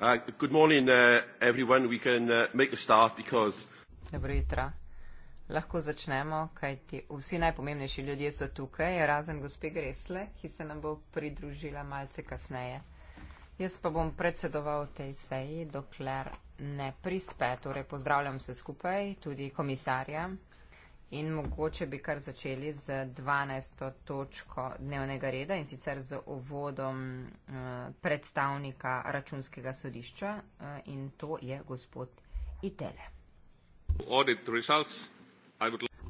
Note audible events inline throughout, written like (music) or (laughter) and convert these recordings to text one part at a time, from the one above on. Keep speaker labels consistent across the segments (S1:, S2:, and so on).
S1: Uh, good morning, uh, everyone. We can uh, make a start because- Dobro jutro. Lahko začnemo, kajti vsi najpomembnejši ljudje so tukaj, razen gospe Gresle, ki se nam bo pridružila malce kasneje. Jaz pa bom predsedoval tej seji, dokler ne prispe. Torej, pozdravljam vse skupaj, tudi komisarja. In mogoče bi kar začeli z 12. točko dnevnega reda in sicer z uvodom eh, predstavnika računskega sodišča eh, in to je gospod Itele.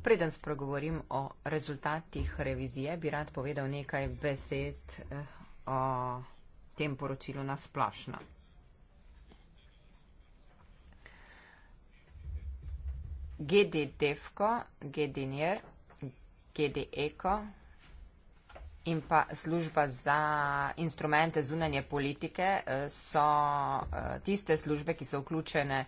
S1: Preden spregovorim o rezultatih revizije, bi rad povedal nekaj besed eh, o tem poročilu na splošno. GD Defko, GD Nier, GD Eko in pa služba za instrumente zunanje politike eh, so eh, tiste službe, ki so vključene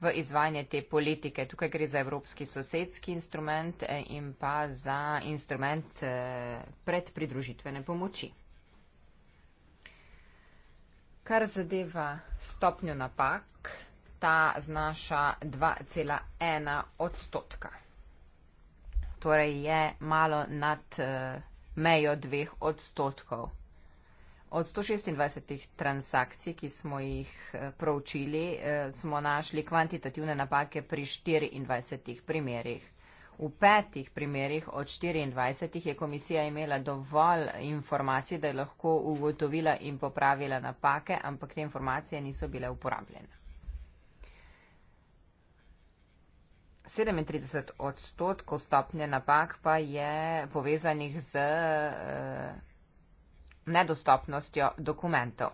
S1: v izvajanje te politike. Tukaj gre za evropski sosedski instrument eh, in pa za instrument predpridružitvene pomoči. Kar zadeva stopnjo napak, ta znaša 2,1 odstotka. Torej je malo nad eh, mejo dveh odstotkov. Od 126 transakcij, ki smo jih eh, proučili, eh, smo našli kvantitativne napake pri 24 primerih. V petih primerih od 24 je komisija imela dovolj informacij, da je lahko ugotovila in popravila napake, ampak te informacije niso bile uporabljene. 37 odstotkov stopnje napak pa je povezanih z eh, nedostopnostjo dokumentov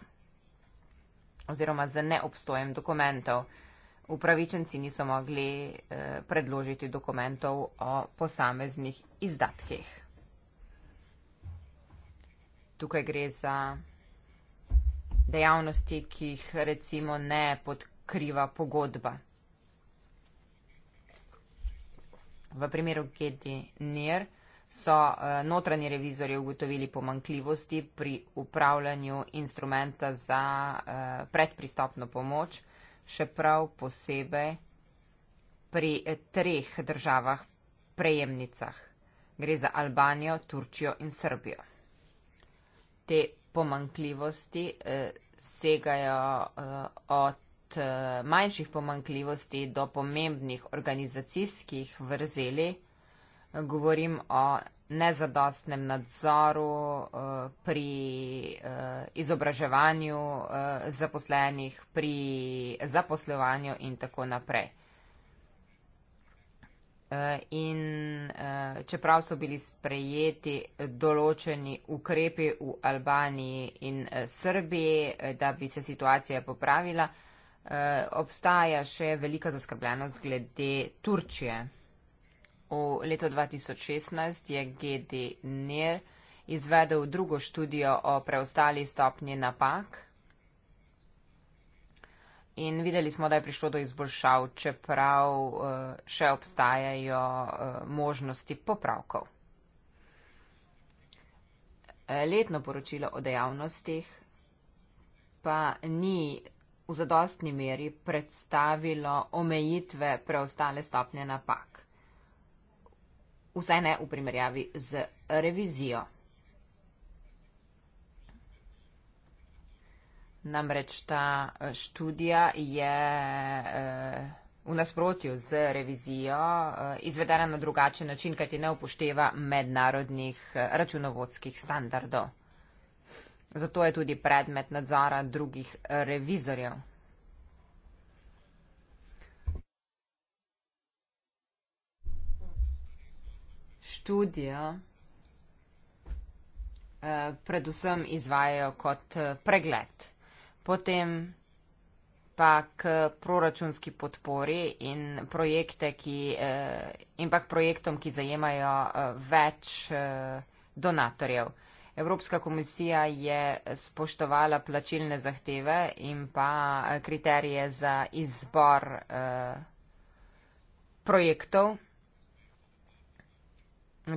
S1: oziroma z neobstojem dokumentov. Upravičenci niso mogli eh, predložiti dokumentov o posameznih izdatkih. Tukaj gre za dejavnosti, ki jih recimo ne podkriva pogodba. V primeru Keti Nir e so eh, notranji revizori ugotovili pomankljivosti pri upravljanju instrumenta za eh, predpristopno pomoč, še prav posebej pri treh državah prejemnicah. Gre za Albanijo, Turčijo in Srbijo. Te pomankljivosti eh, segajo od Eh, manjših pomankljivosti do pomembnih organizacijskih vrzeli. Govorim o nezadostnem nadzoru eh, pri eh, izobraževanju zaposlenih, pri zaposlovanju in tako naprej. In čeprav so bili sprejeti določeni ukrepi v Albaniji in Srbiji, da bi se situacija popravila, Eh, obstaja še velika zaskrbljenost glede Turčije. V letu 2016 je GD NIR izvedel drugo študijo o preostali stopnji napak in videli smo, da je prišlo do izboljšav, čeprav eh, še obstajajo eh, možnosti popravkov. Letno poročilo o dejavnostih pa ni v zadostni meri predstavilo omejitve preostale stopnje napak. Vsaj ne v primerjavi z revizijo. Namreč ta eh, študija je eh, v nasprotju z revizijo eh, izvedena na drugačen način, kajti ne upošteva mednarodnih računovodskih standardov. Zato je tudi predmet nadzora drugih revizorjev. Študijo eh, predvsem izvajajo kot eh, pregled. Potem pa k proračunski podpori in, projekte, ki, eh, in pa k projektom, ki zajemajo več donatorjev. Evropska komisija je spoštovala plačilne zahteve in pa kriterije za izbor eh, projektov.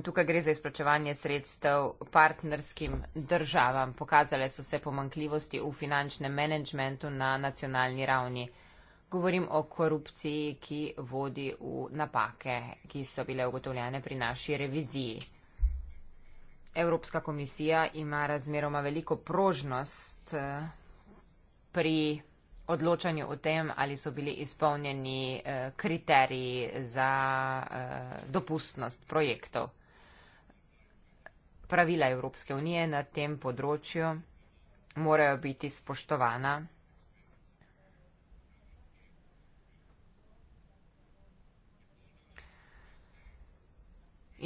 S1: Tukaj gre za izplačevanje sredstev partnerskim državam. Pokazale so se pomankljivosti v finančnem menedžmentu na nacionalni ravni. Govorim o korupciji, ki vodi v napake, ki so bile ugotovljene pri naši reviziji. Evropska komisija ima razmeroma veliko prožnost eh, pri odločanju o tem, ali so bili izpolnjeni eh, kriteriji za eh, dopustnost projektov. Pravila Evropske unije na tem področju morajo biti spoštovana.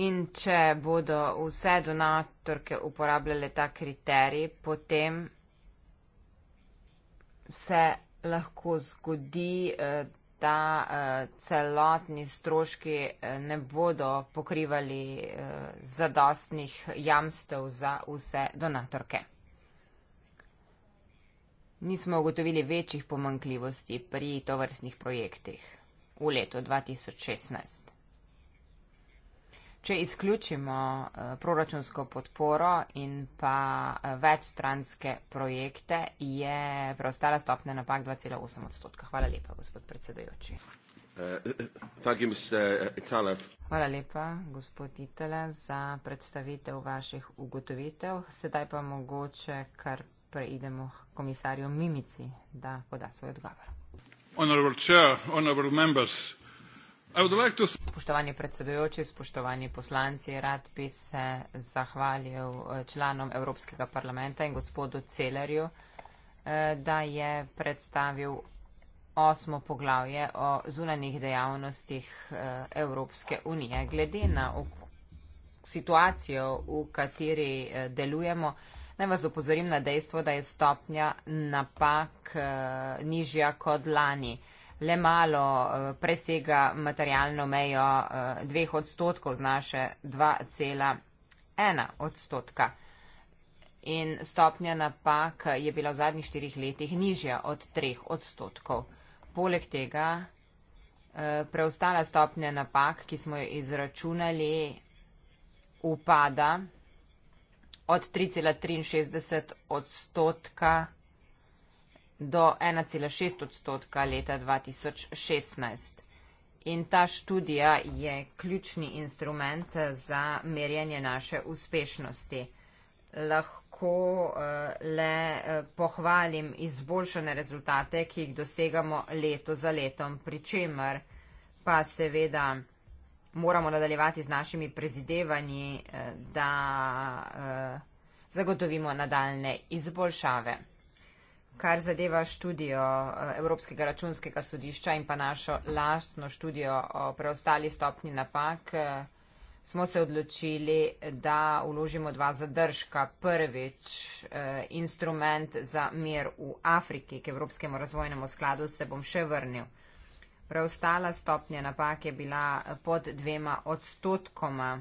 S1: In če bodo vse donatorke uporabljale ta kriterij, potem se lahko zgodi, eh, da eh, celotni stroški eh, ne bodo pokrivali zadostnih jamstev za vse donatorke. Nismo ugotovili večjih pomankljivosti pri tovrstnih projektih v letu 2016. Če izključimo eh, proračunsko podporo in pa eh, večstranske projekte, je preostala stopnja napak 2,8 odstotka. Hvala lepa, gospod predsedujoči.
S2: Eh,
S1: Hvala lepa, gospod Itele, za predstavitev vaših ugotovitev. Sedaj pa mogoče kar preidemo k komisarju Mimici, da poda svoj odgovor. Spoštovani predsedujoči, spoštovani poslanci, rad bi se zahvalil eh, članom Evropskega parlamenta in gospodu Celerju, eh, da je predstavil osmo poglavje o zunanih dejavnostih eh, Evropske unije. Glede na situacijo, v kateri delujemo, naj vas opozorim na dejstvo, da je stopnja napak nižja kot lani le malo eh, presega materialno mejo eh, dveh odstotkov, znaše 2,1 odstotka. In stopnja napak je bila v zadnjih štirih letih nižja od treh odstotkov. Poleg tega eh, preostala stopnja napak, ki smo jo izračunali, upada od 3,63 odstotka do 1,6 odstotka leta 2016. In ta študija je ključni instrument za merjanje naše uspešnosti. Lahko eh, le eh, pohvalim izboljšane rezultate, ki jih dosegamo leto za letom, pri čemer pa seveda moramo nadaljevati z našimi prezidevanji, eh, da zagotovimo nadaljne izboljšave kar zadeva študijo eh, Evropskega računskega sodišča in pa našo lastno študijo o preostali stopni napak, eh, smo se odločili, da uložimo dva zadržka. Prvič, eh, instrument za mir v Afriki, k Evropskemu razvojnemu skladu se bom še vrnil. Preostala stopnja napak je bila pod dvema odstotkoma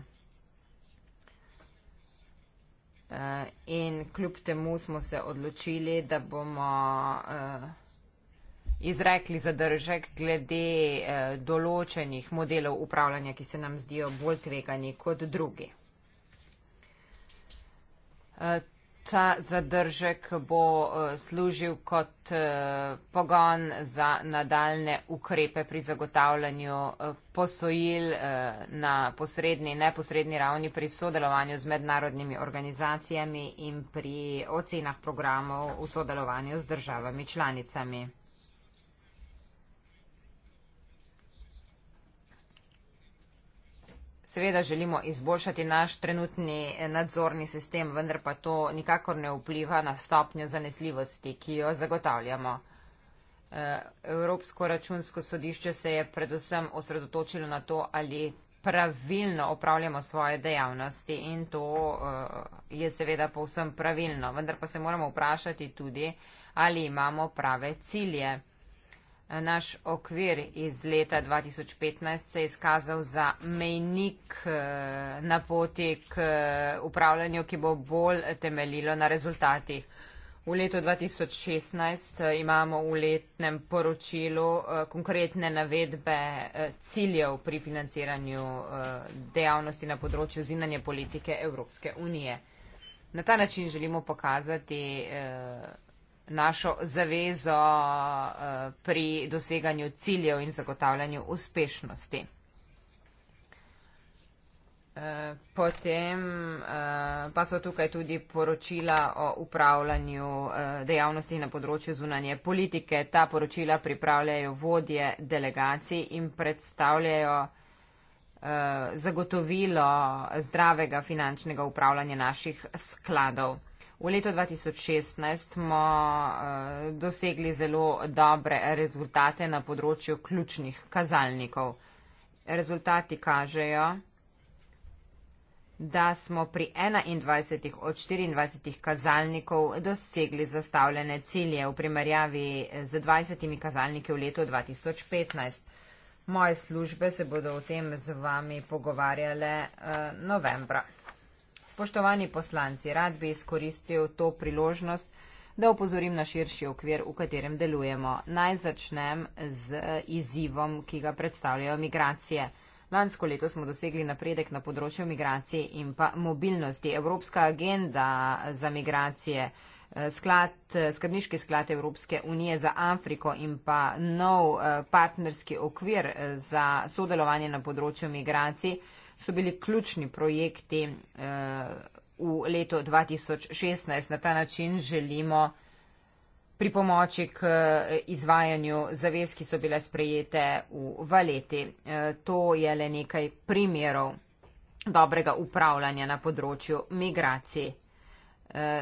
S1: Uh, in kljub temu smo se odločili, da bomo uh, izrekli zadržek glede uh, določenih modelov upravljanja, ki se nam zdijo bolj tvegani kot drugi. Uh, ta zadržek bo eh, služil kot eh, pogon za nadaljne ukrepe pri zagotavljanju eh, posojil na posredni, neposredni ravni pri sodelovanju z mednarodnimi organizacijami in pri ocenah programov v sodelovanju z državami članicami. seveda želimo izboljšati naš trenutni nadzorni sistem, vendar pa to nikakor ne vpliva na stopnjo zanesljivosti, ki jo zagotavljamo. Eh, Evropsko računsko sodišče se je predvsem osredotočilo na to, ali pravilno opravljamo svoje dejavnosti in to eh, je seveda povsem pravilno, vendar pa se moramo vprašati tudi, ali imamo prave cilje. Naš okvir iz leta 2015 se je izkazal za mejnik eh, na poti k eh, upravljanju, ki bo bolj temeljilo na rezultatih. V letu 2016 eh, imamo v letnem poročilu konkretne navedbe ciljev pri financiranju dejavnosti na področju zinanje politike Evropske unije. Na ta način želimo pokazati našo zavezo eh, pri doseganju ciljev in zagotavljanju uspešnosti. Eh, potem eh, pa so tukaj tudi poročila o upravljanju dejavnosti na področju zunanje politike. Ta poročila pripravljajo vodje delegacij in predstavljajo zagotovilo zdravega finančnega upravljanja naših skladov. V letu 2016 smo eh, dosegli zelo dobre rezultate na področju ključnih kazalnikov. Rezultati kažejo, da smo pri 21 od 24 kazalnikov dosegli zastavljene cilje v primerjavi z 20 kazalniki v letu 2015. Moje službe se bodo o tem z vami pogovarjale eh, novembra. Spoštovani poslanci, rad bi izkoristil to priložnost, da upozorim na širši okvir, v katerem delujemo. Naj začnem z izzivom, ki ga predstavljajo migracije. Lansko leto smo dosegli napredek na področju migracije in pa mobilnosti. Evropska agenda za migracije, eh, sklad, eh, skrbniški sklad Evropske unije za Afriko in pa nov eh, partnerski okvir za sodelovanje na področju migracije so bili ključni projekti eh, v letu 2016. Na ta način želimo pri pomoči k eh, izvajanju zavez, ki so bile sprejete v valeti. Eh, to je le nekaj primerov dobrega upravljanja na področju migracij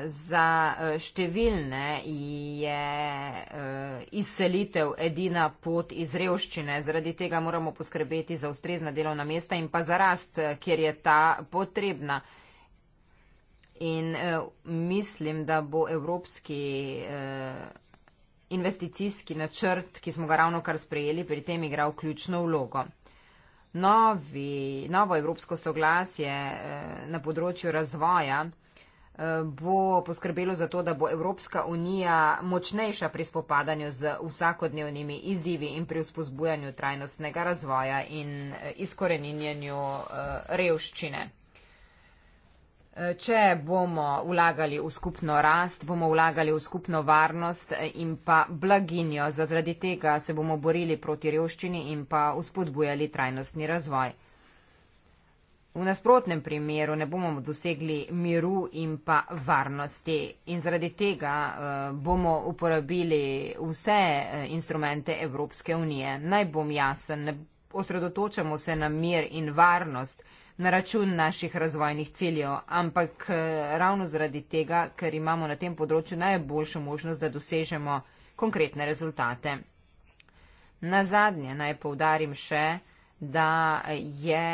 S1: za eh, številne je eh, izselitev edina pot iz revščine. Zaradi tega moramo poskrbeti za ustrezna delovna mesta in pa za rast, eh, kjer je ta potrebna. In mislim, da bo evropski investicijski načrt, ki smo ga ravno kar sprejeli, pri tem igral ključno vlogo. Novi, novo evropsko soglasje na področju razvoja bo poskrbelo za to, da bo Evropska unija močnejša pri spopadanju z vsakodnevnimi izzivi in pri vzpozbujanju trajnostnega razvoja in eh, izkoreninjenju eh, revščine. Eh, če bomo vlagali v skupno rast, bomo vlagali v skupno varnost in pa blaginjo, zaradi tega se bomo borili proti revščini in pa vzpodbujali trajnostni razvoj. V nasprotnem primeru ne bomo dosegli miru in pa varnosti in zaradi tega eh, bomo uporabili vse eh, instrumente Evropske unije. Naj bom jasen, osredotočamo se na mir in varnost na račun naših razvojnih ciljev, ampak eh, ravno zaradi tega, ker imamo na tem področju najboljšo možnost, da dosežemo konkretne rezultate. Na zadnje naj povdarim še, da je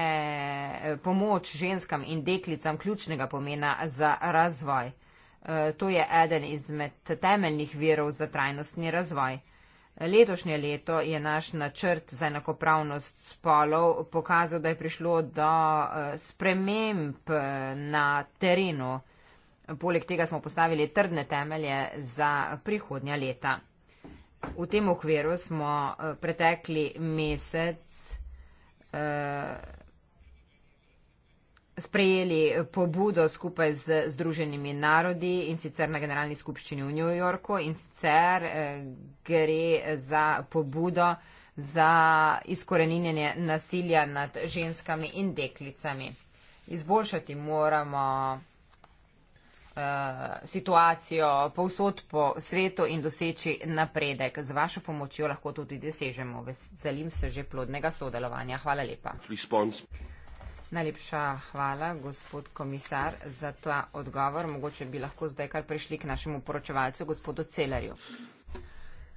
S1: eh, pomoč ženskam in deklicam ključnega pomena za razvoj. Eh, to je eden izmed temeljnih virov za trajnostni razvoj. Letošnje leto je naš načrt za enakopravnost spolov pokazal, da je prišlo do eh, sprememb na terenu. Poleg tega smo postavili trdne temelje za prihodnja leta. V tem okviru smo pretekli mesec Eh, sprejeli pobudo skupaj z Združenimi narodi in sicer na Generalni skupščini v New Yorku in sicer eh, gre za pobudo za izkoreninjenje nasilja nad ženskami in deklicami. Izboljšati moramo Eh, situacijo povsod po svetu in doseči napredek. Z vašo pomočjo lahko to tudi dosežemo. Veselim se že plodnega sodelovanja. Hvala lepa. Response. Najlepša hvala, gospod komisar, za ta odgovor. Mogoče bi lahko zdaj kar prišli k našemu poročevalcu, gospodu Celarju.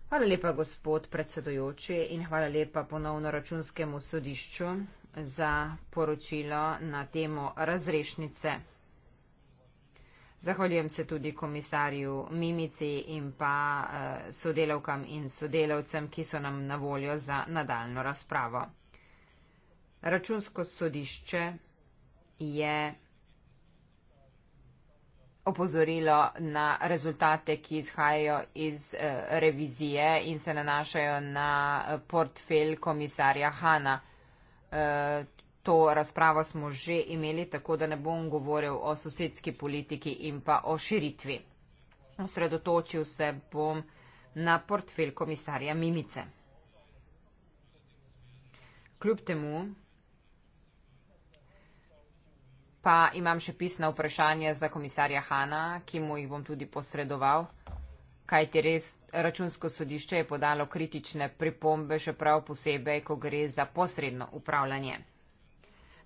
S1: Hvala lepa, gospod predsedojoči, in hvala lepa ponovno računskemu sodišču za poročilo na temo razrešnice. Zahvaljujem se tudi komisarju Mimici in pa eh, sodelavkam in sodelavcem, ki so nam na voljo za nadaljno razpravo. Računsko sodišče je opozorilo na rezultate, ki izhajajo iz eh, revizije in se nanašajo na eh, portfel komisarja Hanna to razpravo smo že imeli, tako da ne bom govoril o sosedski politiki in pa o širitvi. Osredotočil se bom na portfelj komisarja Mimice. Kljub temu pa imam še pisna vprašanja za komisarja Hanna, ki mu jih bom tudi posredoval, kaj ti res računsko sodišče je podalo kritične pripombe, še prav posebej, ko gre za posredno upravljanje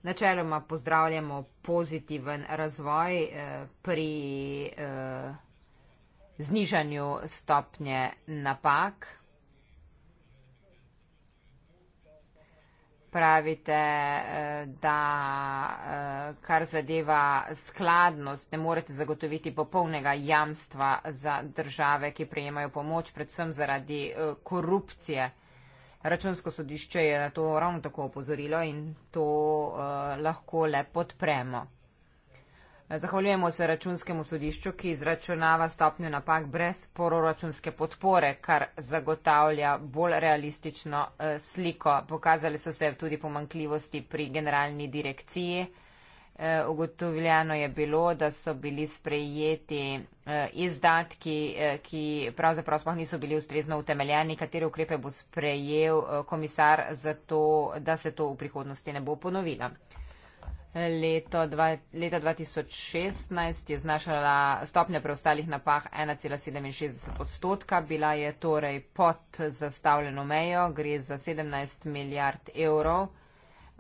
S1: načeloma pozdravljamo pozitiven razvoj eh, pri eh, znižanju stopnje napak. Pravite, eh, da kar zadeva skladnost, ne morete zagotoviti popolnega jamstva za države, ki prejemajo pomoč, predvsem zaradi korupcije. Računsko sodišče je na to ravno tako opozorilo in to uh, lahko le podpremo. Zahvaljujemo se računskemu sodišču, ki izračunava stopnjo napak brez proračunske podpore, kar zagotavlja bolj realistično uh, sliko. Pokazali so se tudi pomankljivosti pri generalni direkciji. Eh, ugotovljeno je bilo, da so bili sprejeti eh, izdatki, eh, ki pravzaprav sploh niso bili ustrezno utemeljeni, katere ukrepe bo sprejel komisar za to, da se to v prihodnosti ne bo ponovilo. Leto dva, leta 2016 je znašala stopnja preostalih napah 1,67 odstotka, bila je torej pod zastavljeno mejo, gre za 17 milijard evrov.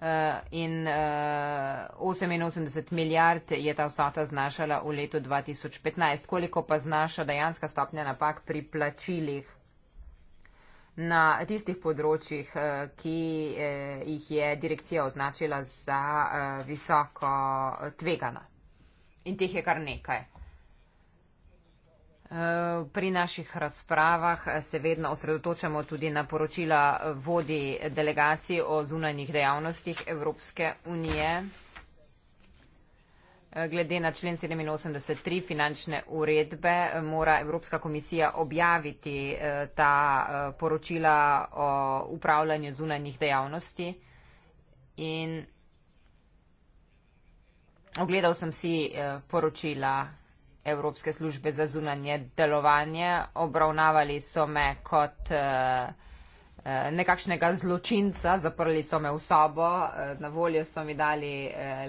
S1: Eh, in uh, eh, 88 milijard je ta vsota znašala v letu 2015. Koliko pa znaša dejanska stopnja napak pri plačilih na tistih področjih, uh, ki uh, jih je direkcija označila za uh, visoko tvegana. In teh je kar nekaj. Pri naših razpravah se vedno osredotočamo tudi na poročila vodi delegacij o zunanjih dejavnostih Evropske unije. Glede na člen 87.3 finančne uredbe mora Evropska komisija objaviti eh, ta eh, poročila o upravljanju zunanjih dejavnosti. In ogledal sem si eh, poročila. Evropske službe za zunanje delovanje. Obravnavali so me kot eh, eh, nekakšnega zločinca, zaprli so me v sobo, eh, na voljo so mi dali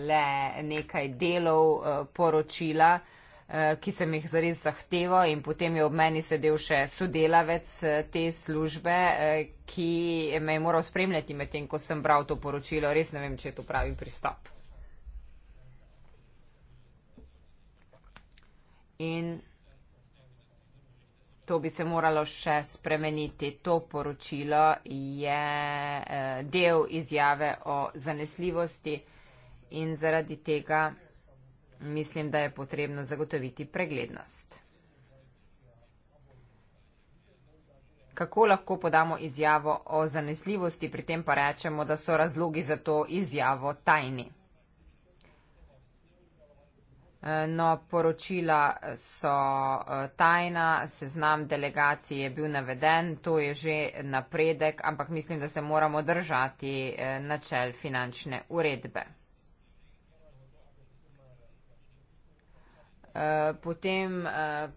S1: le nekaj delov, poročila, ki sem jih zares zahteval in potem je ob meni sedel še sodelavec te službe, ki me je moral spremljati medtem, ko sem bral to poročilo. Res ne vem, če je to pravi pristop. in to bi se moralo še spremeniti. To poročilo je eh, del izjave o zanesljivosti in zaradi tega mislim, da je potrebno zagotoviti preglednost. Kako lahko podamo izjavo o zanesljivosti, pri tem pa rečemo, da so razlogi za to izjavo tajni. No, poročila so e, tajna, seznam delegacij je bil naveden, to je že napredek, ampak mislim, da se moramo držati e, načel finančne uredbe. E, potem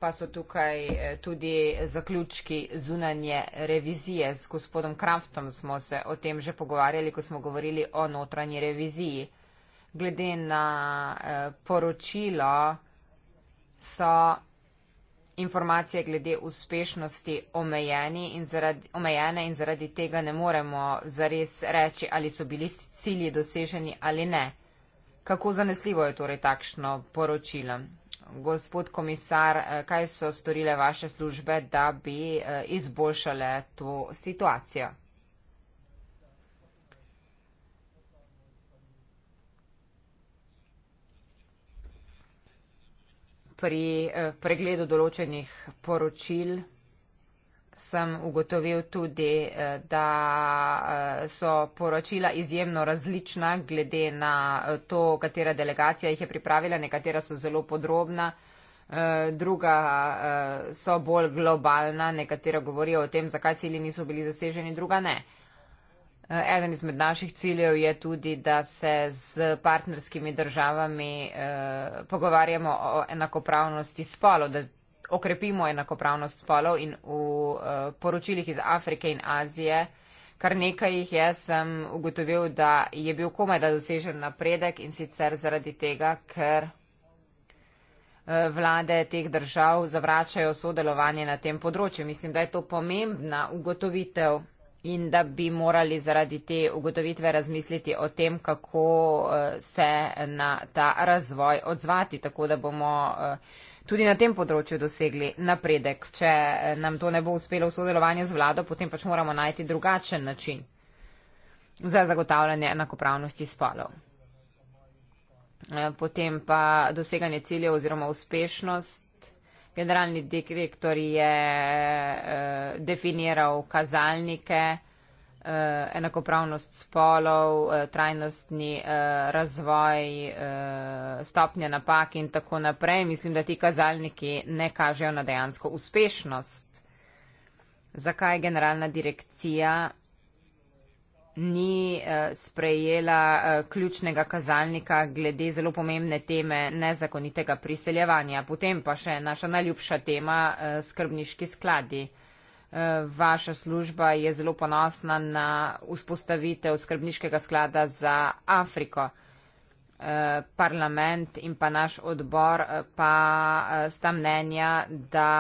S1: pa so tukaj tudi zaključki zunanje revizije. Z gospodom Kraftom smo se o tem že pogovarjali, ko smo govorili o notranji reviziji glede na eh, poročilo so informacije glede uspešnosti omejene in zaradi tega ne moremo zares reči, ali so bili cilji doseženi ali ne. Kako zanesljivo je torej takšno poročilo? Gospod komisar, eh, kaj so storile vaše službe, da bi eh, izboljšale to situacijo? pri eh, pregledu določenih poročil sem ugotovil tudi, eh, da eh, so poročila izjemno različna glede na to, katera delegacija jih je pripravila, nekatera so zelo podrobna, druga so bolj globalna, nekatera govorijo o tem, zakaj cilji niso bili zaseženi, druga ne. Eh, eden izmed naših ciljev je tudi, da se z partnerskimi državami eh, pogovarjamo o enakopravnosti spolov, da okrepimo enakopravnost spolov in v eh, poročilih iz Afrike in Azije, kar nekaj jih je, sem ugotovil, da je bil komaj da dosežen napredek in sicer zaradi tega, ker eh, vlade teh držav zavračajo sodelovanje na tem področju. Mislim, da je to pomembna ugotovitev in da bi morali zaradi te ugotovitve razmisliti o tem, kako eh, se na ta razvoj odzvati, tako da bomo eh, tudi na tem področju dosegli napredek. Če eh, nam to ne bo uspelo v sodelovanju z vlado, potem pač moramo najti drugačen način za zagotavljanje enakopravnosti spolov. Potem pa doseganje ciljev oziroma uspešnost generalni direktor je uh, definiral kazalnike uh, enakopravnost spolov, uh, trajnostni uh, razvoj, uh, stopnje napak in tako naprej. Mislim, da ti kazalniki ne kažejo na dejansko uspešnost. Zakaj generalna direkcija ni eh, sprejela eh, ključnega kazalnika glede zelo pomembne teme nezakonitega priseljevanja. Potem pa še naša najljubša tema eh, skrbniški skladi. Vaša služba je zelo ponosna na vzpostavitev skrbniškega sklada za Afriko. Parlament in pa naš odbor pa sta mnenja, da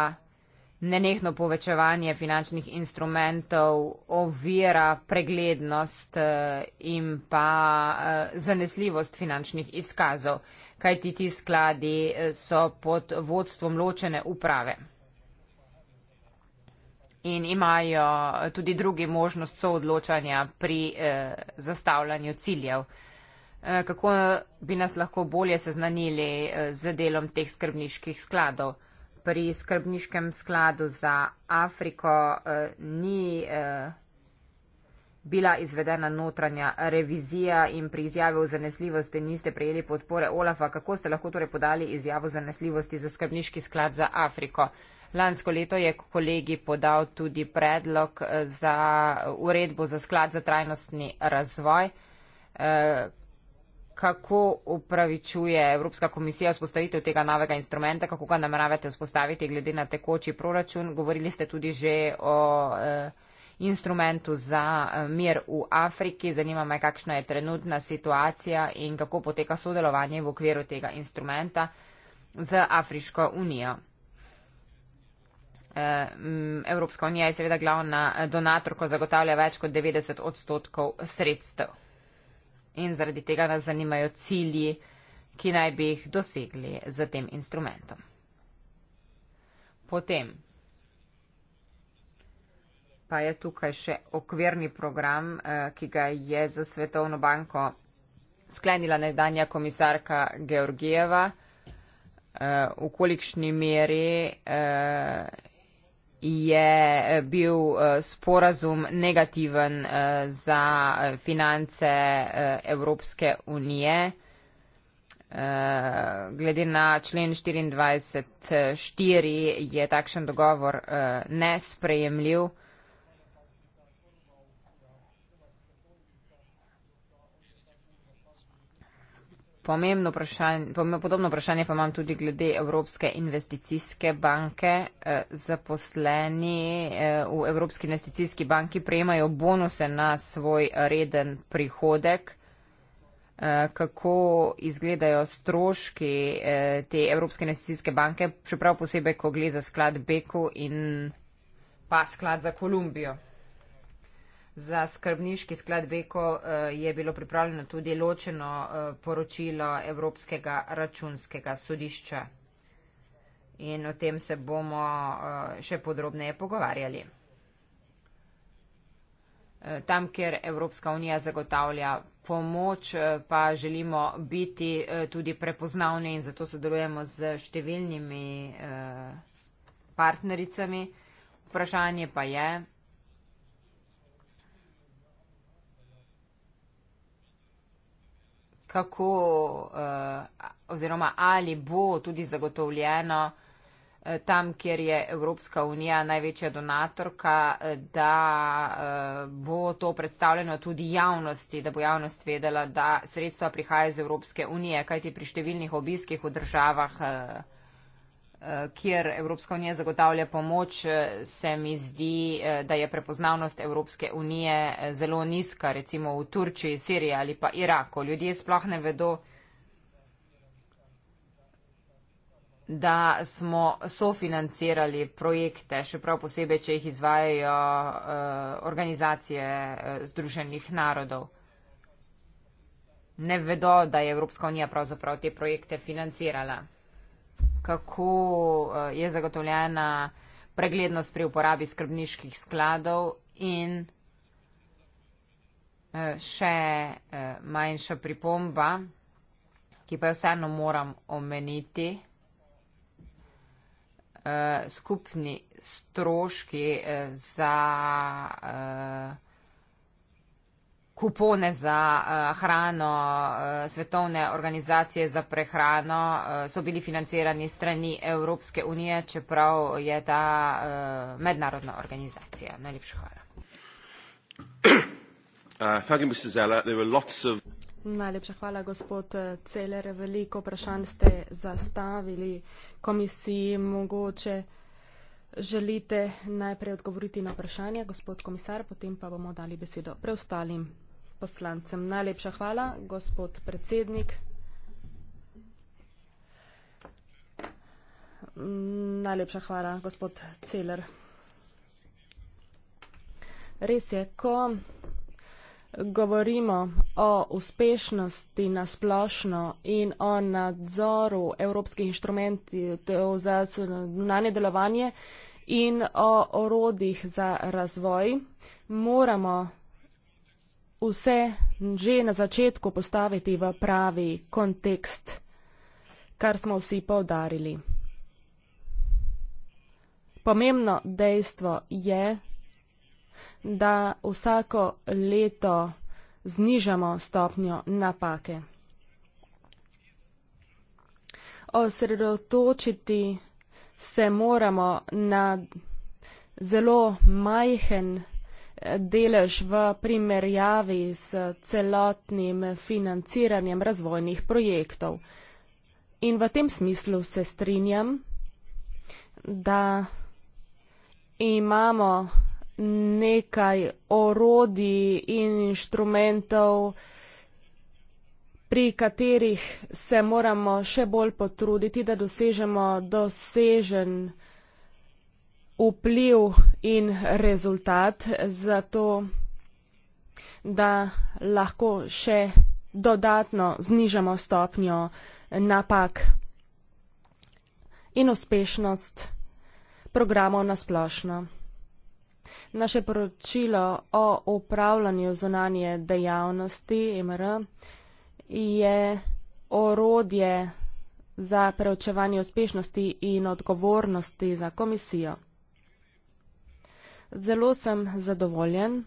S1: nenehno povečevanje finančnih instrumentov ovira preglednost eh, in pa eh, zanesljivost finančnih izkazov, kajti ti skladi eh, so pod vodstvom ločene uprave in imajo tudi drugi možnost soodločanja pri zastavljanju ciljev. Kako bi nas lahko bolje seznanili z delom teh skrbniških skladov? pri skrbniškem skladu za Afriko eh, ni eh, bila izvedena notranja revizija in pri izjavi o zanesljivosti niste prejeli podpore Olafa. Kako ste lahko torej podali izjavo zanesljivosti za skrbniški sklad za Afriko? Lansko leto je kolegi podal tudi predlog eh, za uredbo za sklad za trajnostni razvoj kako upravičuje Evropska komisija vzpostavitev tega novega instrumenta, kako ga nameravate vzpostaviti glede na tekoči proračun. Govorili ste tudi že o eh, instrumentu za eh, mir v Afriki. Zanima me, kakšna je trenutna situacija in kako poteka sodelovanje v okviru tega instrumenta z Afriško unijo. Eh, Evropska unija je seveda glavna donatorka, zagotavlja več kot 90 odstotkov sredstev in zaradi tega nas zanimajo cilji, ki naj bi jih dosegli z tem instrumentom. Potem pa je tukaj še okvirni program, eh, ki ga je za Svetovno banko sklenila nekdanja komisarka Georgijeva, eh, v kolikšni meri eh, je eh, bil eh, sporazum negativen eh, za finance Evropske unije. Glede na člen 24.4 je takšen dogovor nesprejemljiv. Pomembno vprašanje, podobno vprašanje pa imam tudi glede Evropske investicijske banke. E, zaposleni e, v Evropski investicijski banki prejemajo bonuse na svoj reden prihodek. E, kako izgledajo stroški te Evropske investicijske banke, čeprav posebej, ko gre za sklad Beku in pa sklad za Kolumbijo? Za skrbniški sklad Beko eh, je bilo pripravljeno tudi ločeno eh, poročilo Evropskega računskega sodišča. In o tem se bomo eh, še podrobneje pogovarjali. Tam, kjer Evropska unija zagotavlja pomoč, pa želimo biti tudi prepoznavni in zato sodelujemo z številnimi partnericami. Vprašanje pa je, kako eh, oziroma ali bo tudi zagotovljeno eh, tam, kjer je Evropska unija največja donatorka, eh, da eh, bo to predstavljeno tudi javnosti, da bo javnost vedela, da sredstva prihajajo iz Evropske unije, kajti pri številnih obiskih v državah. Eh, Eh, kjer Evropska unija zagotavlja pomoč, eh, se mi zdi, eh, da je prepoznavnost Evropske unije zelo nizka, recimo v Turčiji, Siriji ali pa Iraku. Ljudje sploh ne vedo, da smo sofinancirali projekte, še prav posebej, če jih izvajajo organizacije Združenih narodov. Ne vedo, da je Evropska unija pravzaprav te projekte financirala kako eh, je zagotovljena preglednost pri uporabi skrbniških skladov in eh, še eh, manjša pripomba, ki pa jo vseeno moram omeniti. Skupni stroški za kupone za eh, hrano eh, Svetovne organizacije za prehrano eh, so bili financirani strani Evropske unije, čeprav je ta mednarodna organizacija. Najlepša hvala.
S2: (coughs) Uh, you, of... Najlepša hvala, gospod Celer. Veliko vprašanj ste zastavili komisiji. Mogoče želite najprej odgovoriti na vprašanje, gospod komisar, potem pa bomo dali besedo preostalim poslancem. Najlepša hvala, gospod predsednik. Najlepša hvala, gospod Celer. Res je, ko govorimo o uspešnosti na splošno in o nadzoru evropskih inštrumentov za zunanje delovanje in o orodjih za razvoj, moramo vse že na začetku postaviti v pravi kontekst, kar smo vsi povdarili. Pomembno dejstvo je, da vsako leto znižamo stopnjo napake. Osredotočiti se moramo na zelo majhen delež v primerjavi s celotnim financiranjem razvojnih projektov. In v tem smislu se strinjam, da imamo nekaj orodij in inštrumentov, pri katerih se moramo še bolj potruditi, da dosežemo dosežen vpliv in rezultat, zato da lahko še dodatno znižamo stopnjo napak in uspešnost programov na splošno. Naše poročilo o upravljanju zunanje dejavnosti MR je orodje za preučevanje uspešnosti in odgovornosti za komisijo zelo sem zadovoljen,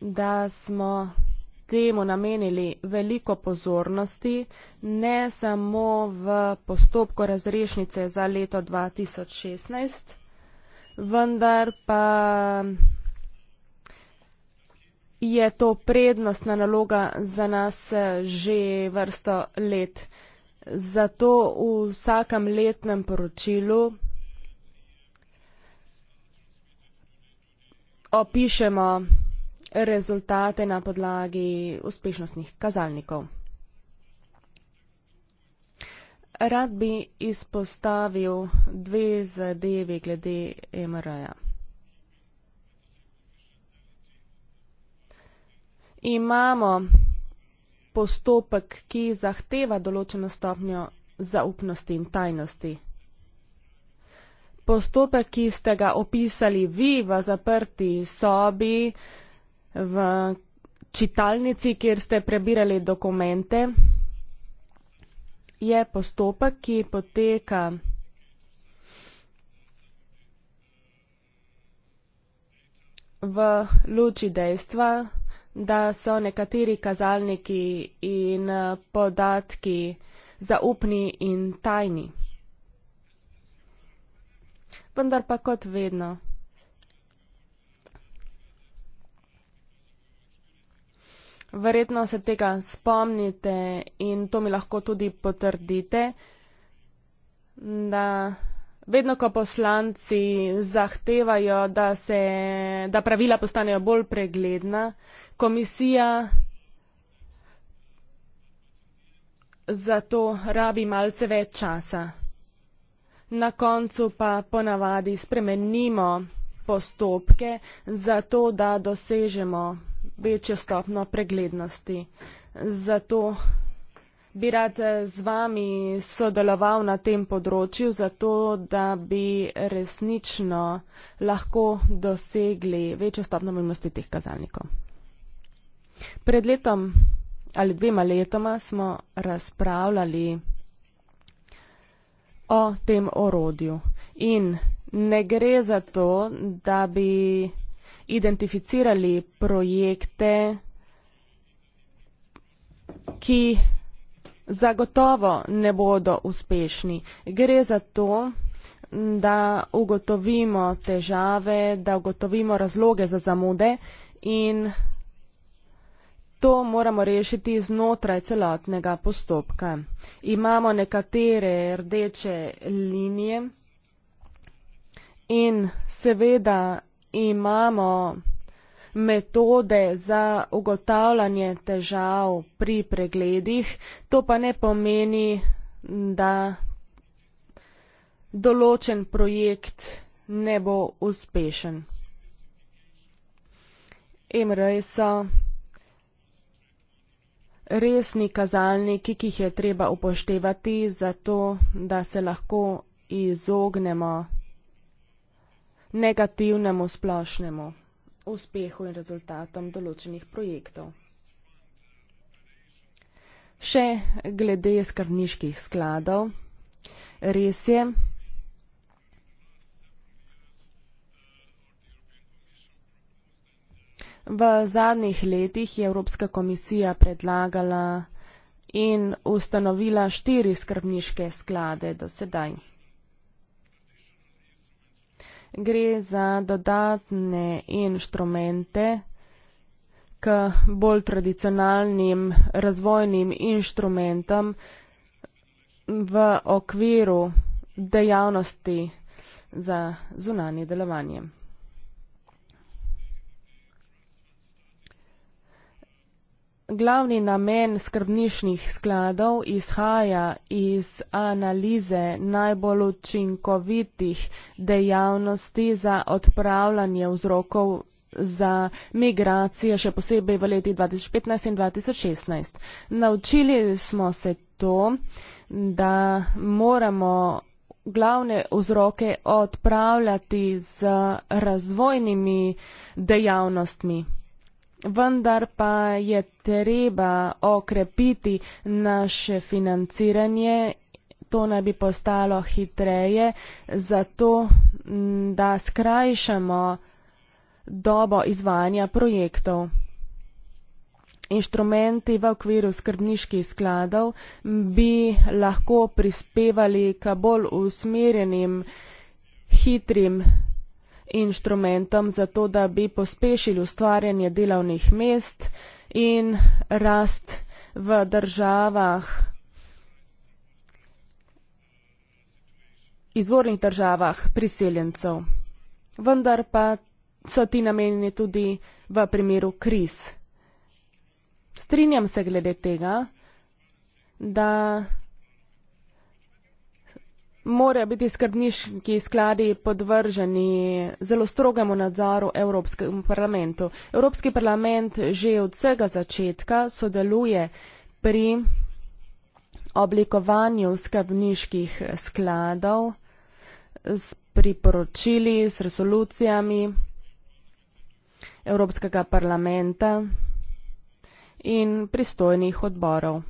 S2: da smo temu namenili veliko pozornosti, ne samo v postopku razrešnice za leto 2016, vendar pa je to prednostna naloga za nas že vrsto let. Zato v vsakem letnem poročilu opišemo rezultate na podlagi uspešnostnih kazalnikov. Rad bi izpostavil dve zadevi glede MR-ja. Imamo postopek, ki zahteva določeno stopnjo zaupnosti in tajnosti postopek, ki ste ga opisali vi v zaprti sobi, v čitalnici, kjer ste prebirali dokumente, je postopek, ki poteka v luči dejstva, da so nekateri kazalniki in eh, podatki zaupni in tajni vendar pa kot vedno. Verjetno se tega spomnite in to mi lahko tudi potrdite, da vedno, ko poslanci zahtevajo, da, se, da pravila postanejo bolj pregledna, komisija zato rabi malce več časa na koncu pa ponavadi spremenimo postopke za to, da dosežemo večjo stopno preglednosti. Zato bi rad z vami sodeloval na tem področju, zato da bi resnično lahko dosegli večjo stopno mimosti teh kazalnikov. Pred letom ali dvema letoma smo razpravljali o tem orodju. In ne gre za to, da bi identificirali projekte, ki zagotovo ne bodo uspešni. Gre za to, da ugotovimo težave, da ugotovimo razloge za zamude in To moramo rešiti znotraj celotnega postopka. Imamo nekatere rdeče linije in seveda imamo metode za ugotavljanje težav pri pregledih, to pa ne pomeni, da določen projekt ne bo uspešen. MRE so resni kazalniki, ki jih je treba upoštevati, zato da se lahko izognemo negativnemu splošnemu uspehu in rezultatom določenih projektov. Še glede skrbniških skladov. Res je, V zadnjih letih je Evropska komisija predlagala in ustanovila štiri skrbniške sklade do sedaj. Gre za dodatne inštrumente k bolj tradicionalnim razvojnim inštrumentom v okviru dejavnosti za zunanje delovanje. glavni namen skrbniških skladov izhaja iz analize najbolj učinkovitih dejavnosti za odpravljanje vzrokov za migracije, še posebej v leti 2015 in 2016. Naučili smo se to, da moramo glavne vzroke odpravljati z razvojnimi dejavnostmi vendar pa je treba okrepiti naše financiranje. To naj bi postalo hitreje, zato da skrajšamo dobo izvajanja projektov. Inštrumenti v okviru skrbniških skladov bi lahko prispevali k bolj usmerjenim, hitrim inštrumentom za to, da bi pospešili ustvarjanje delavnih mest in rast v državah, izvornih državah priseljencev. Vendar pa so ti namenjeni tudi v primeru kriz. Strinjam se glede tega, da morajo biti skrbniški skladi podvrženi zelo strogemu nadzoru Evropskemu parlamentu. Evropski parlament že od vsega začetka sodeluje pri oblikovanju skrbniških skladov s priporočili, s resolucijami Evropskega parlamenta in pristojnih odborov.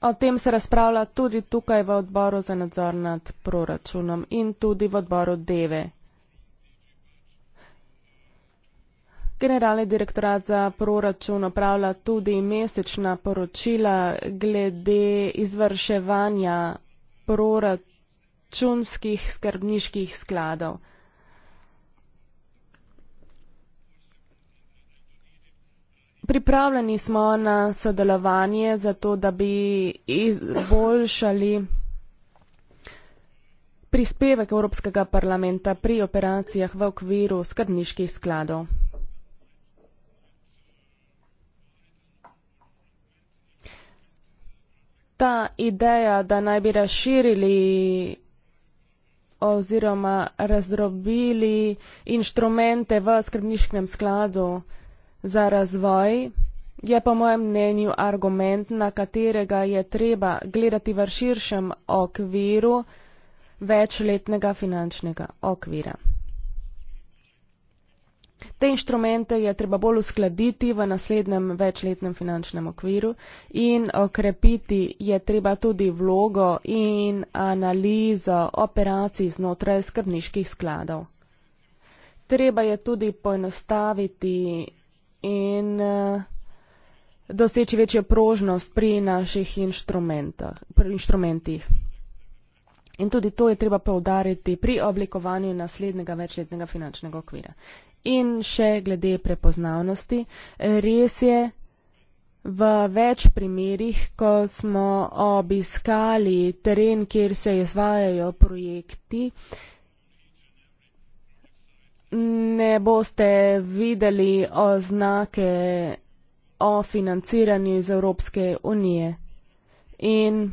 S2: O tem se razpravlja tudi tukaj v odboru za nadzor nad proračunom in tudi v odboru Deve. Generalni direktorat za proračun opravlja tudi mesečna poročila glede izvrševanja proračunskih skrbniških skladov. pripravljeni smo na sodelovanje, zato da bi izboljšali prispevek Evropskega parlamenta pri operacijah v okviru skrbniških skladov. Ta ideja, da naj bi razširili oziroma razdrobili inštrumente v skrbniškem skladu, za razvoj, je po mojem mnenju argument, na katerega je treba gledati v širšem okviru večletnega finančnega okvira. Te inštrumente je treba bolj uskladiti v naslednjem večletnem finančnem okviru in okrepiti je treba tudi vlogo in analizo operacij znotraj skrbniških skladov. Treba je tudi poenostaviti in uh, doseči večjo prožnost pri naših pri inštrumentih. In tudi to je treba poudariti pri oblikovanju naslednjega večletnega finančnega okvira. In še glede prepoznavnosti, res je, v več primerjih, ko smo obiskali teren, kjer se izvajajo projekti, uh, ne boste videli oznake o financiranju iz Evropske unije. In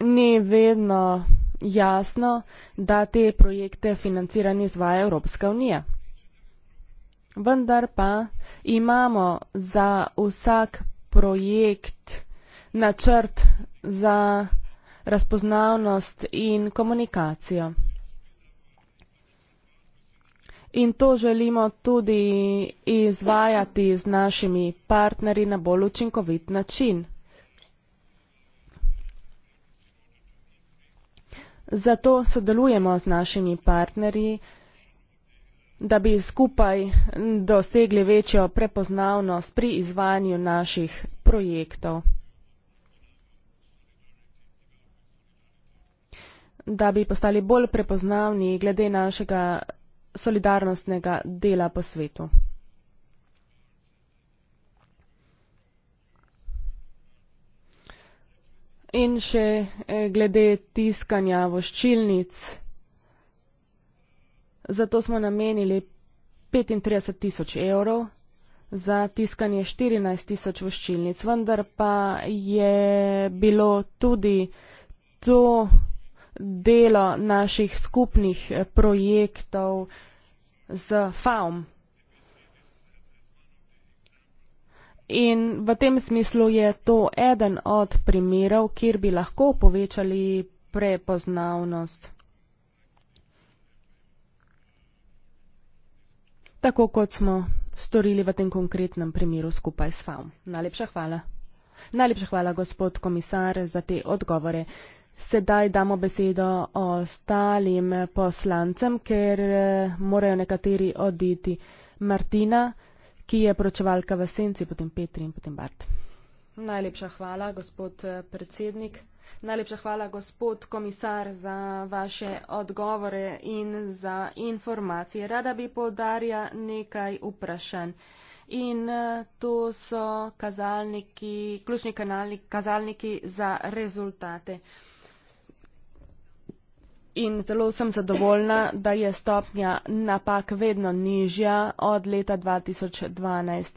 S2: ni vedno jasno, da te projekte financirani izvaja Evropska unija. Vendar pa imamo za vsak projekt načrt za razpoznavnost in komunikacijo. In to želimo tudi izvajati z našimi partnerji na bolj učinkovit način. Zato sodelujemo z našimi partnerji, da bi skupaj dosegli večjo prepoznavnost pri izvajanju naših projektov. Da bi postali bolj prepoznavni glede našega solidarnostnega dela po svetu. In še eh, glede tiskanja voščilnic. Za to smo namenili 35 tisoč evrov za tiskanje 14 tisoč voščilnic, vendar pa je bilo tudi to delo naših skupnih eh, projektov z FAUM. In v tem smislu je to eden od primerov, kjer bi lahko povečali prepoznavnost. Tako kot smo storili v tem konkretnem primeru skupaj s FAUM. Najlepša hvala. Najlepša hvala, gospod komisar, za te odgovore. Sedaj damo besedo ostalim poslancem, ker eh, morajo nekateri oditi. Martina, ki je pročevalka v Senci, potem Petri in potem Bart. Najlepša hvala, gospod eh, predsednik. Najlepša hvala, gospod komisar, za vaše odgovore in za informacije. Rada bi podarja nekaj vprašanj. In eh, to so kazalniki, ključni kanalniki, kazalniki za rezultate. Uh, in zelo sem zadovoljna, da je stopnja napak vedno nižja od leta 2012.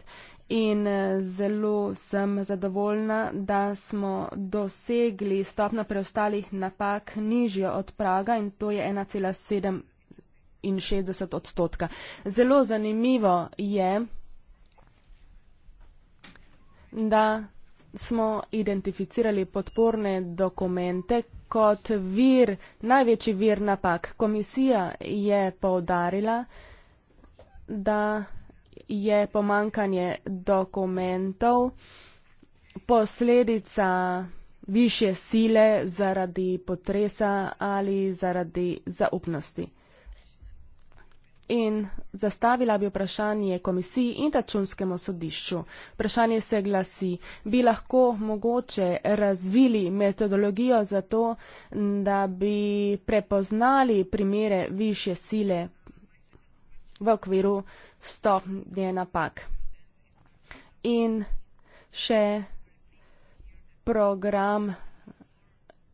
S2: In eh, zelo sem zadovoljna, da smo dosegli stopno preostalih napak nižjo od Praga in to je 1,67 odstotka. Zelo zanimivo je, da smo identificirali podporne dokumente kot vir, največji vir napak. Komisija je povdarila, da je pomankanje dokumentov posledica višje sile zaradi potresa ali zaradi zaupnosti in zastavila bi vprašanje komisiji in računskemu sodišču. Vprašanje se glasi, bi lahko mogoče razvili metodologijo za to, da bi prepoznali primere više sile v okviru stopnje napak. In še program,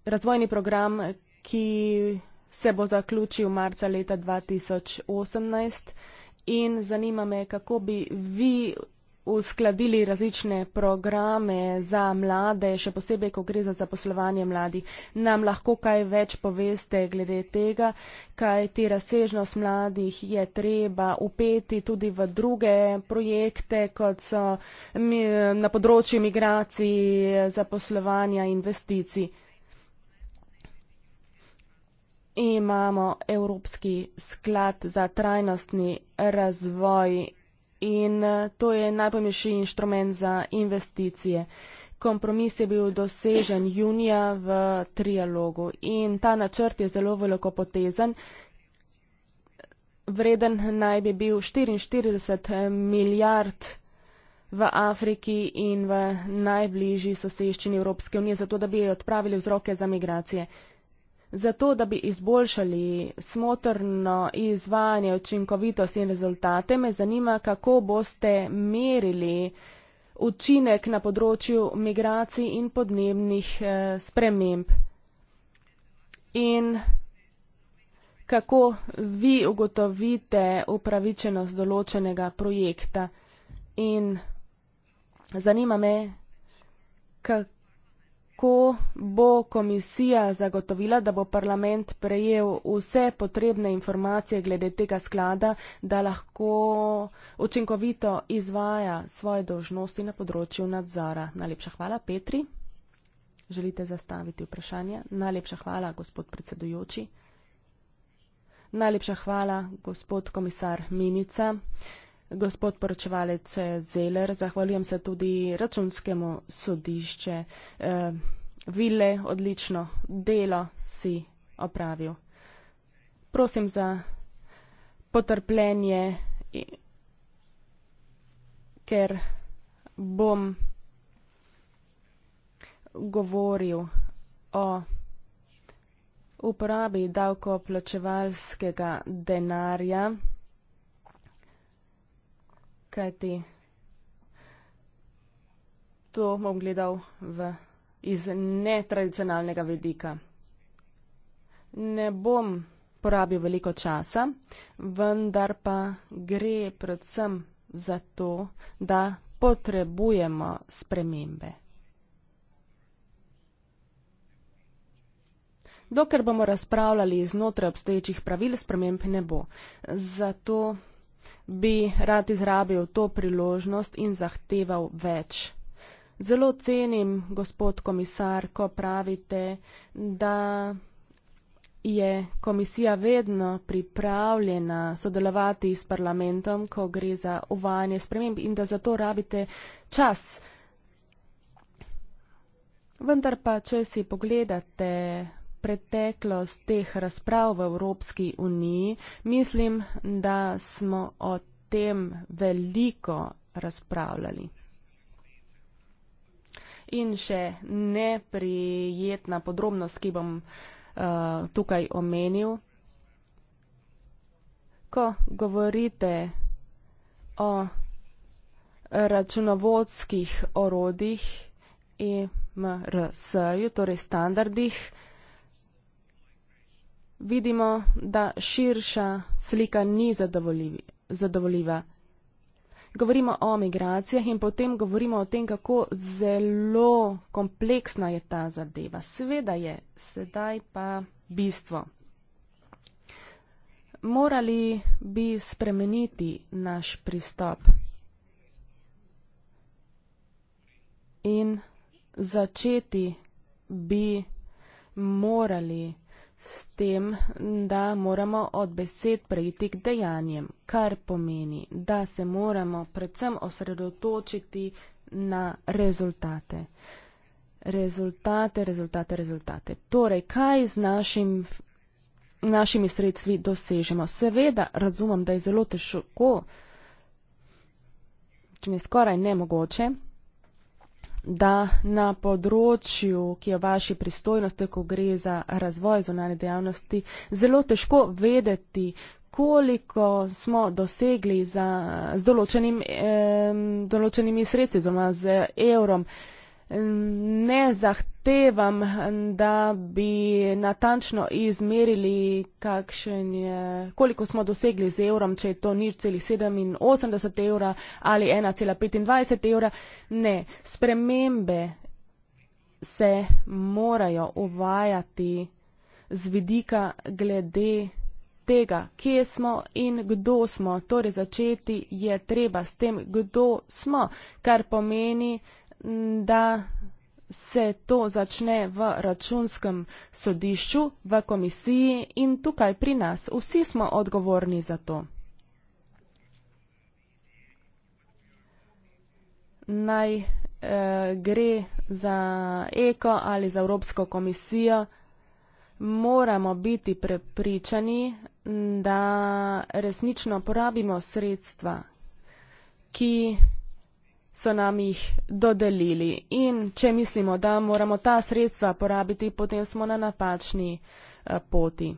S2: razvojni program, ki se bo zaključil marca leta 2018 in zanima me, kako bi vi uskladili različne programe za mlade, še posebej, ko gre za zaposlovanje mladi. Nam lahko kaj več poveste glede tega, kaj ti razsežnost mladih je treba upeti tudi v druge projekte, kot so na področju migracij, zaposlovanja, investicij imamo Evropski sklad za trajnostni razvoj in eh, to je najpomembnejši inštrument za investicije. Kompromis je bil dosežen junija v trialogu in ta načrt je zelo velikopotezen. Vreden naj bi bil 44 milijard v Afriki in v najbližji soseščini Evropske unije, zato da bi odpravili vzroke za migracije zato da bi izboljšali smotrno izvajanje, učinkovitost in rezultate, me zanima, kako boste merili učinek na področju migracij in podnebnih eh, sprememb. In kako vi ugotovite upravičenost določenega projekta. In zanima me, kako kako bo komisija zagotovila, da bo parlament prejel vse potrebne informacije glede tega sklada, da lahko učinkovito izvaja svoje dožnosti na področju nadzora. Najlepša hvala, Petri. Želite zastaviti vprašanje? Najlepša hvala, gospod predsedujoči. Najlepša hvala, gospod komisar Minica. Gospod poročevalec Zeler, zahvaljujem se tudi računskemu sodišče. Eh, Ville, odlično delo si opravil. Prosim za potrpljenje, ker bom govoril o uporabi davkoplačevalskega denarja kajti to bom gledal v, iz netradicionalnega vedika. Ne bom porabil veliko časa, vendar pa gre predvsem za to, da potrebujemo spremembe. Dokler bomo razpravljali znotraj obstoječih pravil, sprememb ne bo. Zato bi rad izrabil to priložnost in zahteval več. Zelo cenim, gospod komisar, ko pravite, da je komisija vedno pripravljena sodelovati s parlamentom, ko gre za uvajanje sprememb in da zato rabite čas. Vendar pa, če si pogledate preteklost teh razprav v Evropski uniji, mislim, da smo o tem veliko razpravljali. In še neprijetna podrobnost, ki bom uh, tukaj omenil. Ko govorite o računovodskih orodjih, e MRS-ju, torej standardih, uh, vidimo, da širša slika ni zadovoljiva. Govorimo o migracijah in potem govorimo o tem, kako zelo kompleksna je ta zadeva. Sveda je, sedaj pa bistvo. Morali bi spremeniti naš pristop in začeti bi morali s tem, da moramo od besed preiti k dejanjem, kar pomeni, da se moramo predvsem osredotočiti na rezultate. Rezultate, rezultate, rezultate. Torej, kaj z našim, našimi sredstvi dosežemo? Seveda razumem, da je zelo težko, če ne skoraj nemogoče, da na področju, ki je vaši pristojnosti, ko gre za razvoj zonalne dejavnosti, zelo težko vedeti, koliko smo dosegli za, z določenim, eh, določenimi sredstvi, oziroma z evrom. Eh, ne zahtevam, da bi natančno izmerili, kakšen je, koliko smo dosegli z evrom, če je to nič celi 87 evra ali 1,25 evra. Ne, spremembe se morajo uvajati z vidika glede tega, kje smo in kdo smo. Torej začeti je treba s tem, kdo smo, kar pomeni, da se to začne v računskem sodišču, v komisiji in tukaj pri nas. Vsi smo odgovorni za to. Naj eh, gre za Eko ali za Evropsko komisijo, moramo biti prepričani, da resnično porabimo sredstva, ki so nam jih dodelili. In če mislimo, da moramo ta sredstva porabiti, potem smo na napačni eh, poti.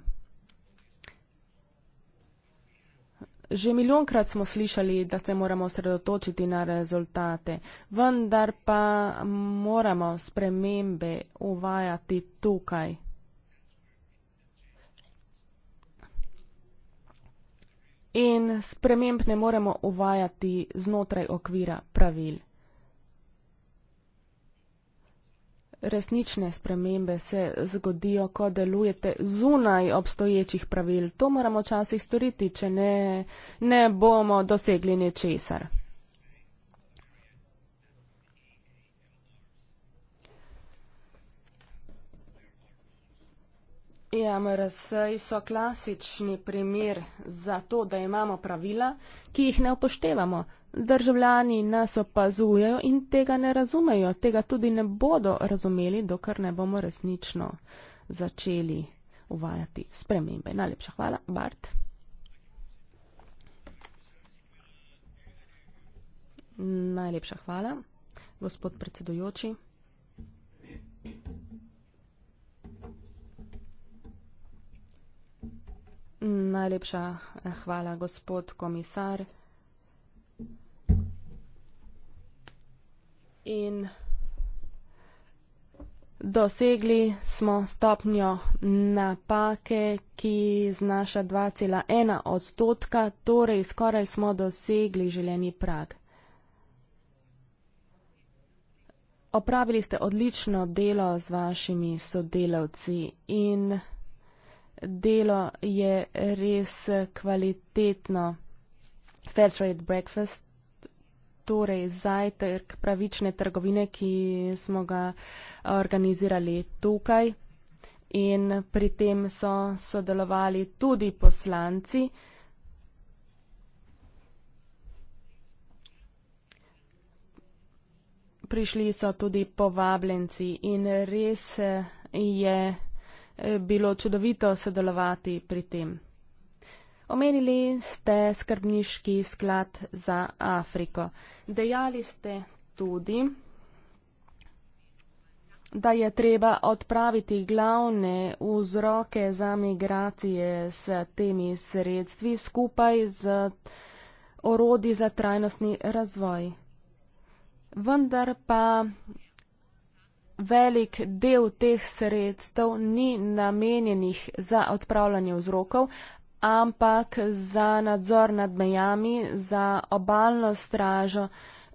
S2: Že milijonkrat smo slišali, da se moramo sredotočiti na rezultate, vendar pa moramo spremembe uvajati tukaj, in sprememb ne moremo uvajati znotraj okvira pravil. Resnične spremembe se zgodijo, ko delujete zunaj obstoječih pravil. To moramo včasih storiti, če ne, ne bomo dosegli ničesar. EMRS so klasični primer za to, da imamo pravila, ki jih ne upoštevamo. Državljani nas opazujejo in tega ne razumejo, tega tudi ne bodo razumeli, dokler ne bomo resnično začeli uvajati spremembe. Najlepša hvala, Bart. Najlepša hvala, gospod predsedujoči. Thank you. Najlepša eh, hvala, gospod komisar. In dosegli smo stopnjo napake, ki znaša 2,1 odstotka, torej skoraj smo dosegli željeni prag. Opravili ste odlično delo z vašimi sodelavci in delo je res kvalitetno. Fair trade breakfast, torej zajtrk pravične trgovine, ki smo ga organizirali tukaj. In pri tem so sodelovali tudi poslanci. Prišli so tudi povabljenci in res je. Eh, bilo čudovito sodelovati pri tem. Omenili ste skrbniški sklad za Afriko. Dejali ste tudi, da je treba odpraviti glavne vzroke za migracije s temi sredstvi skupaj z orodi za trajnostni razvoj. Vendar pa velik del teh sredstev ni namenjenih za odpravljanje vzrokov, ampak za nadzor nad mejami, za obalno stražo.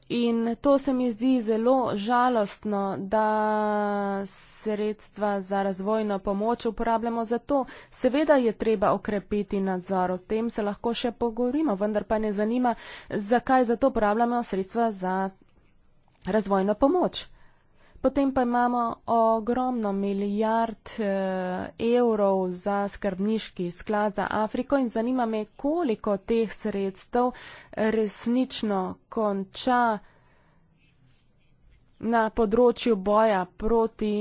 S2: In to se mi zdi zelo žalostno, da sredstva za razvojno pomoč uporabljamo za to. Seveda je treba okrepiti nadzor, o tem se lahko še pogovorimo, vendar pa ne zanima, zakaj za to uporabljamo sredstva za razvojno pomoč. Potem pa imamo ogromno milijard eh, evrov za skrbniški sklad za Afriko in zanima me, koliko teh sredstev resnično konča na področju boja proti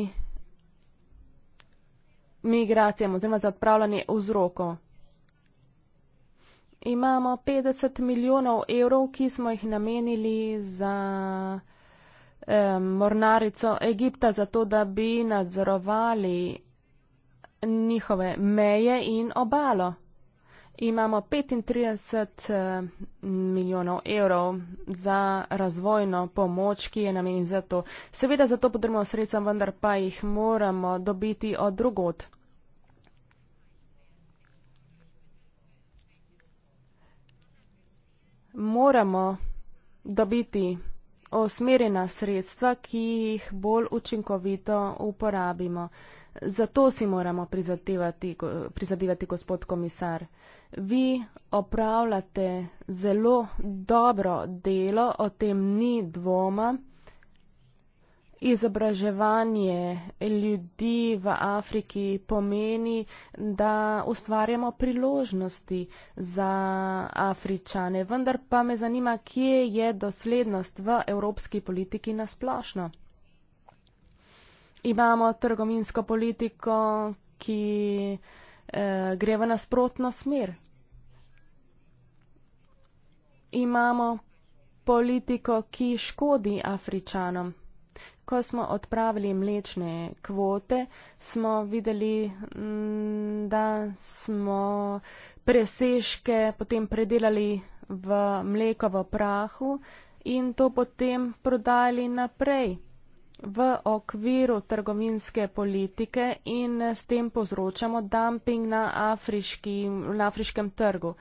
S2: migracijam oziroma za odpravljanje vzrokov. Imamo 50 milijonov evrov, ki smo jih namenili za eh, mornarico Egipta, zato da bi nadzorovali njihove meje in obalo. Imamo 35 um, milijonov evrov za razvojno pomoč, ki je namenjen za to. Seveda za to potrebujemo sredstva, vendar pa jih moramo dobiti od drugot. Moramo dobiti usmerjena sredstva, ki jih bolj učinkovito uporabimo. Zato si moramo prizadevati, prizadevati gospod komisar. Vi opravljate zelo dobro delo, o tem ni dvoma izobraževanje ljudi v Afriki pomeni, da ustvarjamo priložnosti za Afričane. Vendar pa me zanima, kje je doslednost v evropski politiki nasplošno. Imamo trgovinsko politiko, ki eh, gre v nasprotno smer. Imamo politiko, ki škodi Afričanom ko smo odpravili mlečne kvote, smo videli, mm, da smo preseške potem predelali v mleko v prahu in to potem prodali naprej v okviru trgovinske politike in s tem povzročamo dumping na, afriški, na afriškem trgu.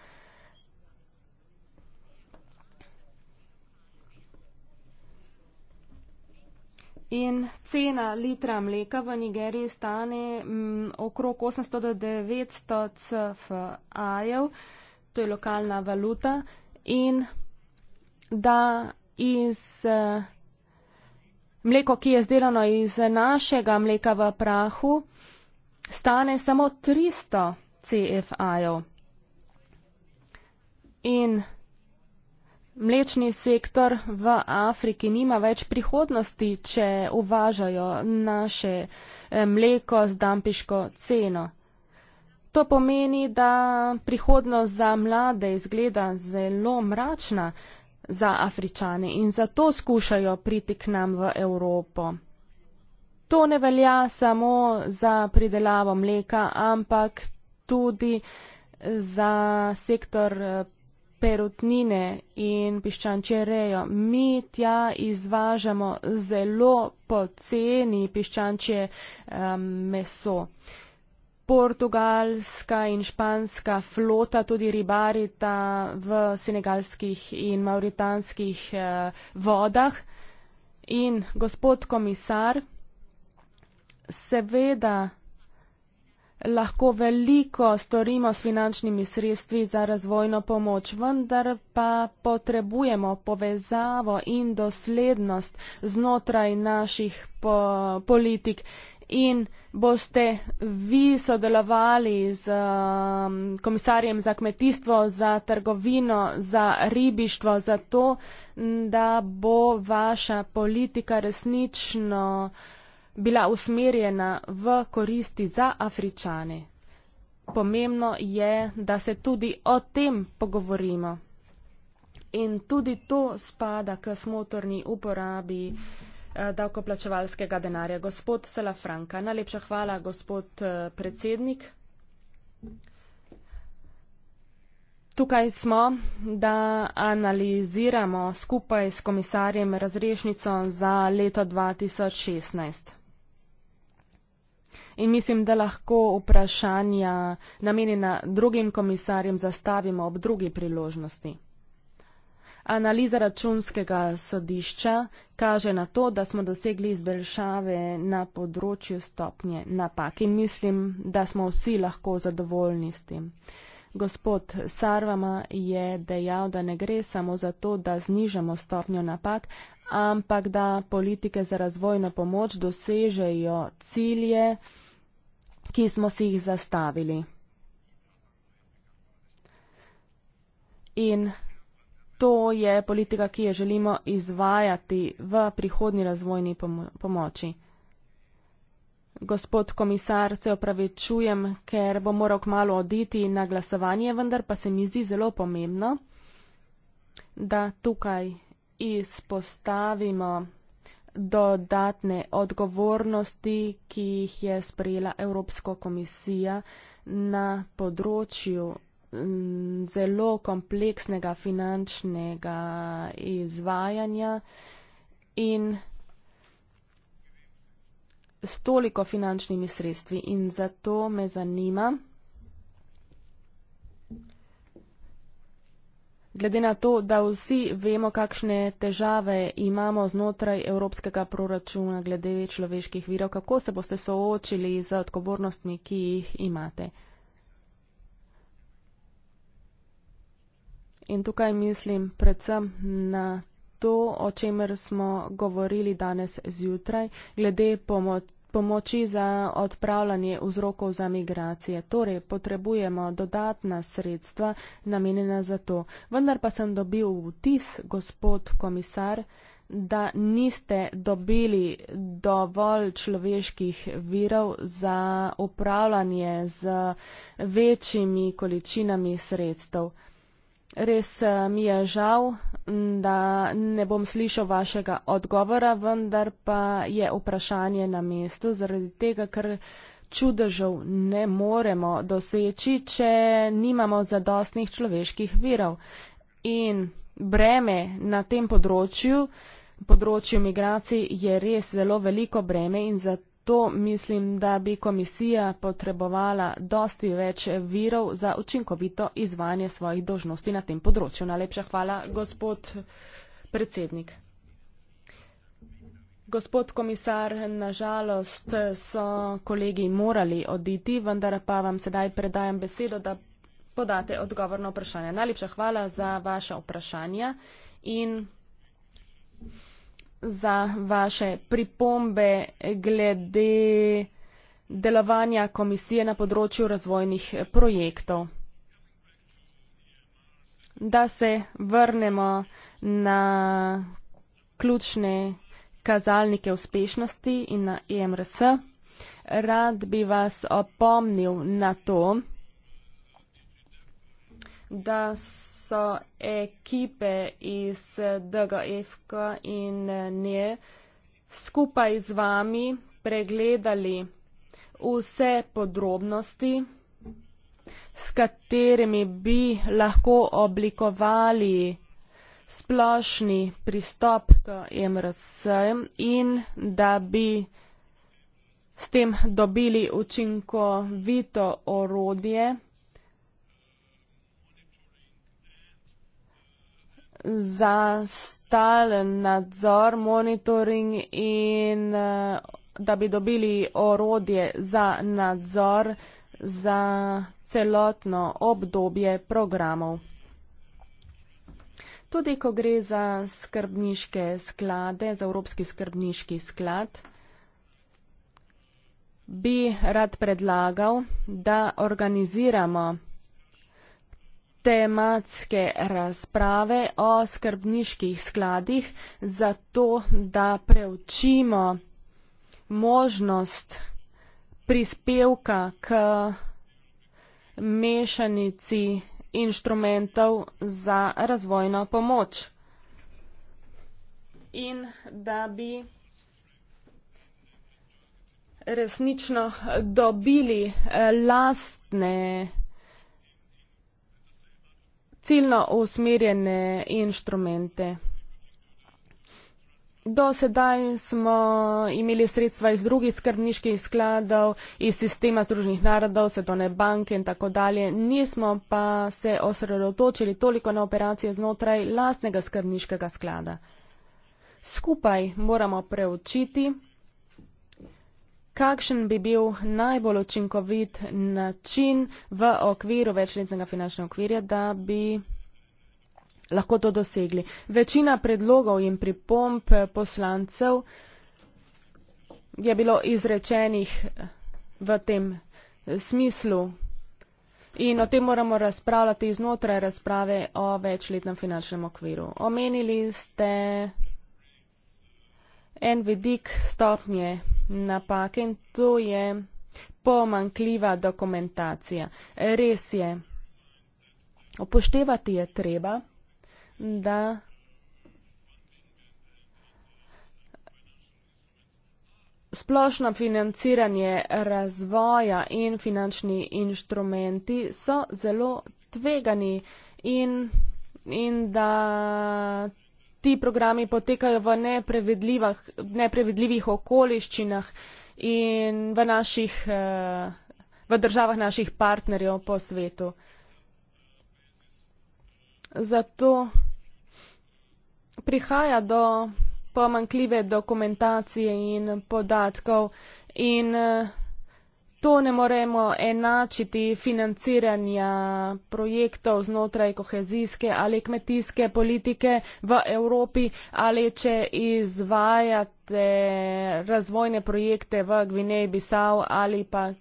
S2: In cena litra mleka v Nigeriji stane m, mm, okrog 800 do 900 CFA-jev, to je lokalna valuta, in da iz eh, mleko, ki je zdelano iz našega mleka v prahu, stane samo 300 CFA-jev. In mlečni sektor v Afriki nima več prihodnosti, če uvažajo naše eh, mleko z dampiško ceno. To pomeni, da prihodnost za mlade izgleda zelo mračna za Afričane in zato skušajo priti k nam v Evropo. To ne velja samo za pridelavo mleka, ampak tudi za sektor eh, perutnine in piščančje rejo. Mi tja izvažamo zelo poceni piščančje um, meso. Portugalska in španska flota tudi ribarita v senegalskih in mauritanskih uh, eh, vodah. In gospod komisar, seveda lahko veliko storimo s finančnimi sredstvi za razvojno pomoč, vendar pa potrebujemo povezavo in doslednost znotraj naših po politik. In boste vi sodelovali z um, komisarjem za kmetijstvo, za trgovino, za ribištvo, za to, da bo vaša politika resnično uh, bila usmerjena v koristi za Afričane. Pomembno je, da se tudi o tem pogovorimo. In tudi to spada k smotrni uporabi eh, davkoplačevalskega denarja. Gospod Sela Franka, najlepša hvala, gospod eh, predsednik. Tukaj smo, da analiziramo skupaj s komisarjem razrešnico za leto 2016 in mislim, da lahko vprašanja namenjena drugim komisarjem zastavimo ob drugi priložnosti. Analiza računskega sodišča kaže na to, da smo dosegli izboljšave na področju stopnje napak in mislim, da smo vsi lahko zadovoljni s tem. Gospod Sarvama je dejal, da ne gre samo za to, da znižamo stopnjo napak, ampak da politike za razvojno pomoč dosežejo cilje, ki smo si jih zastavili. In to je politika, ki jo želimo izvajati v prihodnji razvojni pomo pomoči. Gospod komisar, se opravičujem, ker bom moral kmalo oditi na glasovanje, vendar pa se mi zdi zelo pomembno, da tukaj izpostavimo dodatne odgovornosti, ki jih je sprejela Evropska komisija na področju zelo kompleksnega finančnega izvajanja in s toliko finančnimi sredstvi. In zato me zanima, glede na to, da vsi vemo, kakšne težave imamo znotraj evropskega proračuna glede človeških virov, kako se boste soočili z odgovornostmi, ki jih imate? In tukaj mislim predvsem na to, o čemer smo govorili danes zjutraj, glede pomoči pomoči za odpravljanje vzrokov za migracije. Torej, potrebujemo dodatna sredstva namenjena za to. Vendar pa sem dobil vtis, gospod komisar, da niste dobili dovolj človeških virov za upravljanje z večjimi količinami sredstev res eh, mi je žal, da ne bom slišal vašega odgovora, vendar pa je vprašanje na mestu, zaradi tega, ker čudežev ne moremo doseči, če nimamo zadostnih človeških virov. In breme na tem področju, področju migracij je res zelo veliko breme in zato zato mislim, da bi komisija potrebovala dosti več virov za učinkovito izvajanje svojih dožnosti na tem področju. Najlepša hvala, gospod predsednik. Gospod komisar, nažalost so kolegi morali oditi, vendar pa vam sedaj predajam besedo, da podate odgovor na vprašanje. Najlepša hvala za vaše vprašanje in za vaše pripombe glede delovanja komisije na področju razvojnih projektov. Da se vrnemo na ključne kazalnike uspešnosti in na EMRS, rad bi vas opomnil na to, da so ekipe iz DGF-k in nje skupaj z vami pregledali vse podrobnosti, s katerimi bi lahko oblikovali splošni pristop k MRS in da bi s tem dobili učinkovito orodje. za stalen nadzor, monitoring in eh, da bi dobili orodje za nadzor za celotno obdobje programov. Tudi, ko gre za skrbniške sklade, za Evropski skrbniški sklad, bi rad predlagal, da organiziramo tematske razprave o skrbniških skladih, zato da preučimo možnost prispevka k mešanici inštrumentov za razvojno pomoč. In da bi resnično dobili eh, lastne ciljno usmerjene inštrumente. Do sedaj smo imeli sredstva iz drugih skrbniških skladov, iz sistema Združenih narodov, svetovne banke in tako dalje. Nismo pa se osredotočili toliko na operacije znotraj lastnega skrbniškega sklada. Skupaj moramo preučiti kakšen bi bil najbolj učinkovit način v okviru večletnega finančnega okvirja, da bi lahko to dosegli. Večina predlogov in pripomb poslancev je bilo izrečenih v tem smislu in o tem moramo razpravljati znotraj razprave o večletnem finančnem okviru. Omenili ste en vidik stopnje napake in to je pomankljiva dokumentacija. Res je, upoštevati je treba, da Splošno financiranje razvoja in finančni inštrumenti so zelo tvegani in, in da ti programi potekajo v neprevedljivih okoliščinah in v, naših, eh, v državah naših partnerjev po svetu. Zato prihaja do pomankljive dokumentacije in podatkov in uh, to ne moremo enačiti financiranja projektov znotraj kohezijske ali kmetijske politike v Evropi ali če izvajate razvojne projekte v Gvineji, Bisav ali pa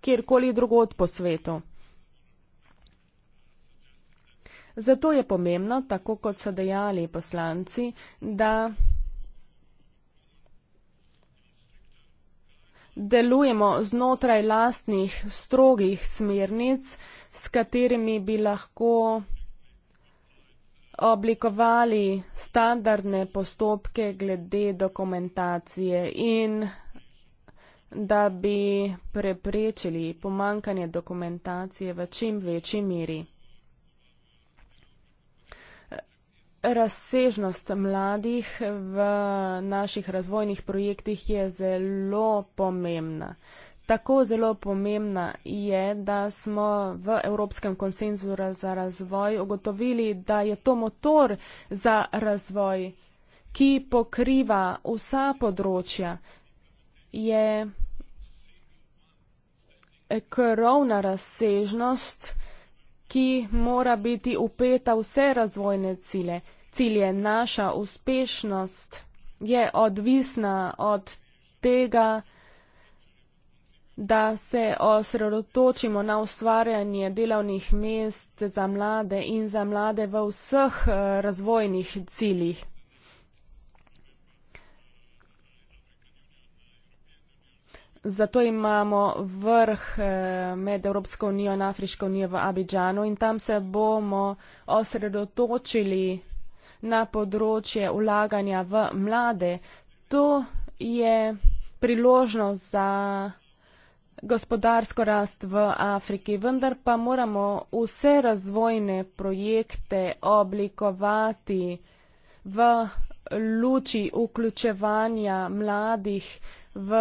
S2: kjerkoli drugod po svetu. Zato je pomembno, tako kot so dejali poslanci, da delujemo znotraj lastnih strogih smernic, s katerimi bi lahko oblikovali standardne postopke glede dokumentacije in da bi preprečili pomankanje dokumentacije v čim večji meri. Razsežnost mladih v naših razvojnih projektih je zelo pomembna. Tako zelo pomembna je, da smo v Evropskem konsenzu za razvoj ugotovili, da je to motor za razvoj, ki pokriva vsa področja, je krovna razsežnost ki mora biti upeta vse razvojne cilje. Cilje naša uspešnost je odvisna od tega, da se osredotočimo na ustvarjanje delovnih mest za mlade in za mlade v vseh eh, razvojnih ciljih. Zato imamo vrh eh, med Evropsko unijo in Afriško unijo v Abidžanu in tam se bomo osredotočili na področje ulaganja v mlade. To je priložnost za gospodarsko rast v Afriki, vendar pa moramo vse razvojne projekte oblikovati v luči vključevanja mladih v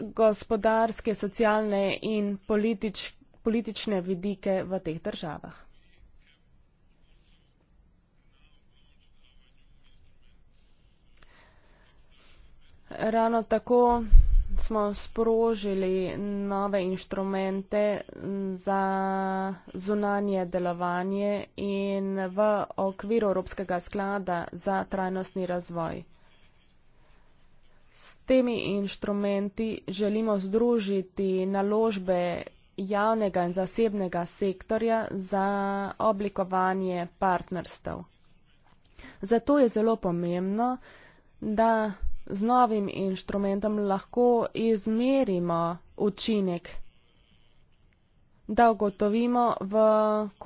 S2: gospodarske, socialne in politič, politične vidike v teh državah. Ravno tako smo sprožili nove inštrumente za zunanje delovanje in v okviru Evropskega sklada za trajnostni razvoj. S temi inštrumenti želimo združiti naložbe javnega in zasebnega sektorja za oblikovanje partnerstev. Zato je zelo pomembno, da z novim inštrumentom lahko izmerimo učinek, da ugotovimo, v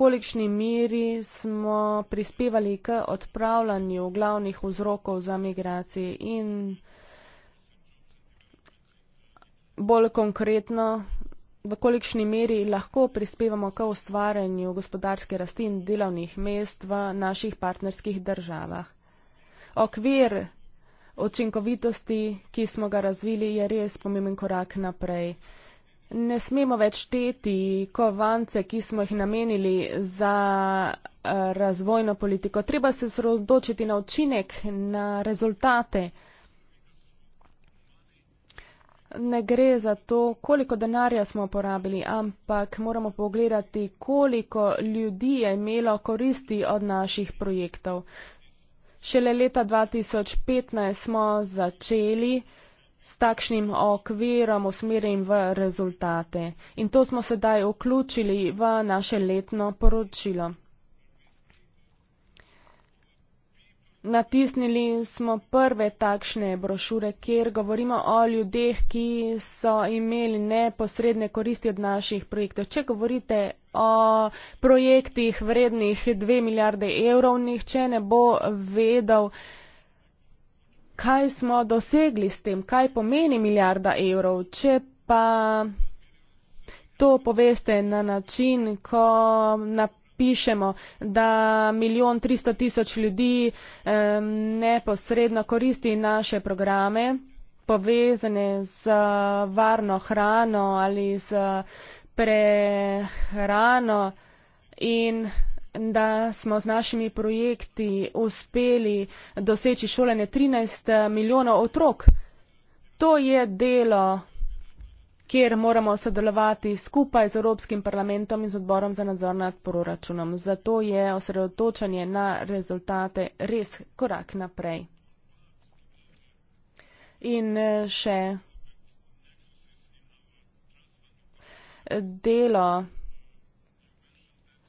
S2: kolikšni meri smo prispevali k odpravljanju glavnih vzrokov za migracije in bolj konkretno, v kolikšni meri lahko prispevamo k ustvarjanju gospodarske rasti in delovnih mest v naših partnerskih državah. Okvir učinkovitosti, ki smo ga razvili, je res pomemben korak naprej. Ne smemo več šteti kovance, ki smo jih namenili za eh, razvojno politiko. Treba se sredočiti na učinek, na rezultate ne gre za to, koliko denarja smo porabili, ampak moramo pogledati, koliko ljudi je imelo koristi od naših projektov. Šele leta 2015 smo začeli s takšnim okvirom usmerjen v rezultate in to smo sedaj vključili v naše letno poročilo. natisnili smo prve takšne brošure, kjer govorimo o ljudeh, ki so imeli neposredne koristi od naših projektov. Če govorite o projektih vrednih 2 milijarde evrov, nihče ne bo vedel, kaj smo dosegli s tem, kaj pomeni milijarda evrov. Če pa to poveste na način, ko napisate, pišemo, da milijon tristo tisoč ljudi um, neposredno koristi naše programe povezane z varno hrano ali z prehrano in da smo z našimi projekti uspeli doseči šolanje 13 eh, milijonov otrok. To je delo kjer moramo sodelovati skupaj z Evropskim parlamentom in z odborom za nadzor nad proračunom. Zato je osredotočanje na rezultate res korak naprej. In eh, še delo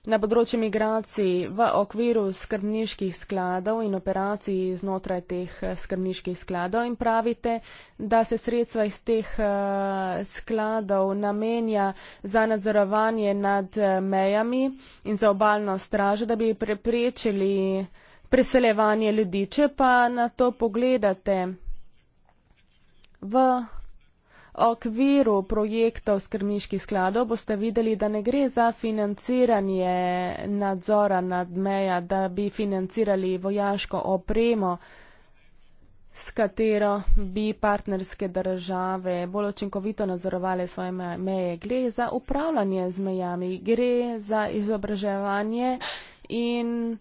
S2: Na področju migracij v okviru skrbniških skladov in operacij znotraj teh eh, skrbniških skladov in pravite, da se sredstva iz teh eh, skladov namenja za nadzorovanje nad eh, mejami in za obalno stražo, da bi preprečili preseljevanje ljudi. Če pa na to pogledate v okviru projektov skrbniških skladov boste videli, da ne gre za financiranje nadzora nad meja, da bi financirali vojaško opremo, s katero bi partnerske države bolj očinkovito nadzorovali svoje meje. Gre za upravljanje z mejami, gre za izobraževanje in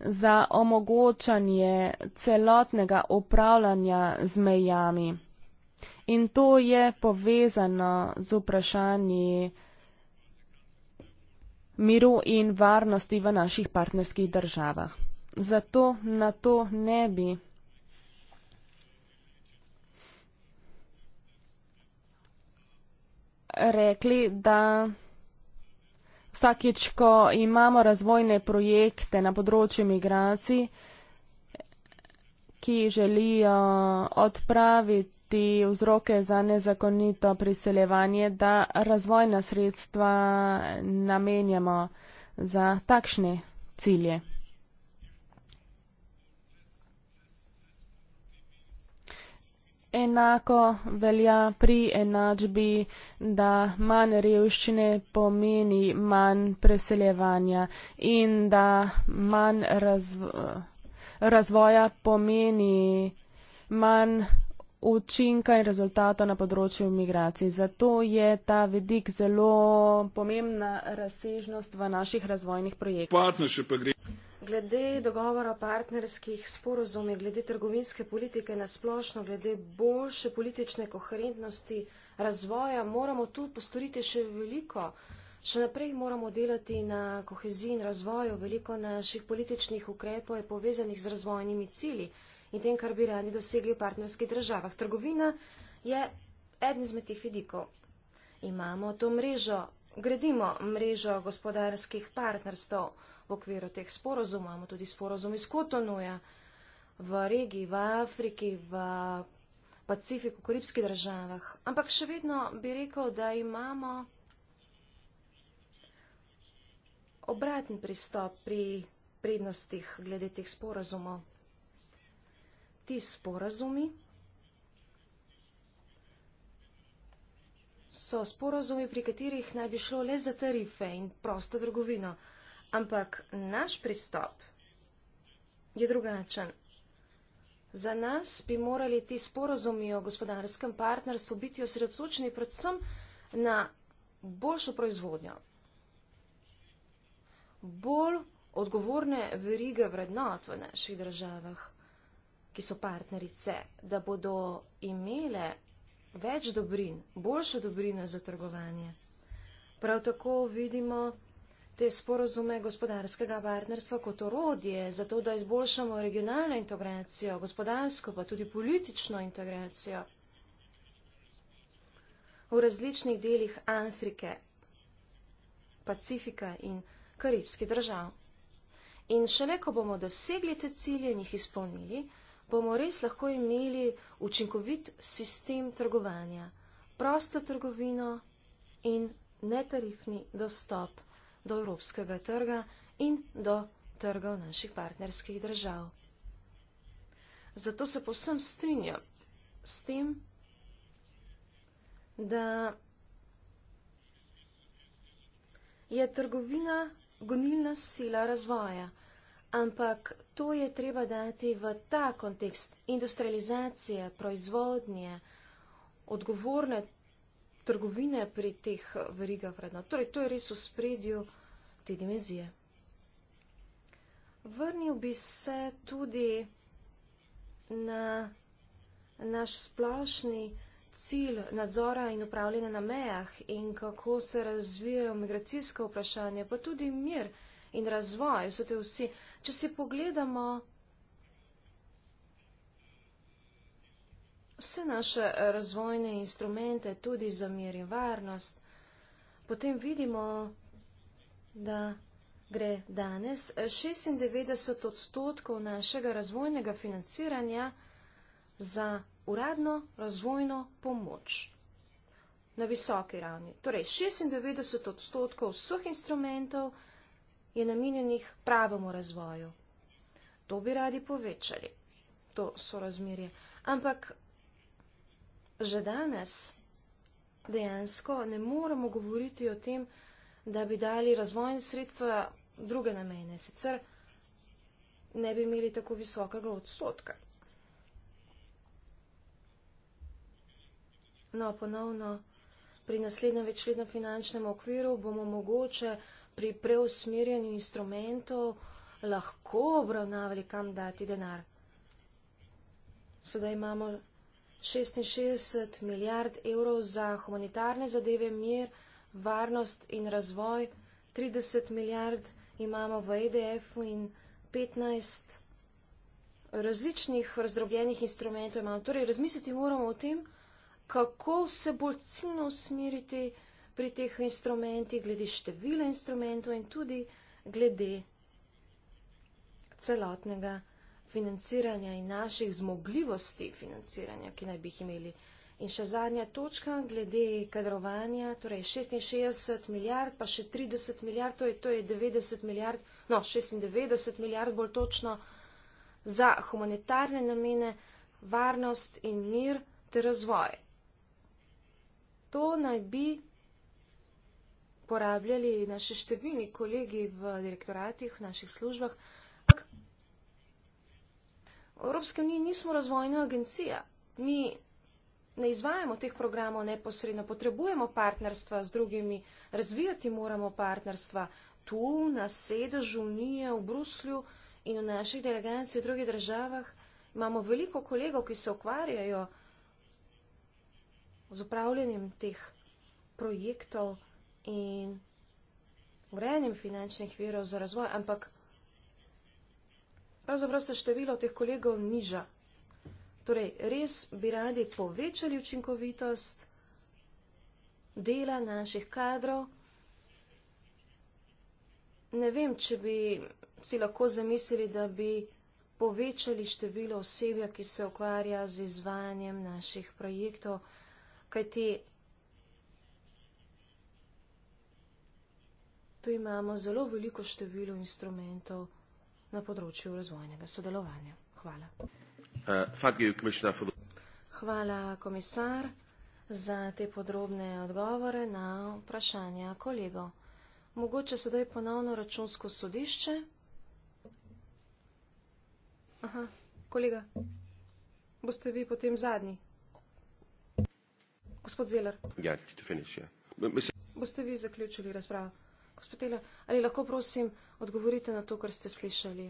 S2: za omogočanje celotnega upravljanja z mejami. In to je povezano z vprašanji miru in varnosti v naših partnerskih državah. Zato na to ne bi rekli, da vsakič, ko imamo razvojne projekte na področju migracij, ki želijo odpraviti zmanjšati vzroke za nezakonito priseljevanje, da razvojna sredstva namenjamo za takšne cilje. Enako velja pri enačbi, da manj revščine pomeni manj preseljevanja in da manj razvo razvoja pomeni manj učinka in rezultata na področju migracij. Zato je ta vidik zelo pomembna razsežnost v naših razvojnih projektih.
S3: Glede dogovora o partnerskih sporozumih, glede trgovinske politike na splošno, glede boljše politične koherentnosti razvoja, moramo tu postoriti še veliko. Še naprej moramo delati na koheziji in razvoju. Veliko naših političnih ukrepov je povezanih z razvojnimi cili in tem, kar bi radi dosegli v partnerskih državah. Trgovina je eden izmed teh vidikov. Imamo to mrežo, gradimo mrežo gospodarskih partnerstv v okviru teh sporozumov, imamo tudi sporozum iz Kotonuja v regiji, v Afriki, v Pacifiku, v Karibskih državah. Ampak še vedno bi rekel, da imamo obraten pristop pri prednostih glede teh sporozumov ti sporazumi so sporazumi, pri katerih naj bi šlo le za tarife in prosto trgovino, ampak naš pristop je drugačen. Za nas bi morali ti sporazumi o gospodarskem partnerstvu biti osredotočeni predvsem na boljšo proizvodnjo, bolj odgovorne verige vrednot v naših državah ki so partnerice, da bodo imele več dobrin, boljše dobrine za trgovanje. Prav tako vidimo te sporozume gospodarskega partnerstva kot orodje za to, da izboljšamo regionalno integracijo, gospodarsko pa tudi politično integracijo v različnih delih Afrike, Pacifika in Karibskih držav. In šele, ko bomo dosegli te cilje in jih izpolnili, bomo res lahko imeli učinkovit sistem trgovanja, prosto trgovino in netarifni dostop do evropskega trga in do trgov naših partnerskih držav. Zato se povsem strinjam s tem, da je trgovina gonilna sila razvoja. Ampak to je treba dati v ta kontekst industrializacije, proizvodnje, odgovorne trgovine pri teh verigah vredno. Torej, to je res v spredju te dimenzije. Vrnil bi se tudi na naš splošni cilj nadzora in upravljanja na mejah in kako se razvijajo migracijsko vprašanje, pa tudi mir in razvoj, vse te vsi. Če si pogledamo vse naše eh, razvojne instrumente, tudi za mir in varnost, potem vidimo, da gre danes 96 eh, odstotkov našega razvojnega financiranja za uradno razvojno pomoč na visoki ravni. Torej, 96 odstotkov vseh instrumentov, je namenjenih pravemu razvoju. To bi radi povečali, to so razmerje. Ampak že danes dejansko ne moremo govoriti o tem, da bi dali razvojne sredstva druge namene, sicer ne bi imeli tako visokega odstotka. No, ponovno pri naslednjem večletnem finančnem okviru bomo mogoče pri preusmerjanju instrumentov lahko obravnavali, kam dati denar. Sedaj imamo 66 milijard evrov za humanitarne zadeve, mir, varnost in razvoj, 30 milijard imamo v EDF-u in 15 različnih razdrobljenih instrumentov imamo. Torej, razmisliti moramo o tem, kako se bolj ciljno usmeriti pri teh instrumentih, glede števila instrumentov in tudi glede celotnega financiranja in naših zmogljivosti financiranja, ki naj bi jih imeli. In še zadnja točka, glede kadrovanja, torej 66 milijard, pa še 30 milijard, to je, to je 90 milijard, no 96 milijard bolj točno, za humanitarne namene, varnost in mir ter razvoj. To naj bi uporabljali naši številni kolegi v direktoratih, v naših službah. V Evropski uniji nismo razvojna agencija. Mi ne izvajamo teh programov neposredno, potrebujemo partnerstva z drugimi, razvijati moramo partnerstva tu, na sedežu unije, v Bruslju in v naših delegacijah v drugih državah. Imamo veliko kolegov, ki se ukvarjajo z upravljanjem teh projektov in urejanjem finančnih virov za razvoj, ampak pravzaprav se število teh kolegov niža. Torej, res bi radi povečali učinkovitost dela naših kadrov. Ne vem, če bi si lahko zamislili, da bi povečali število osebja, ki se ukvarja z izvanjem naših projektov, kajti projektu imamo zelo veliko število instrumentov na področju razvojnega sodelovanja. Hvala. Uh, Hvala, komisar, za te podrobne odgovore na vprašanja kolego. Mogoče sedaj ponovno računsko sodišče. Aha, kolega, boste vi potem zadnji. Gospod Zeller.
S1: Ja, to
S2: finiš, ja.
S3: Boste vi zaključili razpravo? Gospod Taylor, ali lahko prosim odgovorite na to, kar ste slišali?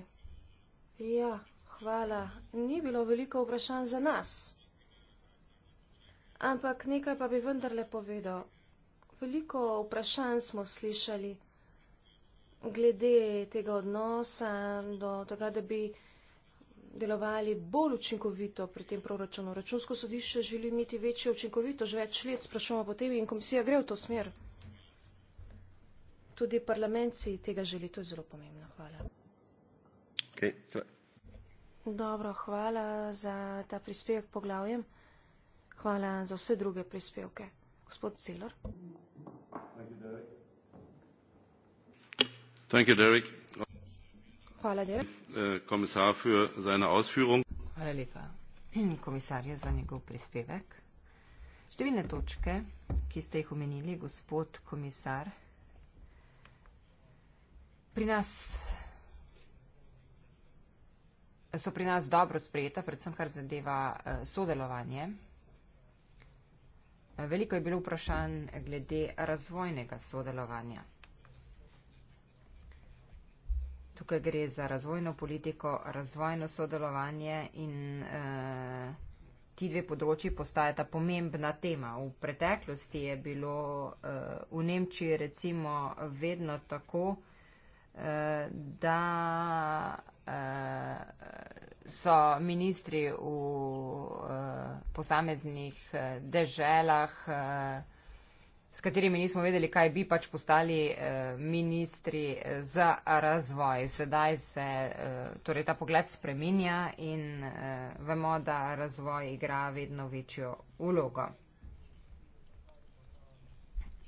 S3: Ja, hvala. Ni bilo veliko vprašanj za nas. Ampak nekaj pa bi vendarle povedal. Veliko vprašanj smo slišali glede tega odnosa do tega, da bi delovali bolj učinkovito pri tem proračunu. Računsko sodišče želi imeti večjo učinkovitost, več let sprašujemo potem in komisija gre v to smer tudi parlament si tega želi, to je zelo pomembno. Hvala. Okay. Dobro, hvala za ta prispevek poglavjem. Hvala za vse druge prispevke. Gospod Celor.
S1: Thank you, Derek. Hvala, Derek. Äh, für hvala lepa (clears throat) komisarju za njegov prispevek. Številne točke, ki ste jih omenili, gospod komisar, pri nas. So pri nas dobro sprejeta, predvsem kar zadeva eh, sodelovanje. Eh, veliko je bilo vprašanj glede razvojnega sodelovanja. Tukaj gre za razvojno politiko, razvojno sodelovanje in eh, ti dve področji postajata pomembna tema. V preteklosti je bilo eh, v Nemčiji recimo vedno tako, da eh, so ministri v eh, posameznih eh, deželah, s katerimi nismo vedeli, kaj bi pač postali ministri za razvoj. Sedaj se torej ta pogled spreminja in vemo, da razvoj igra vedno večjo vlogo.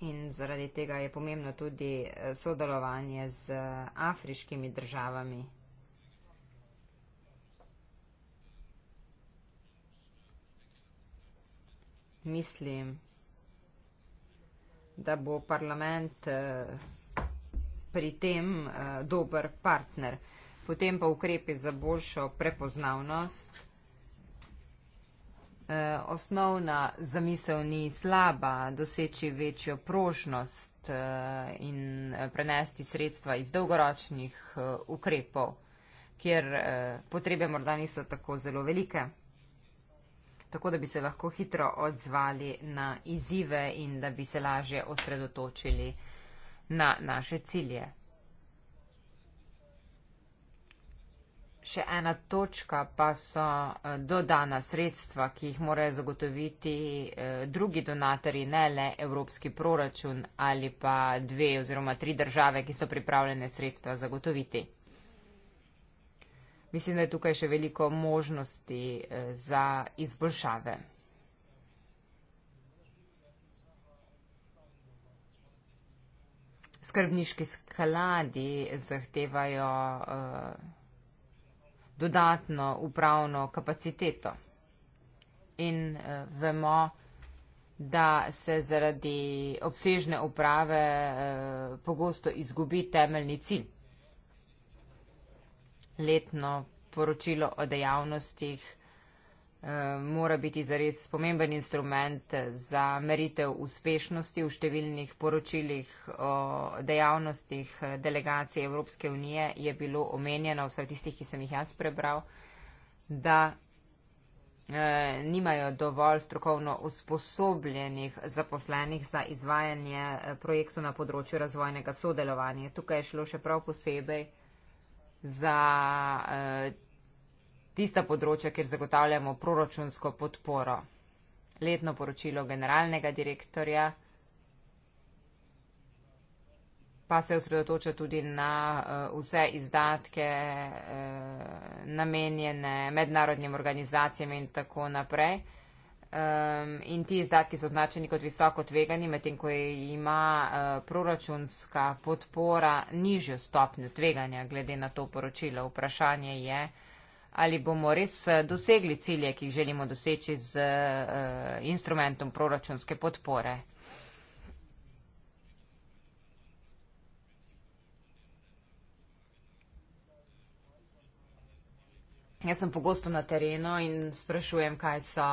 S1: In zaradi tega je pomembno tudi eh, sodelovanje z eh, afriškimi državami. Mislim, da bo parlament eh, pri tem dober partner. Potem pa ukrepi za boljšo prepoznavnost. Eh, osnovna zamisel ni slaba, doseči večjo prožnost eh, in eh, prenesti sredstva iz dolgoročnih ukrepov, kjer potrebe morda niso tako zelo velike, tako da bi se lahko hitro odzvali na izzive in da bi se lažje osredotočili na naše cilje. še ena točka, pa so eh, dodana sredstva, ki jih morajo zagotoviti eh, drugi donatori, ne le evropski proračun ali pa dve oziroma tri države, ki so pripravljene sredstva zagotoviti. Mislim, da je tukaj še veliko možnosti eh, za izboljšave. Skrbniški skladi zahtevajo uh, dodatno upravno kapaciteto. In e, vemo, da se zaradi obsežne uprave e, pogosto izgubi temeljni cilj. Letno poročilo o dejavnostih Eh, mora biti zares pomemben instrument za meritev uspešnosti v številnih poročilih o dejavnostih eh, delegacije Evropske unije, je bilo omenjeno, vsaj tistih, ki sem jih jaz prebral, da eh, nimajo dovolj strokovno usposobljenih zaposlenih za izvajanje projektov na področju razvojnega sodelovanja. Tukaj je šlo še prav posebej za tista področja, kjer zagotavljamo proračunsko podporo. Letno poročilo generalnega direktorja pa se osredotoča tudi na eh, vse izdatke eh, namenjene mednarodnim organizacijam in tako naprej. Ehm, in ti izdatki so označeni kot visoko tvegani, medtem ko ima eh, proračunska podpora nižjo stopnjo tveganja glede na to poročilo. Vprašanje je, ali bomo res eh, dosegli cilje, ki jih želimo doseči z uh, instrumentom proračunske podpore. Jaz sem pogosto na terenu in sprašujem, kaj so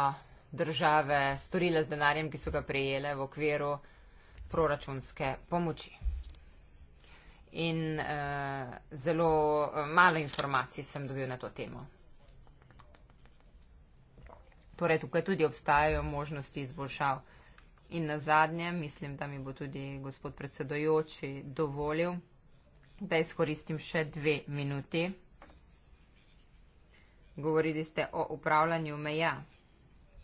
S1: države storile z denarjem, ki so ga prejele v okviru proračunske pomoči in uh, zelo eh, malo informacij sem dobil na to temo. Torej, tukaj tudi obstajajo možnosti izboljšav. In na zadnje, mislim, da mi bo tudi gospod predsedojoči dovolil, da izkoristim še dve minuti. Govorili ste o upravljanju meja.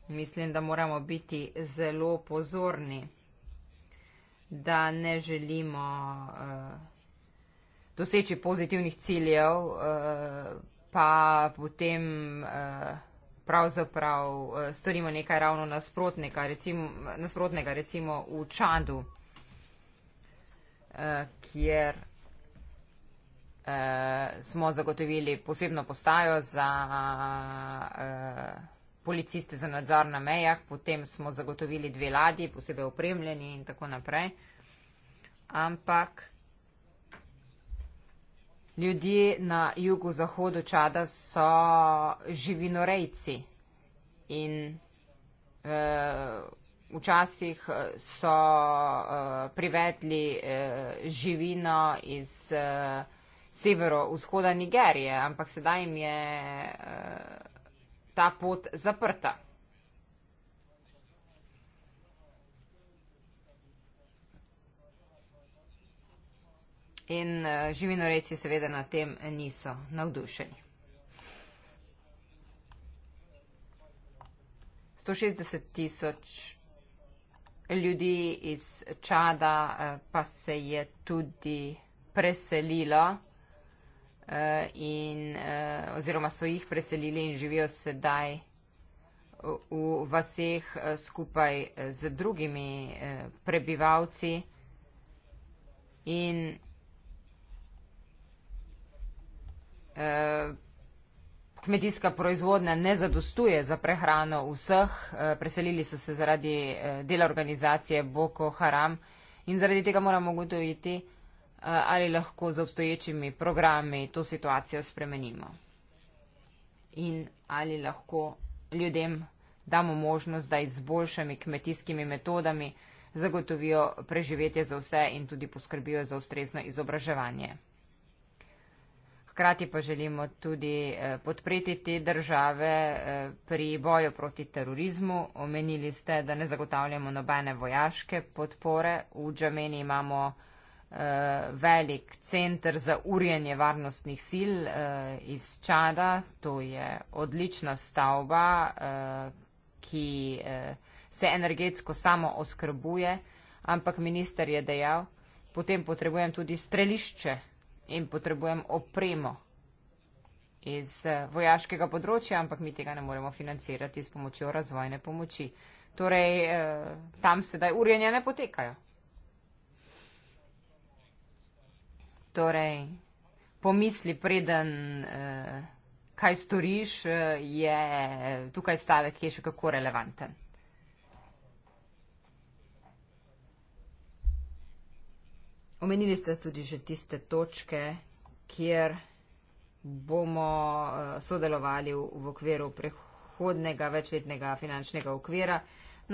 S1: Mislim, da moramo biti zelo pozorni, da ne želimo. Uh, doseči pozitivnih ciljev, eh, pa potem eh, pravzaprav eh, storimo nekaj ravno nasprotnega, recimo, nasprotnega, recimo v Čadu, kjer smo zagotovili posebno postajo za policiste za nadzor na mejah, potem smo zagotovili dve ladji, posebej opremljeni in tako naprej. Ampak Ljudje na jugu zahodu Čada so živinorejci in uh, včasih eh, so uh, privedli uh, živino iz uh, severovzhoda Nigerije, ampak sedaj jim je uh, ta pot zaprta. in eh, živinoreci seveda na tem niso navdušeni. 160 tisoč ljudi iz Čada eh, pa se je tudi preselilo eh, in, oziroma so jih preselili in živijo sedaj v vaseh skupaj z drugimi prebivalci in Eh, kmetijska proizvodnja ne zadostuje za prehrano vseh, eh, preselili so se zaradi eh, dela organizacije Boko Haram in zaradi tega moramo ugotoviti, ali lahko z obstoječimi programi to situacijo spremenimo. In ali lahko ljudem damo možnost, da z boljšimi kmetijskimi metodami zagotovijo preživetje za vse in tudi poskrbijo za ustrezno izobraževanje. Hkrati pa želimo tudi eh, podpreti te države eh, pri boju proti terorizmu. Omenili ste, da ne zagotavljamo nobene vojaške podpore. V Džameni imamo eh, velik centr za urjenje varnostnih sil iz Čada. To je odlična stavba, ki se energetsko samo oskrbuje, ampak minister je dejal, potem potrebujem tudi strelišče in potrebujem opremo iz eh, vojaškega področja, ampak mi tega ne moremo financirati s pomočjo razvojne pomoči. Torej, eh, tam sedaj urjenja ne potekajo. Torej, pomisli preden, eh, kaj storiš, je tukaj stavek, ki je še kako relevanten. Omenili ste tudi že tiste točke, kjer bomo eh, sodelovali v okviru prehodnega večletnega finančnega okvira.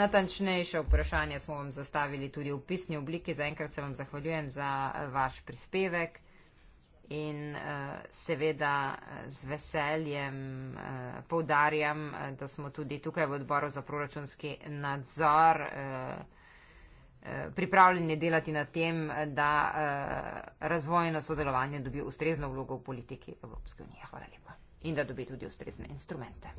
S1: Natančnejše vprašanje smo vam zastavili tudi v pisni obliki. Zaenkrat se vam zahvaljujem za eh, vaš prispevek in eh, seveda z veseljem poudarjam, da smo tudi tukaj v odboru za proračunski nadzor Eh, pripravljeni delati na tem, da eh, razvojno sodelovanje dobi ustrezno vlogo v politiki Evropske unije. Hvala lepa. In da dobi tudi ustrezne instrumente.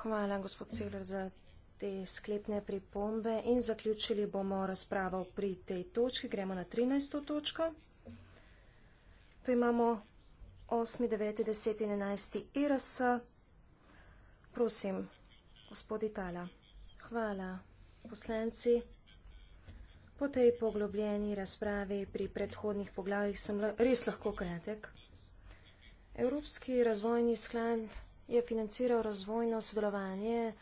S3: Hvala, gospod Celer, za te sklepne pripombe. In zaključili bomo razpravo pri tej točki. Gremo na 13. točko. Tu imamo 8., 9., 10. in 11. IRS. Prosim, gospod Itala. Hvala, poslanci. Po tej poglobljeni razpravi pri predhodnih poglavjih sem res lahko kratek. Evropski razvojni sklad je financiral razvojno sodelovanje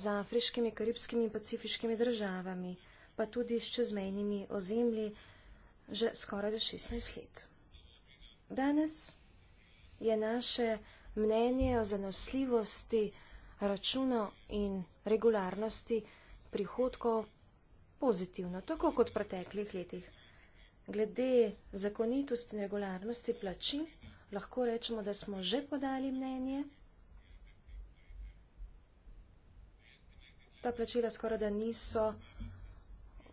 S3: z afriškimi, karibskimi in pacifiškimi državami, pa tudi s čezmejnimi ozemlji že skoraj 16 let. Danes je naše mnenje o zanosljivosti računov in regularnosti prihodkov pozitivno, tako kot v preteklih letih. Glede zakonitosti in regularnosti plači, lahko rečemo, da smo že podali mnenje. Ta plačila skoraj da niso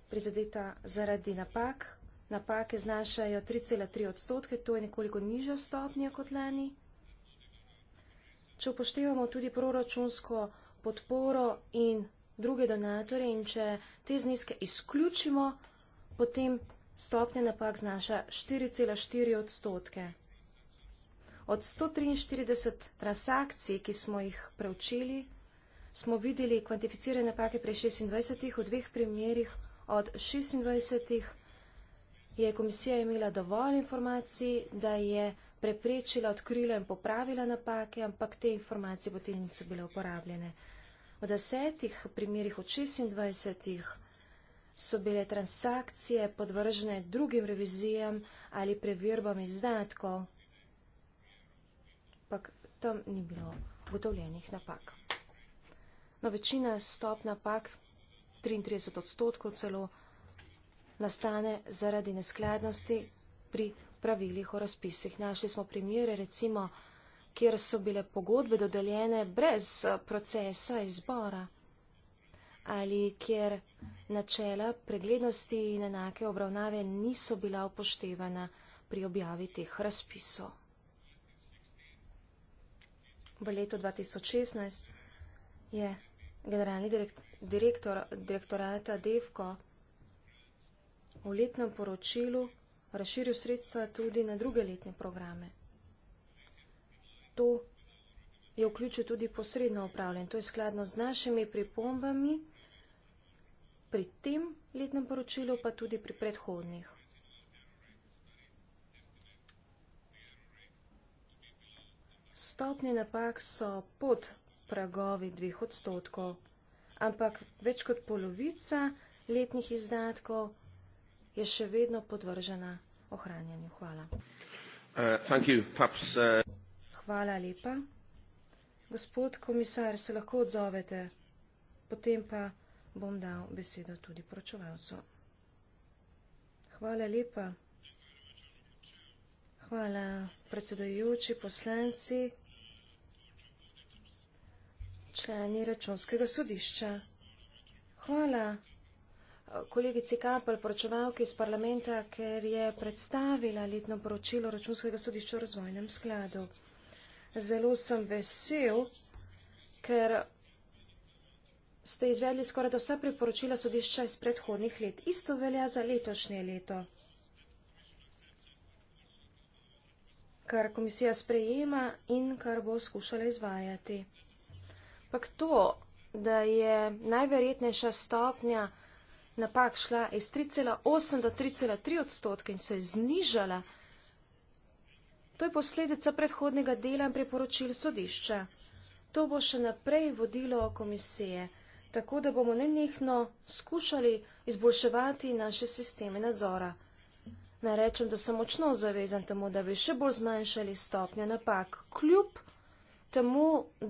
S3: prizadeta zaradi napak. Napake znašajo 3,3 odstotke, to je nekoliko nižja stopnja kot lani. Če upoštevamo tudi proračunsko podporo in druge donatore in če te zneske izključimo, potem stopnje napak znaša 4,4 odstotke. Od 143 transakcij, ki smo jih preučili, smo videli kvantificirane napake pri 26, v dveh primerjih od 26 je komisija imela dovolj informacij, da je preprečila, odkrila in popravila napake, ampak te informacije potem niso bile uporabljene v desetih primerih od 26 so bile transakcije podvržene drugim revizijam ali preverbam izdatkov, pa tam ni bilo ugotovljenih napak. No, večina stop napak, 33 odstotkov celo, nastane zaradi neskladnosti pri pravilih o razpisih. Našli smo primere, recimo, kjer so bile pogodbe dodeljene brez eh, procesa izbora ali kjer načela preglednosti in enake obravnave niso bila upoštevana pri objavi teh razpisov. V letu 2016 je generalni direktor, direktorata Devko v letnem poročilu razširil sredstva tudi na druge letne programe to je vključil tudi posredno upravljanje. To je skladno z našimi pripombami pri tem letnem poročilu, pa tudi pri predhodnih. Stopnje napak so pod pragovi dveh odstotkov, ampak več kot polovica letnih izdatkov je še vedno podvržena ohranjanju. Hvala.
S2: Uh, thank you. Perhaps, uh...
S3: Hvala lepa. Gospod komisar, se lahko odzovete, potem pa bom dal besedo tudi poročevalcu. Hvala lepa. Hvala predsedojoči poslanci, člani računskega sodišča. Hvala kolegici Kapel, poročevalki iz parlamenta, ker je predstavila letno poročilo računskega sodišča o razvojnem skladu zelo sem vesel, ker ste izvedli skoraj da vsa priporočila sodišča iz predhodnih let. Isto velja za letošnje leto. kar komisija sprejema in kar bo skušala izvajati. Pak to, da je najverjetnejša stopnja napak šla iz 3,8 do 3,3 odstotka in se je znižala To je posledica predhodnega dela in priporočil sodišča. To bo še naprej vodilo komisije, tako da bomo nenehno skušali izboljševati naše sisteme nadzora. Naj rečem, da sem močno zavezan temu, da bi še bolj zmanjšali stopnjo napak, kljub temu,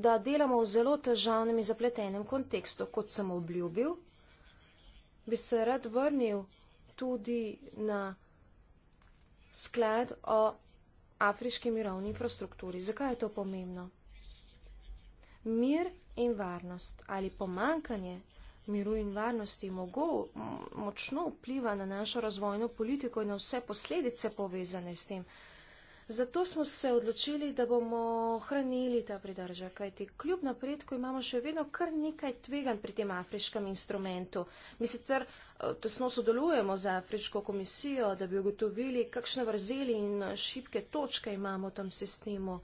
S3: da delamo v zelo težavnem in zapletenem kontekstu, kot sem obljubil, bi se rad vrnil tudi na sklad o afriški mirovni infrastrukturi. Zakaj je to pomembno? Mir in varnost ali pomankanje miru in varnosti mogo, močno vpliva na našo razvojno politiko in na vse posledice povezane s tem. Zato smo se odločili, da bomo hranili ta pridržaj, kajti kljub napredku imamo še vedno kar nekaj tvegan pri tem afriškem instrumentu. Mi sicer eh, tesno sodelujemo z Afriško komisijo, da bi ugotovili, kakšne vrzeli in šibke točke imamo v tem sistemu.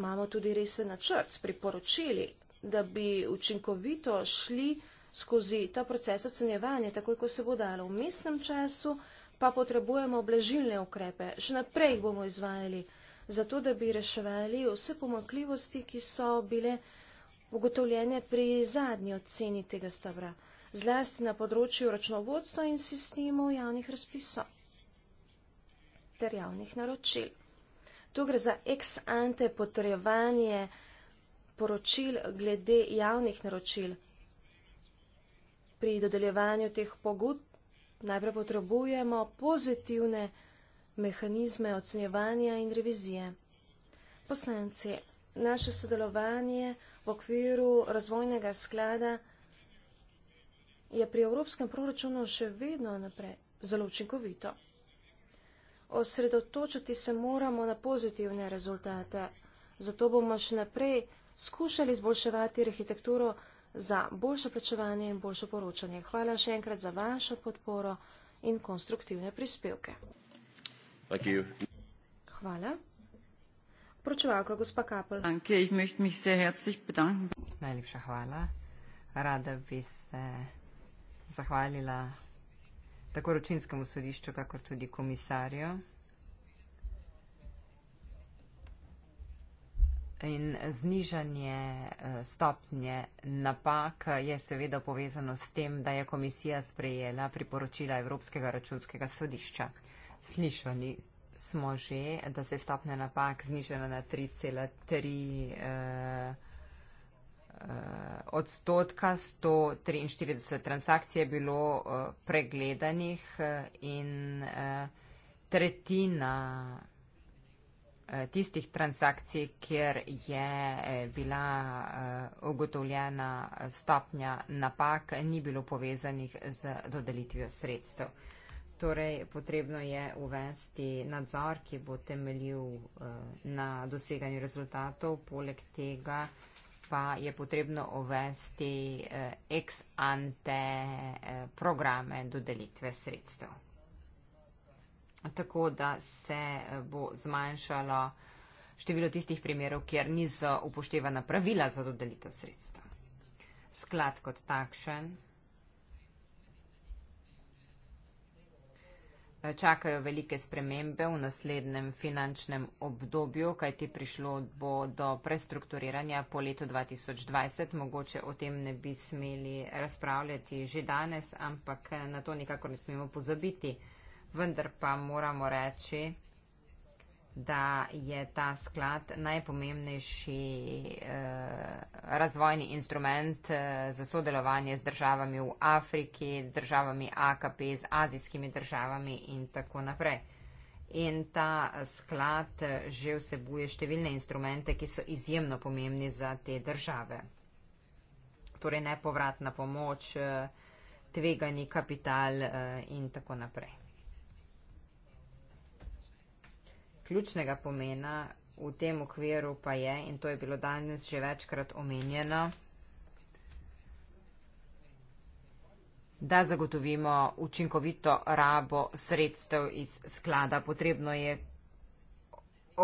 S3: Imamo tudi resen načrt s priporočili, da bi učinkovito šli skozi ta proces ocenjevanja, takoj ko se bo dalo v mestnem času pa potrebujemo blažilne ukrepe. Še naprej jih bomo izvajali, zato da bi reševali vse pomakljivosti, ki so bile ugotovljene pri zadnji oceni tega stavra, zlasti na področju računovodstva in sistemov javnih razpisov ter javnih naročil. Tu gre za ex ante potrejevanje poročil glede javnih naročil pri dodeljevanju teh pogodb Najprej potrebujemo pozitivne mehanizme ocenjevanja in revizije. Poslanci, naše sodelovanje v okviru razvojnega sklada je pri evropskem proračunu še vedno naprej zelo učinkovito. Osredotočiti se moramo na pozitivne rezultate, zato bomo še naprej skušali izboljševati arhitekturo za boljše plačevanje in boljše poročanje. Hvala še enkrat za vašo podporo in konstruktivne prispevke. Hvala. Pročevalka, gospa Kapel.
S1: Najlepša hvala. Rada bi se zahvalila tako ročinskemu sodišču, kakor tudi komisarju. In znižanje eh, stopnje napak je seveda povezano s tem, da je komisija sprejela priporočila Evropskega računskega sodišča. Slišali smo že, da se je stopnja napak znižala na 3,3 eh, eh, odstotka, 143 transakcije je bilo eh, pregledanih eh, in eh, tretjina. Eh, Eh, tistih transakcij, kjer je eh, bila eh, ugotovljena stopnja napak, ni bilo povezanih z dodelitvijo sredstev. Torej, potrebno je uvesti nadzor, ki bo temeljil na doseganju rezultatov, poleg tega pa je potrebno uvesti ex ante programe dodelitve sredstev tako da se eh, bo zmanjšalo število tistih primerov, kjer niso upoštevana pravila za dodelitev sredstva. Sklad kot takšen. Eh, čakajo velike spremembe v naslednjem finančnem obdobju, kaj ti prišlo bo do prestrukturiranja po letu 2020. Mogoče o tem ne bi smeli razpravljati že danes, ampak eh, na to nikako ne smemo pozabiti vendar pa moramo reči, da je ta sklad najpomembnejši eh, razvojni instrument eh, za sodelovanje z državami v Afriki, državami AKP, z azijskimi državami in tako naprej. In ta sklad eh, že vsebuje številne instrumente, ki so izjemno pomembni za te države. Torej nepovratna pomoč, eh, tvegani kapital eh, in tako naprej. ključnega pomena v tem okviru pa je, in to je bilo danes že večkrat omenjeno, da zagotovimo učinkovito rabo sredstev iz sklada. Potrebno je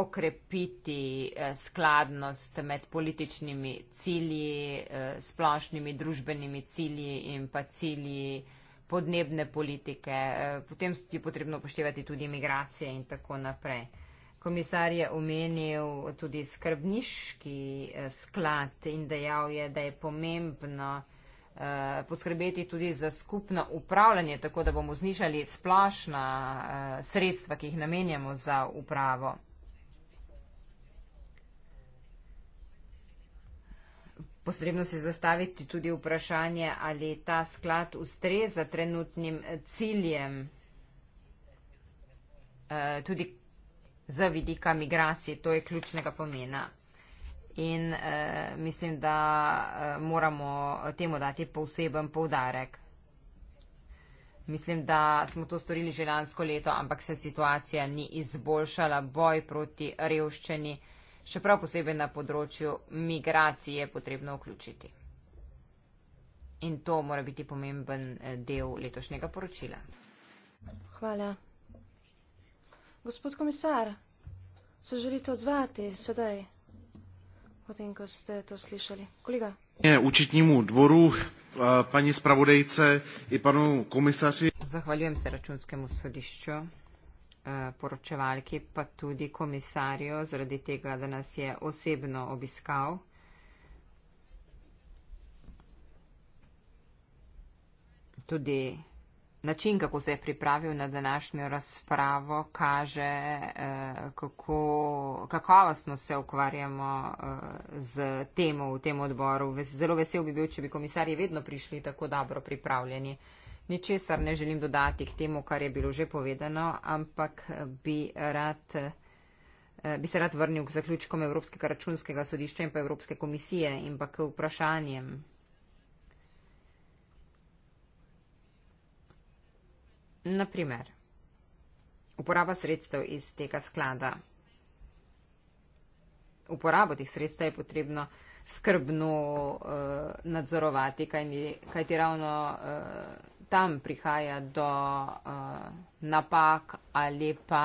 S1: okrepiti eh, skladnost med političnimi cilji, eh, splošnimi družbenimi cilji in pa cilji podnebne politike. Eh, potem je potrebno upoštevati tudi migracije in tako naprej. Komisar je omenil tudi skrbniški eh, sklad in dejal je, da je pomembno eh, poskrbeti tudi za skupno upravljanje, tako da bomo znižali splošna eh, sredstva, ki jih namenjamo za upravo. Posrebno se zastaviti tudi vprašanje, ali ta sklad ustreza trenutnim ciljem, tudi kratkim, z vidika migracij, to je ključnega pomena. In eh, mislim, da eh, moramo temu dati poseben povdarek. Mislim, da smo to storili že lansko leto, ampak se situacija ni izboljšala. Boj proti revščini, še prav posebej na področju migracij, je potrebno vključiti. In to mora biti pomemben eh, del letošnjega poročila. Hvala. Gospod komisar,
S3: se želite odzvati sedaj, potem, ko ste to slišali? Kolega? Je učitnímu dvoru, eh, paní spravodejce i panu komisaři.
S1: Zahvaljujem se računskému sodišču, eh, poročevalki, pa tudi komisarju, zaradi tega, da nas je osebno obiskal. Tudi način, kako se je pripravil na današnjo razpravo, kaže, eh, kako kakovostno se ukvarjamo eh, z temo v tem odboru. Zelo vesel bi bil, če bi komisarji vedno prišli tako dobro pripravljeni. Ničesar ne želim dodati k temu, kar je bilo že povedano, ampak eh, bi rad bi se rad vrnil k zaključkom Evropskega računskega sodišča in pa Evropske komisije in pa k vprašanjem, Naprimer, uporaba sredstev iz tega sklada. Uporabo teh sredstev je potrebno skrbno uh, nadzorovati, kaj ti ravno uh, tam prihaja do uh, napak ali pa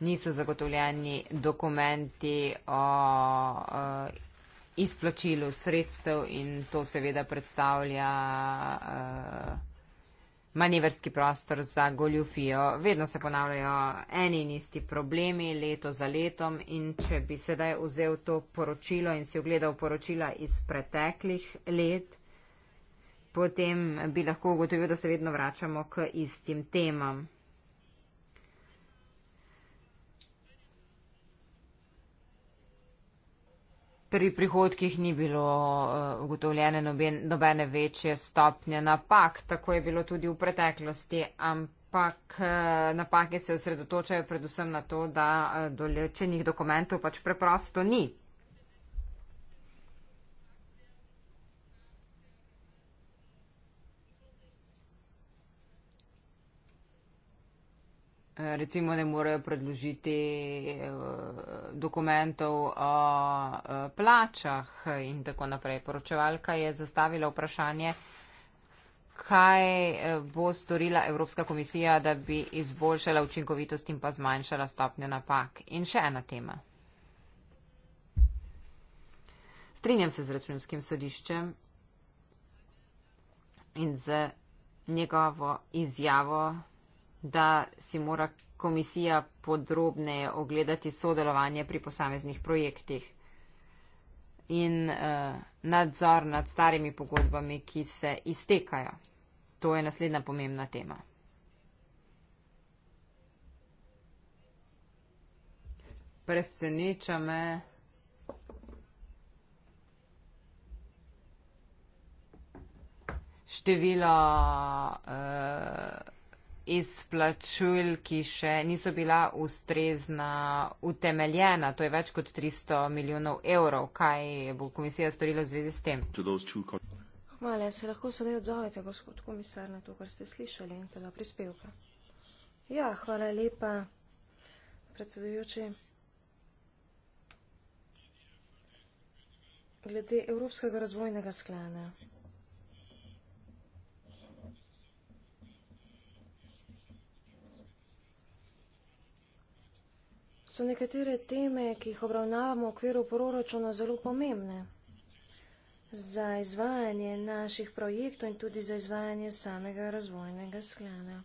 S1: niso zagotovljeni dokumenti o uh, izplačilu sredstev in to seveda predstavlja. Uh, manevrski prostor za goljufijo. Vedno se ponavljajo eni in isti problemi leto za letom in če bi sedaj vzel to poročilo in si ogledal poročila iz preteklih let, potem bi lahko ugotovil, da se vedno vračamo k istim temam. pri prihodkih ni bilo eh, ugotovljene nobene večje stopnje napak, tako je bilo tudi v preteklosti, ampak eh, napake se osredotočajo predvsem na to, da eh, določenih dokumentov pač preprosto ni. recimo ne morejo predložiti eh, dokumentov o eh, plačah in tako naprej. Poročevalka je zastavila vprašanje, kaj eh, bo storila Evropska komisija, da bi izboljšala učinkovitost in pa zmanjšala stopnjo napak. In še ena tema. Strinjam se z računskim sodiščem in z njegovo izjavo da si mora komisija podrobneje ogledati sodelovanje pri posameznih projektih in uh, nadzor nad starimi pogodbami, ki se iztekajo. To je naslednja pomembna tema. Preseneča me. Število. Uh, izplačil, ki še niso bila ustrezna utemeljena. To je več kot 300 milijonov evrov. Kaj bo komisija storila v zvezi s tem?
S3: Hvala, se lahko sedaj odzovete, gospod komisar, na to, kar ste slišali in teda prispevka. Ja, hvala lepa, predsedujoči. Glede Evropskega razvojnega sklana. so nekatere teme, ki jih obravnavamo v okviru proračuna, zelo pomembne za izvajanje naših projektov in tudi za izvajanje samega razvojnega sklada.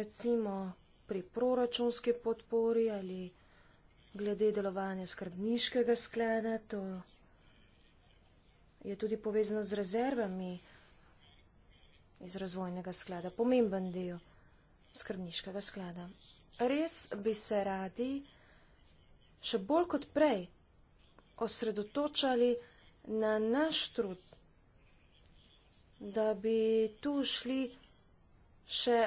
S3: Recimo pri proračunski podpori ali glede delovanja skrbniškega sklada, to je tudi povezano z rezervami iz razvojnega sklada, pomemben del skrbniškega sklada. Res bi se radi, še bolj kot prej, osredotočali na naš trud, da bi tu šli še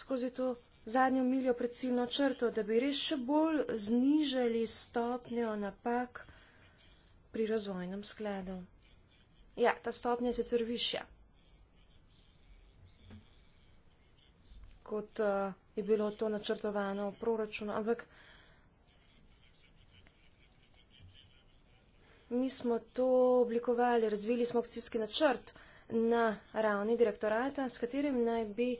S3: skozi to zadnjo miljo pred ciljno črto, da bi res še bolj znižali stopnjo napak pri razvojnem skladu. Ja, ta stopnja je sicer višja. kot eh, je bilo to načrtovano v proračunu. Ampak mi smo to oblikovali, razvili smo akcijski načrt na ravni direktorata, s katerim naj bi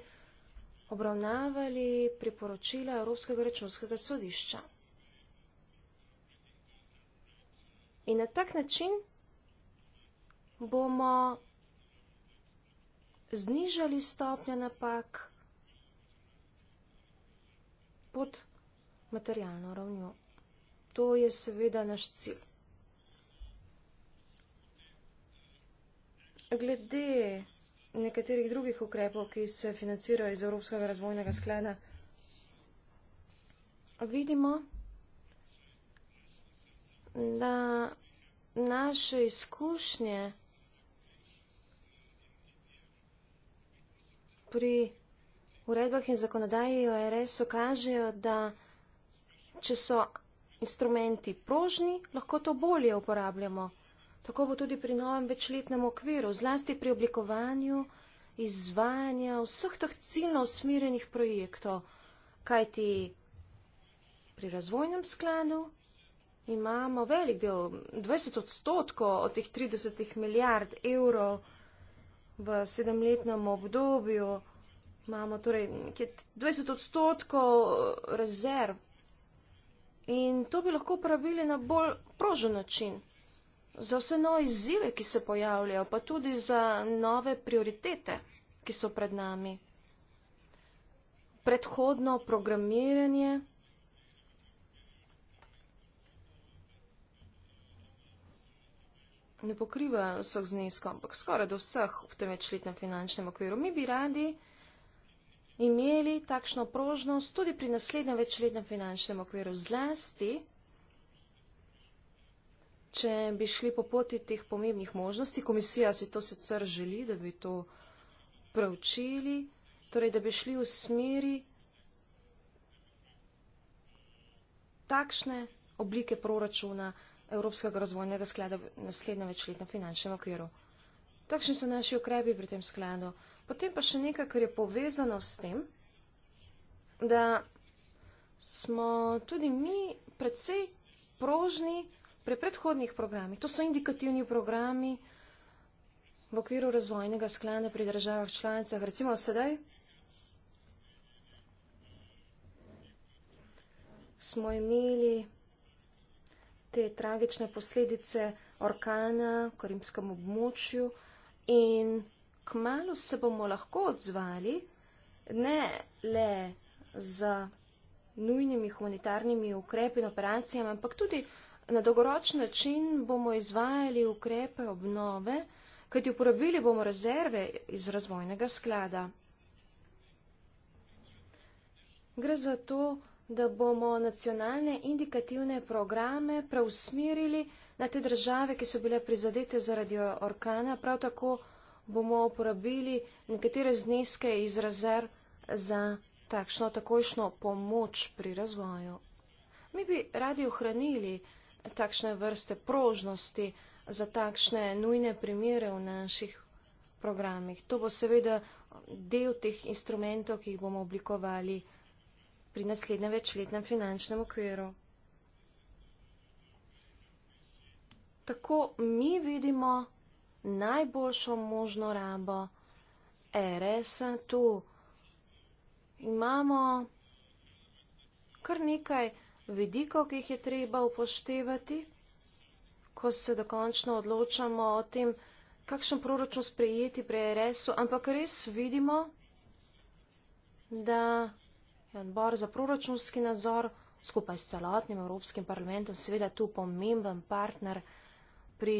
S3: obravnavali priporočila Evropskega računskega sodišča. In na tak način bomo znižali stopnje napak, pod materialno ravnjo. To je seveda naš cilj. Glede nekaterih drugih ukrepov, ki se financirajo iz Evropskega razvojnega sklada, vidimo, da naše izkušnje pri uredbah in zakonodaji ORS okažejo, da če so instrumenti prožni, lahko to bolje uporabljamo. Tako bo tudi pri novem večletnem okviru, zlasti pri oblikovanju izvajanja vseh teh ciljno usmirjenih projektov, kajti pri razvojnem skladu imamo velik del, 20 odstotkov od teh 30 milijard evrov v sedemletnem obdobju imamo torej 20 odstotkov eh, rezerv. In to bi lahko uporabili na bolj prožen način. Za vse nove izzive, ki se pojavljajo, pa tudi za nove prioritete, ki so pred nami. Predhodno programiranje. Ne pokriva vseh zneskov, ampak skoraj do vseh v tem večletnem finančnem okviru. Mi bi radi imeli takšno prožnost tudi pri naslednjem večletnem finančnem okviru zlasti, če bi šli po poti teh pomembnih možnosti, komisija si to sicer želi, da bi to preučili, torej da bi šli v smeri takšne oblike proračuna Evropskega razvojnega sklada v naslednjem večletnem finančnem okviru. Takšni so naši ukrepi pri tem skladu. Potem pa še nekaj, kar je povezano s tem, da smo tudi mi predvsej prožni pri predhodnih programih. To so indikativni programi v okviru razvojnega sklada pri državah članicah. Recimo sedaj smo imeli te tragične posledice orkana v karimskem območju in kmalo se bomo lahko odzvali, ne le z nujnimi humanitarnimi ukrepi in operacijami, ampak tudi na dolgoročen način bomo izvajali ukrepe obnove, kajti uporabili bomo rezerve iz razvojnega sklada. Gre za to, da bomo nacionalne indikativne programe preusmerili na te države, ki so bile prizadete zaradi orkana, prav tako bomo uporabili nekatere zneske iz rezerv za takšno takojšno pomoč pri razvoju. Mi bi radi ohranili takšne vrste prožnosti za takšne nujne primere v naših programih. To bo seveda del teh instrumentov, ki jih bomo oblikovali pri naslednjem večletnem finančnem okviru. Tako mi vidimo, najboljšo možno rabo RS-a. Tu imamo kar nekaj vidikov, ki jih je treba upoštevati, ko se dokončno odločamo o tem, kakšen proračun sprejeti pri RS-u, ampak res vidimo, da je odbor za proračunski nadzor skupaj s celotnim Evropskim parlamentom seveda tu pomemben partner pri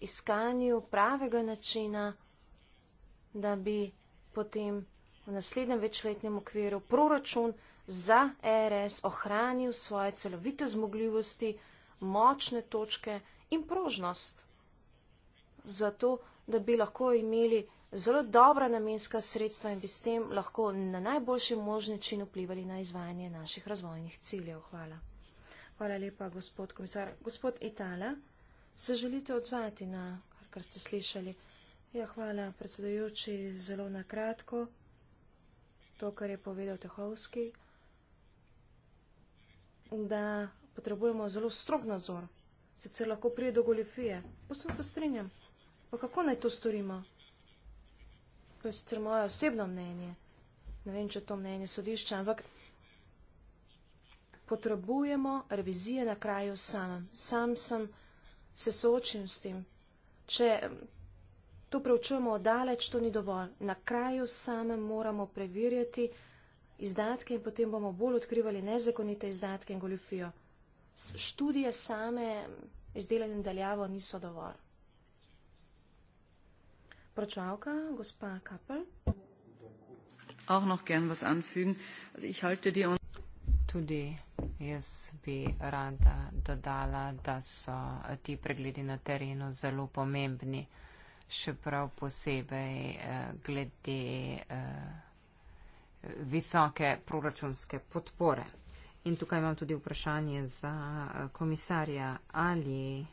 S3: iskanju pravega načina, da bi potem v naslednjem večletnem okviru proračun za e RS ohranil svoje celovite zmogljivosti, močne točke in prožnost. Zato, da bi lahko imeli zelo dobra namenska sredstva in bi s tem lahko na najboljši možni način vplivali na izvajanje naših razvojnih ciljev. Hvala. Hvala lepa, gospod komisar. Gospod Itala. Se želite odzvati na kar, kar ste slišali? Ja, hvala, predsedujoči, zelo na kratko. To, kar je povedal Tehovski, da potrebujemo zelo strog nadzor, sicer lahko prije do golifije. Vsem se strinjam. Pa kako naj to storimo? To je sicer moje osebno mnenje. Ne vem, če to mnenje sodišča, ampak potrebujemo revizije na kraju samem. Sam sem. sem se soočim s tem. Če to preučujemo odaleč, to ni dovolj. Na kraju samem moramo preverjati izdatke in potem bomo bolj odkrivali nezakonite izdatke in goljofijo. Študije same izdelane daljavo niso dovolj. Pročavka, gospa Kapel.
S1: Auch noch gern was anfügen. Also ich halte die on tudi jaz bi rada dodala, da so ti pregledi na terenu zelo pomembni, še prav posebej eh, glede eh, visoke proračunske podpore. In tukaj imam tudi vprašanje za eh, komisarja, ali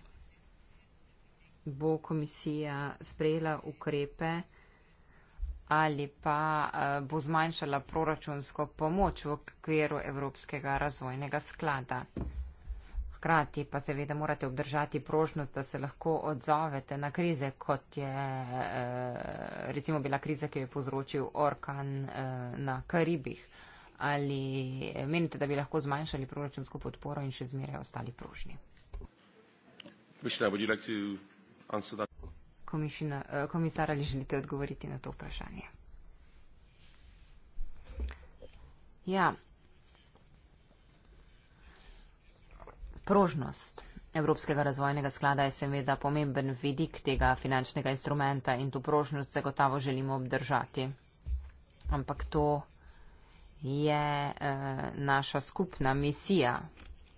S1: bo komisija sprejela ukrepe, ali pa eh, bo zmanjšala proračunsko pomoč v okviru Evropskega razvojnega sklada. Hkrati pa seveda morate obdržati prožnost, da se lahko odzovete na krize, kot je eh, recimo bila kriza, ki jo je povzročil orkan eh, na Karibih. Ali menite, da bi lahko zmanjšali proračunsko podporo in še zmeraj ostali prožni?
S2: Mislim, da bo direktor answer that.
S1: Eh, komisar, ali želite odgovoriti na to vprašanje? Ja. Prožnost Evropskega razvojnega sklada je seveda pomemben vidik tega finančnega instrumenta in to prožnost zagotavo želimo obdržati. Ampak to je eh, naša skupna misija,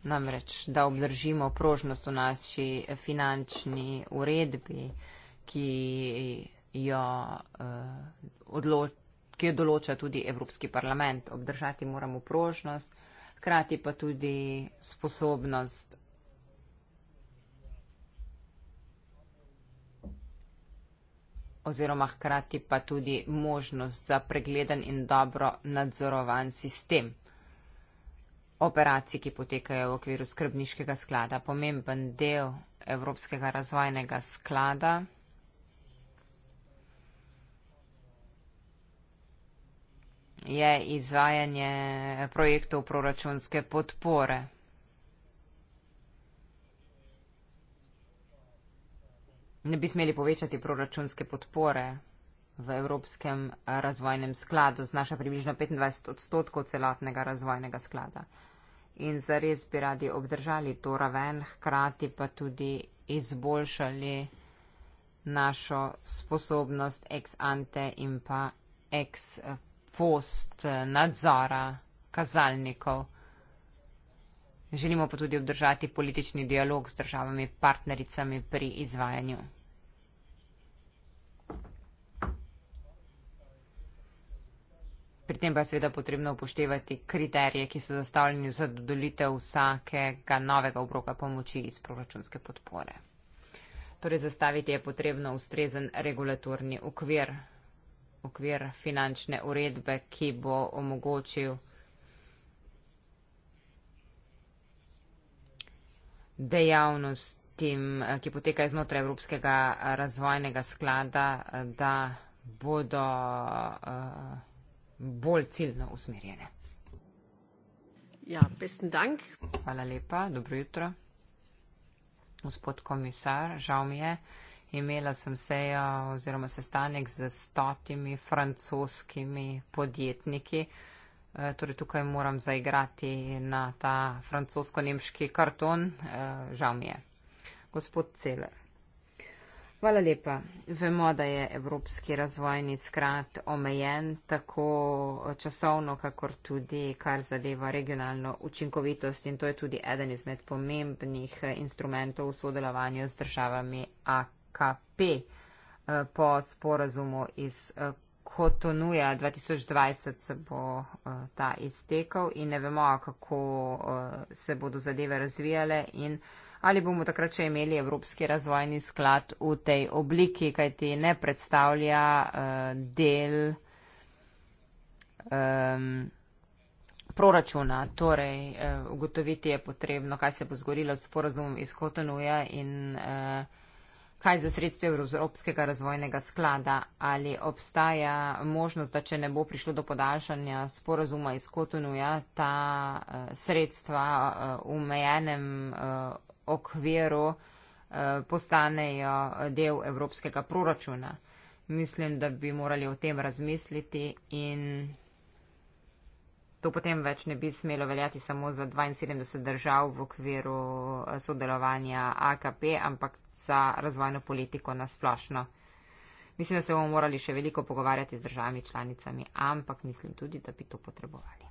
S1: namreč, da obdržimo prožnost v naši finančni uredbi. Eh, ki jo uh, odloč ki jo določa tudi Evropski parlament. Obdržati moramo prožnost, hkrati pa tudi sposobnost oziroma hkrati pa tudi možnost za pregleden in dobro nadzorovan sistem operacij, ki potekajo v okviru skrbniškega sklada. Pomemben del Evropskega razvojnega sklada. je izvajanje projektov proračunske podpore. Ne bi smeli povečati proračunske podpore v Evropskem eh, razvojnem skladu, znaša približno 25 odstotkov celotnega razvojnega sklada. In zares bi radi obdržali to raven, hkrati pa tudi izboljšali našo sposobnost ex ante in pa ex eh, post nadzora kazalnikov. Želimo pa tudi obdržati politični dialog s državami partnericami pri izvajanju. Pri tem pa je seveda potrebno upoštevati kriterije, ki so zastavljeni za dodolitev vsakega novega obroka pomoči iz proračunske podpore. Torej zastaviti je potrebno ustrezen regulatorni ukvir okvir finančne uredbe, ki bo omogočil dejavnost tem, ki poteka iznotraj Evropskega razvojnega sklada, da bodo eh, bolj ciljno usmerjene. Ja, besten dank. Hvala lepa, dobro jutro. Gospod komisar, žal mi je. Imela sem sejo oziroma sestanek z stotimi francoskimi podjetniki. Eh, torej tukaj moram zaigrati na ta francosko-nemški karton. Eh, žal mi je. Gospod Celer. Hvala lepa. Vemo, da je Evropski razvojni skrat omejen tako časovno, kakor tudi kar zadeva regionalno učinkovitost in to je tudi eden izmed pomembnih instrumentov v sodelovanju z državami AK. AKP eh, po sporazumu iz eh, Kotonuja 2020 se bo eh, ta iztekal in ne vemo, kako se bodo zadeve razvijale in ali bomo takrat še imeli Evropski razvojni sklad v tej obliki, kajti ne predstavlja del um, proračuna. Torej, ugotoviti je potrebno, kaj se bo zgorilo s porazumom iz Kotonuja in uh, kaj za sredstvo Evropskega razvojnega sklada, ali obstaja možnost, da če ne bo prišlo do podaljšanja sporazuma iz Kotonuja, ta eh, sredstva eh, v mejenem eh, okviru postanejo del Evropskega proračuna. Mislim, da bi morali o tem razmisliti in to potem več ne bi smelo veljati samo za 72 držav v okviru sodelovanja AKP, ampak za razvojno politiko na splošno. Mislim, da se bomo morali še veliko pogovarjati z državami članicami, ampak mislim tudi, da bi to potrebovali.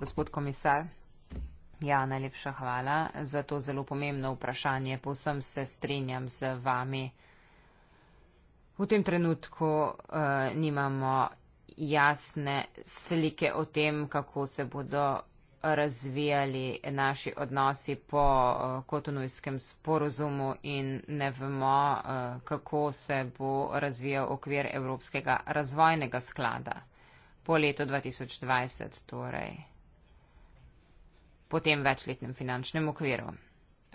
S1: Gospod komisar. Ja, najlepša hvala za to zelo pomembno vprašanje. Povsem se strinjam z vami. V tem trenutku uh, nimamo jasne slike o tem, kako se bodo razvijali naši odnosi po eh, kotonujskem sporozumu in ne vemo, eh, kako se bo razvijal okvir Evropskega razvojnega sklada po letu 2020, torej po tem večletnem finančnem okviru.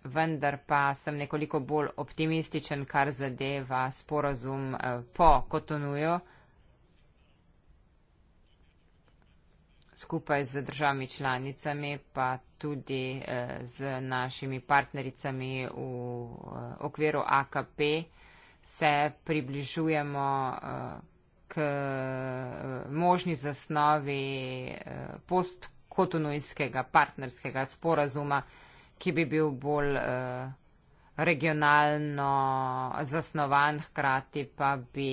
S1: Vendar pa sem nekoliko bolj optimističen, kar zadeva sporozum eh, po kotonuju. skupaj z državami članicami, pa tudi eh, z našimi partnericami v eh, okviru AKP, se približujemo eh, k možni zasnovi postkotonujskega partnerskega sporazuma, ki bi bil bolj regionalno zasnovan, hkrati pa bi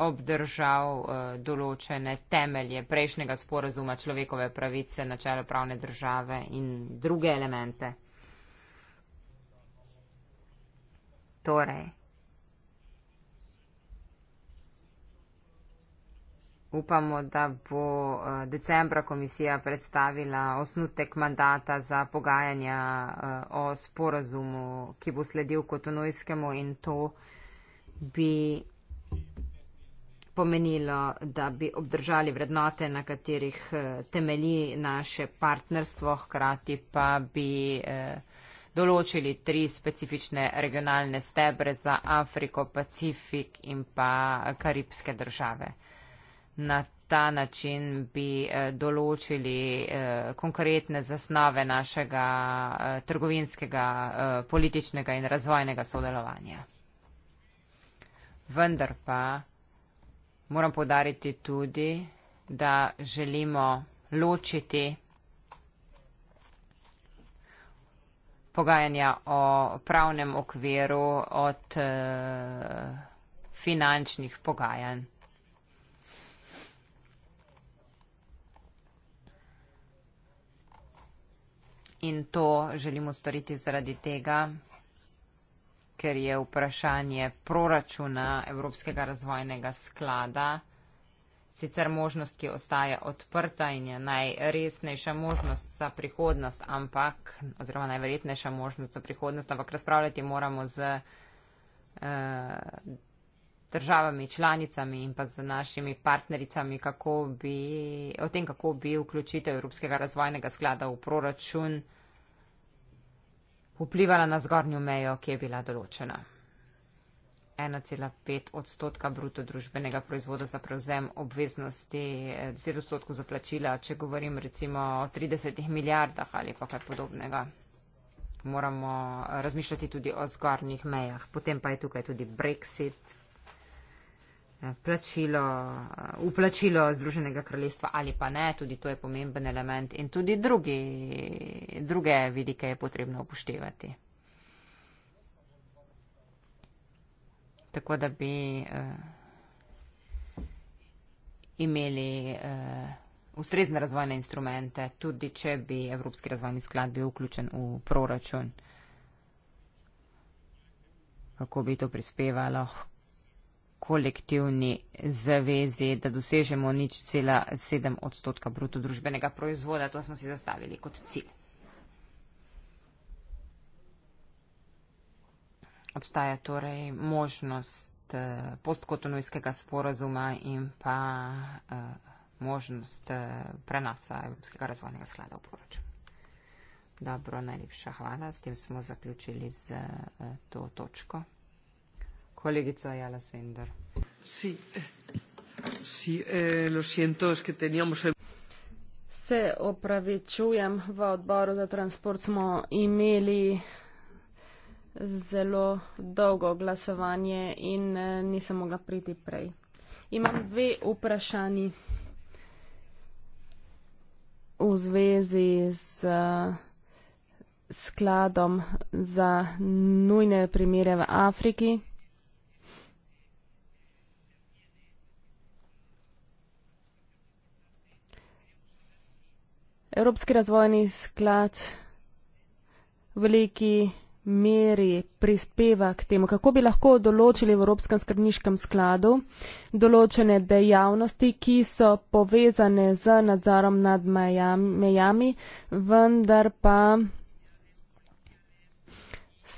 S1: obdržal uh, določene temelje prejšnjega sporazuma človekove pravice, načelo pravne države in druge elemente. Torej, upamo, da bo uh, decembra komisija predstavila osnutek mandata za pogajanja uh, o sporazumu, ki bo sledil kot unojskemu in to bi pomenilo, da bi obdržali vrednote, na katerih eh, temelji naše partnerstvo, hkrati pa bi eh, določili tri specifične regionalne stebre za Afriko, Pacifik in pa Karibske države. Na ta način bi eh, določili konkretne zasnove našega trgovinskega, političnega in razvojnega sodelovanja. Vendar pa moram podariti tudi, da želimo ločiti pogajanja o pravnem okviru od eh, finančnih pogajanj. In to želimo storiti zaradi tega, ker je vprašanje proračuna Evropskega razvojnega sklada sicer možnost, ki ostaja odprta in je najresnejša možnost za prihodnost, ampak, oziroma najverjetnejša možnost za prihodnost, ampak razpravljati moramo z eh, državami, članicami in pa z našimi partnericami, kako bi, o tem, kako bi vključitev Evropskega razvojnega sklada v proračun vplivala na zgornjo mejo, ki je bila določena. 1,5 odstotka bruto družbenega proizvoda za prevzem obveznosti, 10 eh, odstotkov za plačila, če govorim recimo o 30 milijardah ali pa kaj podobnega. Moramo eh, razmišljati tudi o zgornjih mejah. Potem pa je tukaj tudi Brexit, plačilo, uplačilo Združenega kraljestva ali pa ne, tudi to je pomemben element in tudi drugi, druge vidike je potrebno upoštevati. Tako da bi uh, imeli uh, ustrezne razvojne instrumente, tudi če bi Evropski razvojni sklad bil vključen v proračun. Kako bi to prispevalo kolektivni zavezi, da dosežemo nič cela sedem odstotka bruto družbenega proizvoda. To smo si zastavili kot cilj. Obstaja torej možnost eh, postkotonujskega sporazuma in pa eh, možnost eh, prenasa Evropskega razvojnega sklada v proračun. Dobro, najlepša hvala. S tem smo zaključili z to točko. Kolegica Jala Sender. Si,
S3: si, eh, lo siento,
S1: es que teníamos el...
S2: Se opravičujem, v odboru za transport smo imeli zelo dolgo glasovanje in eh, nisem mogla priti prej. Imam dve vprašanji v zvezi z eh, skladom za nujne primere v Afriki. Evropski razvojni sklad v veliki meri prispeva k temu, kako bi lahko določili v Evropskem skrbniškem skladu določene dejavnosti, ki so povezane z nadzorom nad mejami, vendar pa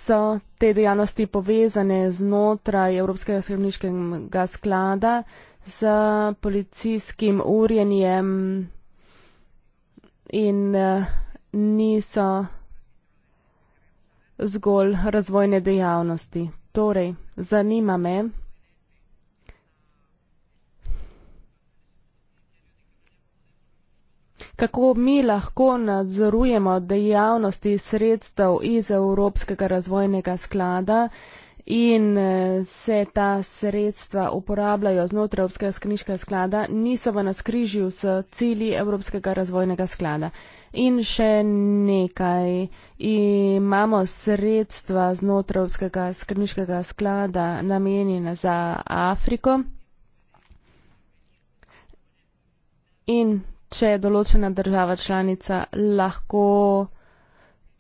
S2: so te dejavnosti povezane znotraj Evropskega skrbniškega sklada z policijskim urjenjem in uh, niso zgolj razvojne dejavnosti. Torej, zanima me, kako mi lahko nadzorujemo dejavnosti sredstev iz Evropskega razvojnega sklada uh, in eh, se ta sredstva uporabljajo znotraj Evropskega skrniškega sklada, niso v naskrižju s cilji Evropskega razvojnega sklada. In še nekaj, imamo sredstva znotraj Evropskega skrniškega sklada namenjena za Afriko. In če določena država članica lahko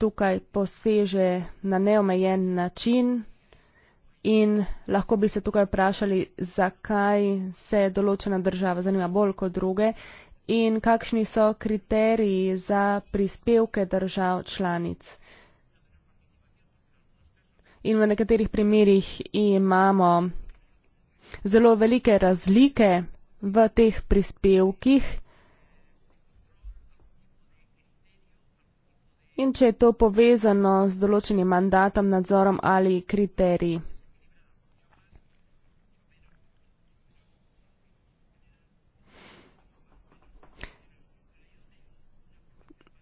S2: tukaj poseže na neomejen način, In lahko bi se tukaj vprašali, zakaj se določena država zanima bolj kot druge in kakšni so kriteriji za prispevke držav članic. In v nekaterih primerjih imamo zelo velike razlike v teh prispevkih. In če je to povezano z določenim mandatom, nadzorom ali kriteriji.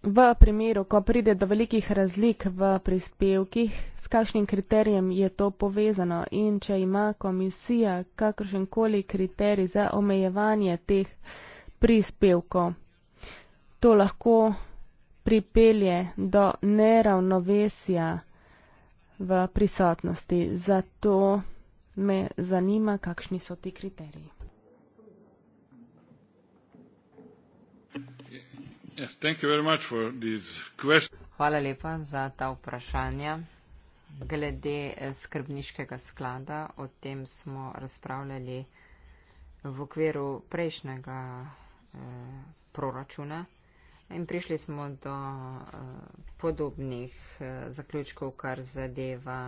S2: v primeru, ko pride do velikih razlik v prispevkih, s kakšnim kriterijem je to povezano in če ima komisija kakršenkoli kriterij za omejevanje teh prispevkov, to lahko pripelje do neravnovesja v prisotnosti. Zato me zanima, kakšni so ti kriteriji.
S1: Hvala lepa za ta vprašanja. Glede eh, skrbniškega sklada, o tem smo razpravljali v okviru prejšnjega eh, proračuna in prišli smo do eh, podobnih zaključkov, kar zadeva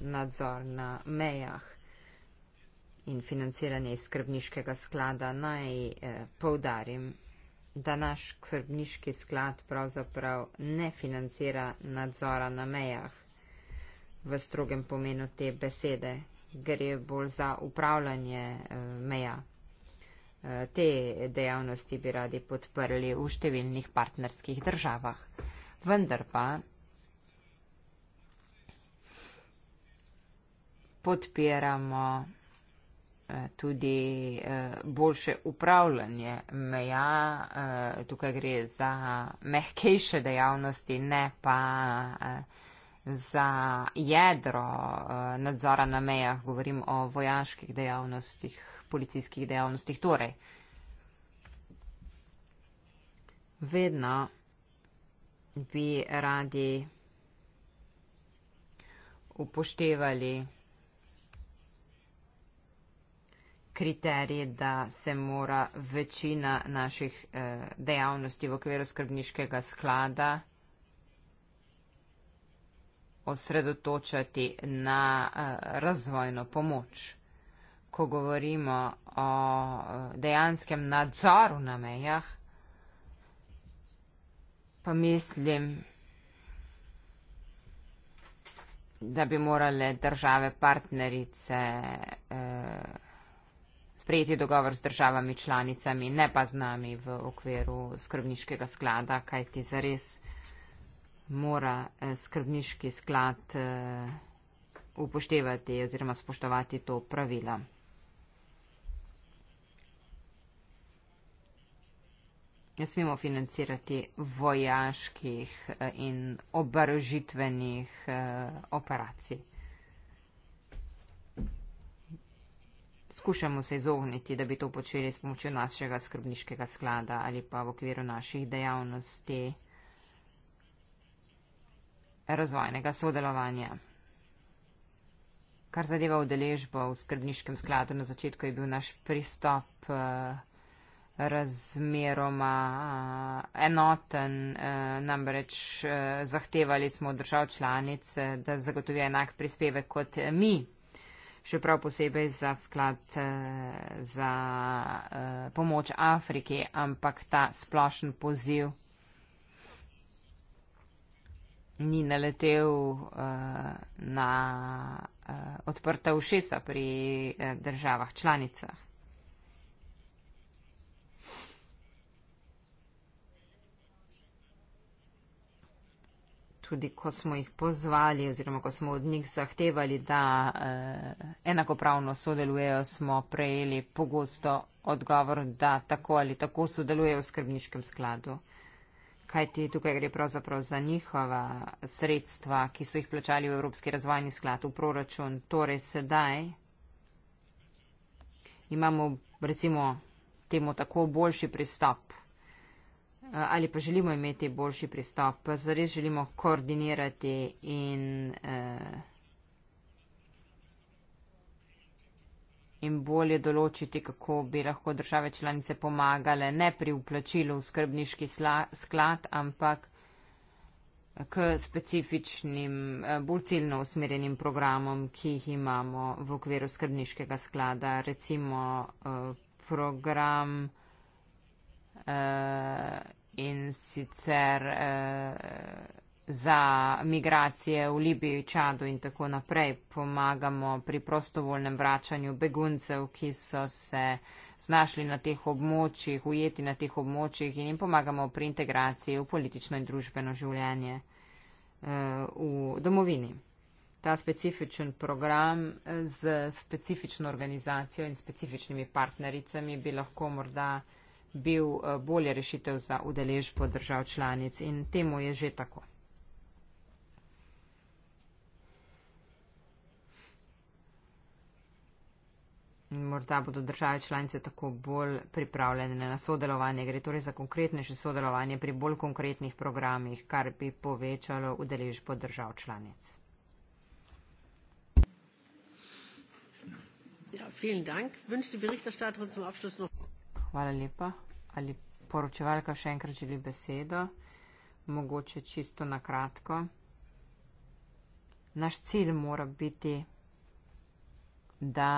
S1: nadzor na mejah in financiranje iz skrbniškega sklada. Naj poudarim, da naš skrbniški sklad pravzaprav ne financira nadzora na mejah v strogem pomenu te besede, gre bolj za upravljanje eh, meja. Eh, te dejavnosti bi radi podprli v številnih partnerskih državah. Vendar pa podpiramo Eh, tudi eh, boljše upravljanje meja. Eh, tukaj gre za mehkejše dejavnosti, ne pa za jedro nadzora na mejah. Govorim o vojaških dejavnostih, policijskih dejavnostih. Torej, vedno bi radi upoštevali kriterij, da se mora večina naših eh, dejavnosti v okviru skrbniškega sklada osredotočati na eh, razvojno pomoč. Ko govorimo o eh, dejanskem nadzoru na mejah, pa mislim, da bi morale države partnerice eh, sprejeti dogovor z državami članicami, ne pa z nami v okviru skrbniškega sklada, kaj ti zares mora eh, skrbniški sklad eh, upoštevati oziroma spoštovati to pravila. Ne smemo financirati vojaških eh, in obarožitvenih operacij. skušamo se izogniti, da bi to počeli s pomočjo našega skrbniškega sklada ali pa v okviru naših dejavnosti razvojnega sodelovanja. Kar zadeva udeležbo v skrbniškem skladu, na začetku je bil naš pristop eh, razmeroma eh, enoten, eh, namreč zahtevali smo od držav članic, da zagotovijo enak prispevek kot mi še prav posebej za sklad eh, za eh, pomoč Afriki, ampak ta splošen poziv ni naletel eh, na odprta ušesa pri državah članicah. tudi ko smo jih pozvali oziroma ko smo od njih zahtevali, da eh, enakopravno sodelujejo, smo prejeli pogosto odgovor, da tako ali tako sodelujejo v skrbniškem skladu. Kaj ti tukaj gre pravzaprav za njihova sredstva, ki so jih plačali v Evropski razvojni sklad v proračun? Torej sedaj imamo recimo temu tako boljši pristop Eh, ali pa želimo imeti boljši pristop, pa zares želimo koordinirati in, eh, in bolje določiti, kako bi lahko države članice pomagale, ne pri uplačilu v skrbniški sla, sklad, ampak k specifičnim, eh, bolj ciljno usmerjenim programom, ki jih imamo v okviru skrbniškega sklada, recimo eh, program, uh, in sicer uh, za migracije v Libiji, Čadu in tako naprej. Pomagamo pri prostovoljnem vračanju beguncev, ki so se znašli na teh območjih, ujeti na teh območjih in jim pomagamo pri integraciji v politično in družbeno življenje uh, v domovini. Ta specifičen program z specifično organizacijo in specifičnimi partnericami bi lahko morda uh, bil eh, bolje rešitev za udeležbo držav članic in temu je že tako. Morda bodo države članice tako bolj pripravljene na sodelovanje. Gre torej za konkretnejše sodelovanje pri bolj konkretnih programih, kar bi povečalo udeležbo držav članic. Ja, Hvala lepa. Ali poročevalka še enkrat želi besedo? Mogoče čisto na kratko. Naš cilj mora biti, da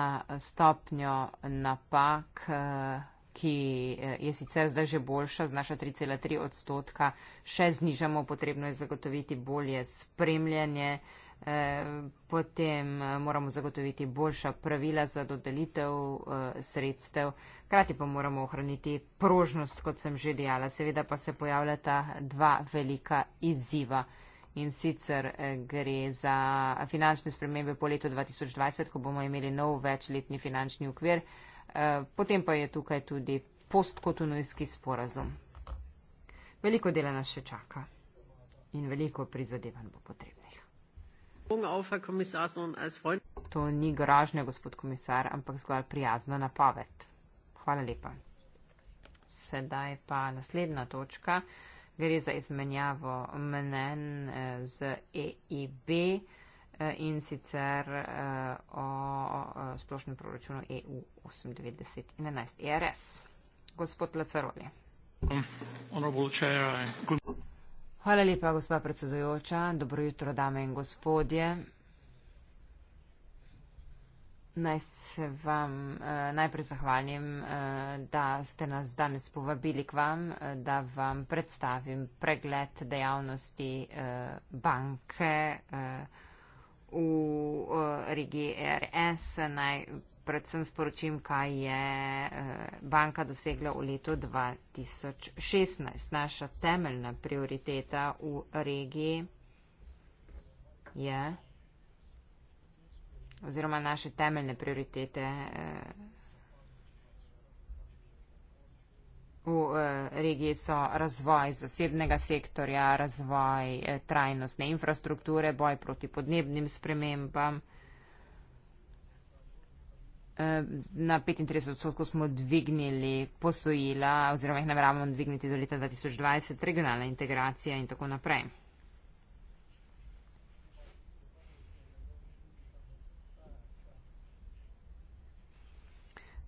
S1: stopnjo napak, eh, ki eh, je sicer zdaj že boljša, znaša 3,3 odstotka, še znižamo. Potrebno je zagotoviti bolje spremljanje, eh, potem moramo zagotoviti boljša pravila za dodelitev sredstev. Hkrati pa moramo ohraniti prožnost, kot sem že dejala. Seveda pa se pojavljata dva velika izziva. In sicer eh, gre za finančne spremembe po letu 2020, ko bomo imeli nov večletni finančni ukvir. Eh, potem pa je tukaj tudi postkotunojski sporazum. Veliko dela nas še čaka in veliko prizadevanj bo potrebnih. To ni garažna, gospod komisar, ampak zgolj prijazna napoved. Hvala lepa. Sedaj pa naslednja točka. Gre za izmenjavo mnen eh, z EIB eh, in sicer eh, o splošnem proračunu EU 98.11. ERS. Gospod Lacaroli. Hvala lepa, gospa predsedujoča. Dobro jutro, dame in gospodje. Naj se vam eh, najprej zahvalim, eh, da ste nas danes povabili k vam, eh, da vam predstavim pregled dejavnosti banke v regiji RS. Naj predvsem sporočim, kaj je banka dosegla v letu 2016. Naša temeljna prioriteta v regiji je. Yeah oziroma naše temeljne prioritete eh, v eh, regiji so razvoj zasebnega sektorja, razvoj eh, trajnostne infrastrukture, boj proti podnebnim spremembam. Na 35 odstotkov smo dvignili posojila oziroma jih nameravamo dvigniti do leta 2020, regionalna integracija in tako naprej.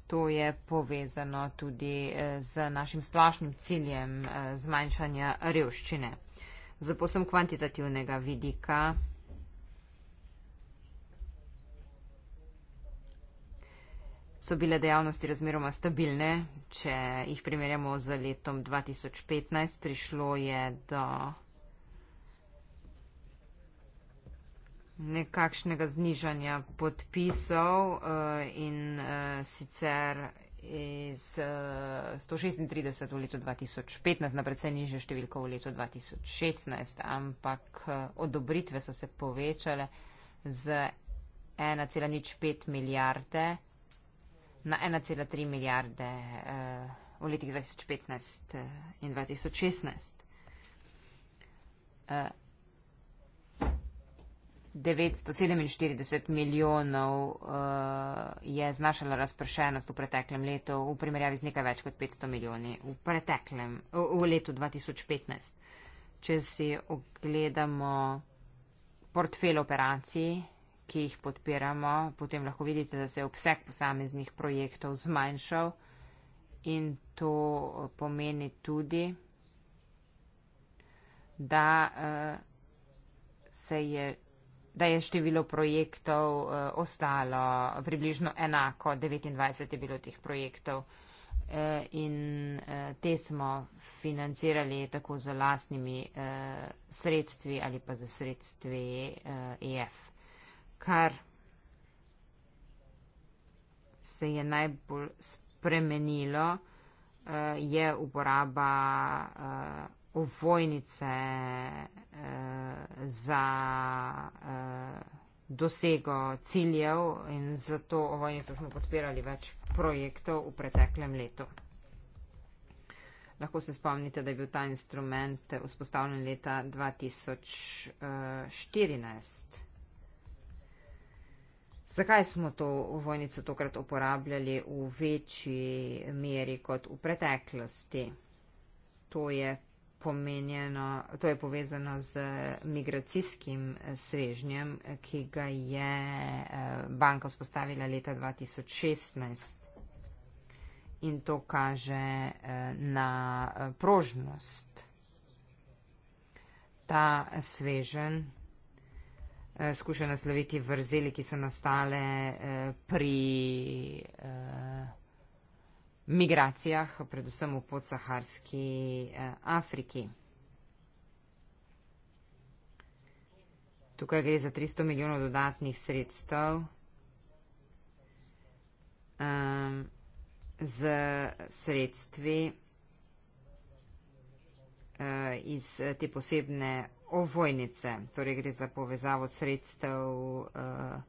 S1: to je povezano tudi eh, z našim splošnim ciljem eh, zmanjšanja revščine. Za posem kvantitativnega vidika so bile dejavnosti razmeroma stabilne. Če jih primerjamo z letom 2015, prišlo je do nekakšnega znižanja podpisov eh, in eh, sicer iz 136 eh, v letu 2015 na predvsej nižjo številko v letu 2016, ampak odobritve so se povečale z 1,05 milijarde na 1,3 milijarde v letih 2015 in 2016. 947 milijonov uh, je znašala razpršenost v preteklem letu v primerjavi z nekaj več kot 500 milijoni v, preteklem, v, v letu 2015. Če si ogledamo portfel operacij, ki jih podpiramo, potem lahko vidite, da se je obseg posameznih projektov zmanjšal in to pomeni tudi, da uh, se je da je število projektov uh, ostalo približno enako, 29 je bilo teh projektov uh, in uh, te smo financirali tako z lastnimi uh, sredstvi ali pa z sredstvi uh, EF, kar se je najbolj spremenilo, uh, je uporaba uh, ovojnice eh, za eh, dosego ciljev in za to ovojnico smo podpirali več projektov v preteklem letu. Lahko se spomnite, da je bil ta instrument vzpostavljen leta 2014. Eh, Zakaj smo to vojnico tokrat uporabljali v večji meri kot v preteklosti? To je pomenjeno, to je povezano z migracijskim svežnjem, ki ga je eh, banka spostavila leta 2016. In to kaže eh, na eh, prožnost. Ta svežen skuša nasloviti vrzeli, ki so nastale pri migracijah, predvsem v podsaharski eh, Afriki. Tukaj gre za 300 milijonov dodatnih sredstev um, z sredstvi uh, iz eh, te posebne ovojnice. Torej gre za povezavo sredstev. Uh,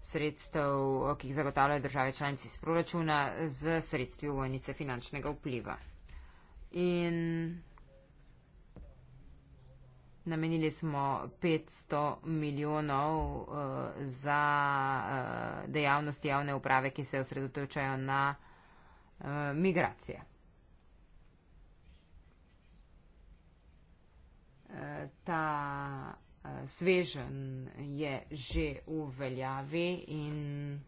S1: sredstev, ki jih zagotavljajo države članice iz proračuna, z sredstvi vojnice finančnega vpliva. In namenili smo 500 milijonov uh, za uh, dejavnosti javne uprave, ki se osredotočajo na uh, migracije. Uh, ta Eh, svežen je že v veljavi in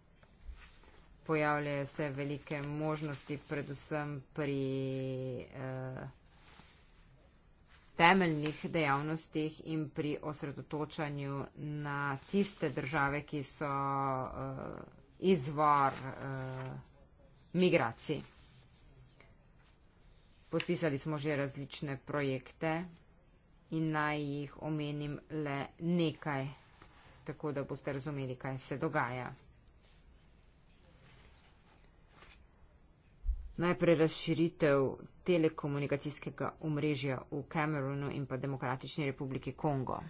S1: pojavljajo se velike možnosti, predvsem pri eh, temeljnih dejavnostih in pri osredotočanju na tiste države, ki so eh, izvor migracij. Podpisali smo že različne projekte in naj jih omenim le nekaj, tako da boste razumeli, kaj se dogaja. Najprej razširitev telekomunikacijskega omrežja v Kamerunu in pa Demokratični republiki Kongo.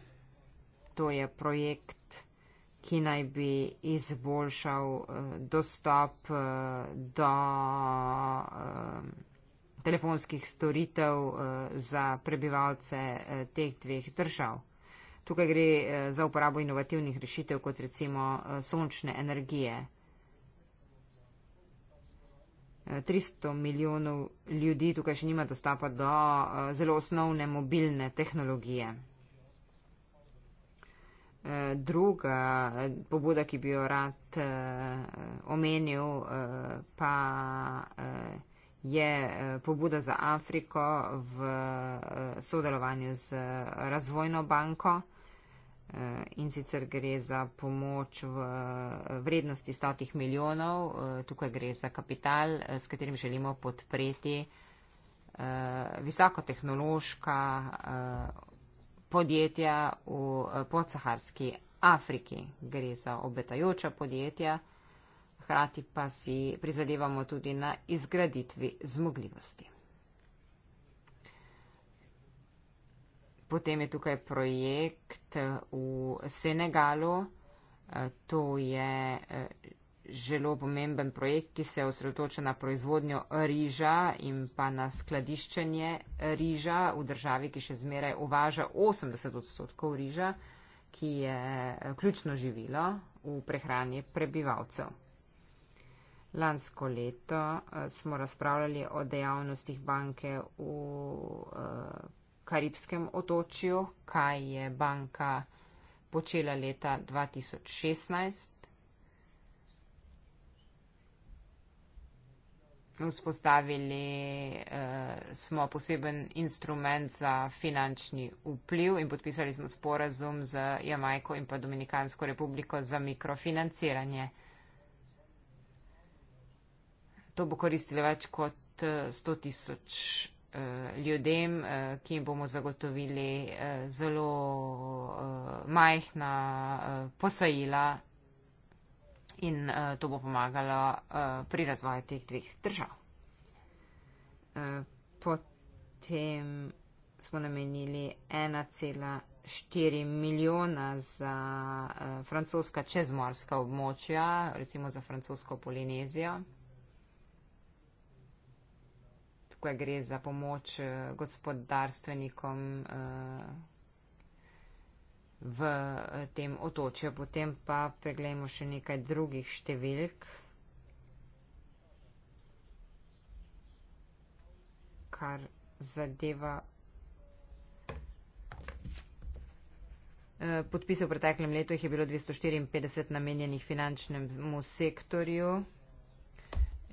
S1: To je projekt, ki naj bi izboljšal eh, dostop eh, do telefonskih storitev eh, za prebivalce eh, teh dveh držav. Tukaj gre eh, za uporabo inovativnih rešitev, kot recimo sončne energije. 300 milijonov ljudi tukaj še nima dostopa do zelo osnovne mobilne tehnologije. Druga pobuda, ki bi jo rad omenil, pa je je eh, pobuda za Afriko v eh, sodelovanju z Razvojno banko eh, in sicer gre za pomoč v vrednosti stotih milijonov. Tukaj gre za kapital, s katerim želimo podpreti visokotehnološka podjetja v podsaharski Afriki. Gre za obetajoča podjetja hkrati pa si prizadevamo tudi na izgraditvi zmogljivosti. Potem je tukaj projekt eh, v Senegalu. Eh, to je eh, zelo pomemben projekt, ki se osredotoča na proizvodnjo riža in pa na skladiščenje riža v državi, ki še zmeraj uvaža 80 odstotkov riža, ki je ključno živilo v prehrani prebivalcev. Lansko leto eh, smo razpravljali o dejavnostih banke v eh, Karibskem otočju, kaj je banka počela leta 2016. Vzpostavili eh, smo poseben instrument za finančni vpliv in podpisali smo sporazum z Jamajko in pa Dominikansko republiko za mikrofinanciranje to bo koristilo več kot 100 eh, tisoč eh, ljudem, eh, ki jim bomo zagotovili zelo majhna posajila in to bo pomagalo pri razvoju teh dveh držav. Potem smo namenili 1,4 milijona za francoska čezmorska območja, recimo za francosko Polinezijo ko gre za pomoč eh, gospodarstvenikom eh, v eh, tem otočju. Potem pa preglejmo še nekaj drugih številk. kar zadeva podpise v preteklem letu, jih je bilo 254 namenjenih finančnemu sektorju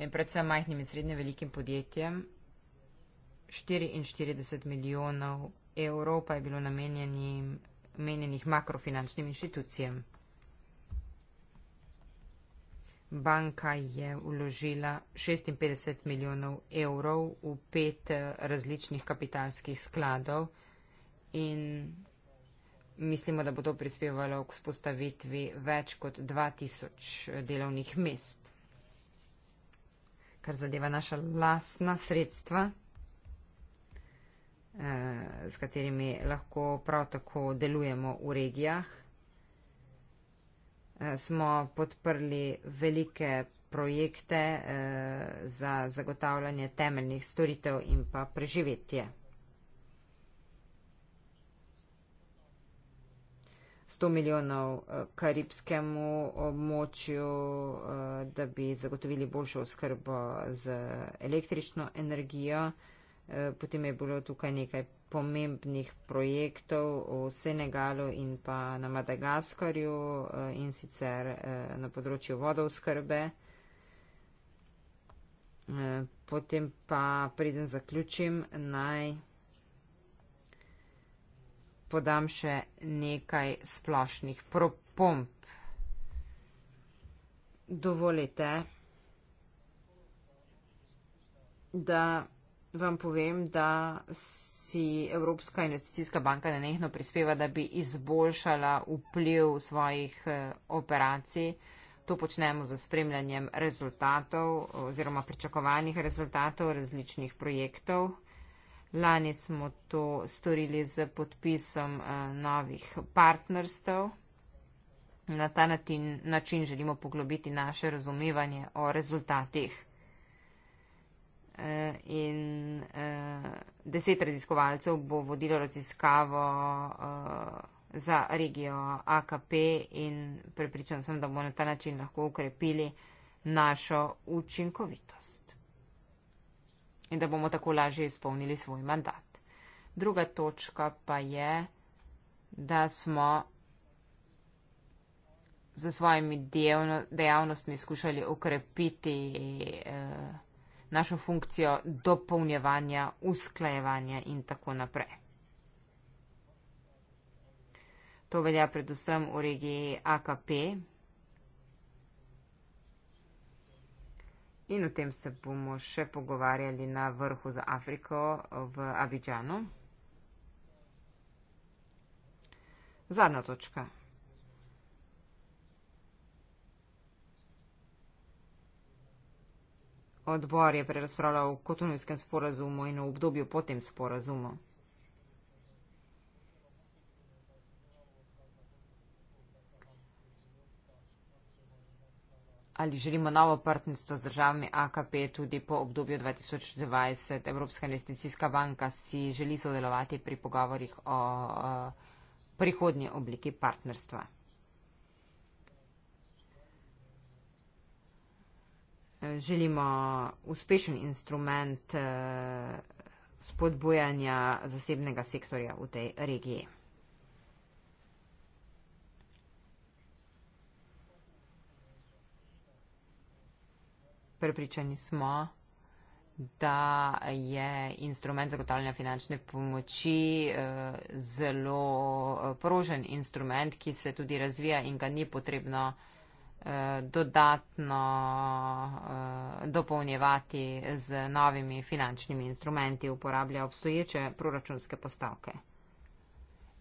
S1: in predvsem majhnim in srednje velikim podjetjem. 44 milijonov evrov pa je bilo namenjenih makrofinančnim inštitucijam. Banka je vložila 56 milijonov evrov v pet eh, različnih kapitalskih skladov in mislimo, da bo to prispevalo k spostavitvi več kot 2000 eh, delovnih mest. Kar zadeva naša lasna sredstva s katerimi lahko prav tako delujemo v regijah. Eh, smo podprli velike projekte eh, za zagotavljanje temeljnih storitev in pa preživetje. sto milijonov eh, karibskemu območju, da bi zagotovili boljšo oskrbo z električno energijo. Eh, potem je bilo tukaj nekaj pomembnih projektov v Senegalu in pa na Madagaskarju eh, in sicer eh, na področju vodovskrbe. Potem pa preden zaključim, naj podam še nekaj splošnih propomp. Dovolite, da vam povem, da si Evropska investicijska banka nenehno prispeva, da bi izboljšala vpliv svojih eh, operacij. To počnemo z spremljanjem rezultatov oziroma pričakovanih rezultatov različnih projektov. Lani smo to storili z podpisom eh, novih partnerstv. Na ta način želimo poglobiti naše razumevanje o rezultatih. Eh, in uh, deset raziskovalcev bo vodilo raziskavo uh, za regijo AKP in prepričan sem, da bomo na ta način lahko ukrepili našo učinkovitost in da bomo tako lažje izpolnili svoj mandat. Druga točka pa je, da smo za svojimi dejavnostmi skušali ukrepiti uh, našo funkcijo dopolnjevanja, usklajevanja in tako naprej. To velja predvsem v regiji AKP in o tem se bomo še pogovarjali na vrhu za Afriko v Abidžanu. Zadnja točka. Odbor je prerazpravljal o kotunovskem sporazumu in o obdobju po tem sporazumu. Ali želimo novo partnerstvo z državami AKP tudi po obdobju 2020? Evropska investicijska banka si želi sodelovati pri pogovorih o prihodnji obliki partnerstva. Eh, želimo uspešen instrument eh, spodbujanja zasebnega sektorja v tej regiji. Prepričani smo, da je instrument zagotavljanja finančne pomoči eh, zelo prožen instrument, ki se tudi razvija in ga ni potrebno Eh, dodatno eh, dopolnjevati z novimi finančnimi instrumenti, uporablja obstoječe proračunske postavke.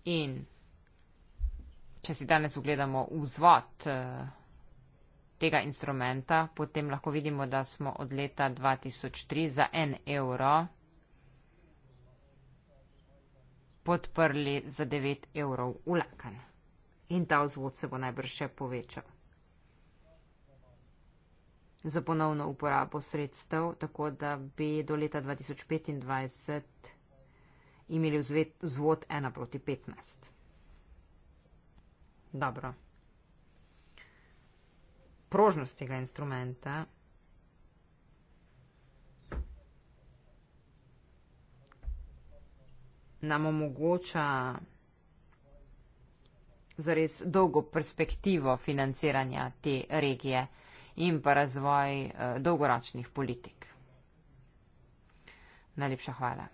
S1: In če si danes ogledamo vzvod eh, tega instrumenta, potem lahko vidimo, da smo od leta 2003 za en evro podprli za 9 evrov vlakanj. In ta vzvod se bo najbrž še povečal za ponovno uporabo sredstev, tako da bi do leta 2025 imeli vzvod 1 proti 15. Dobro. Prožnost tega instrumenta nam omogoča zares dolgo perspektivo financiranja te regije in pa razvoj eh, dolgoročnih politik. Najlepša hvala.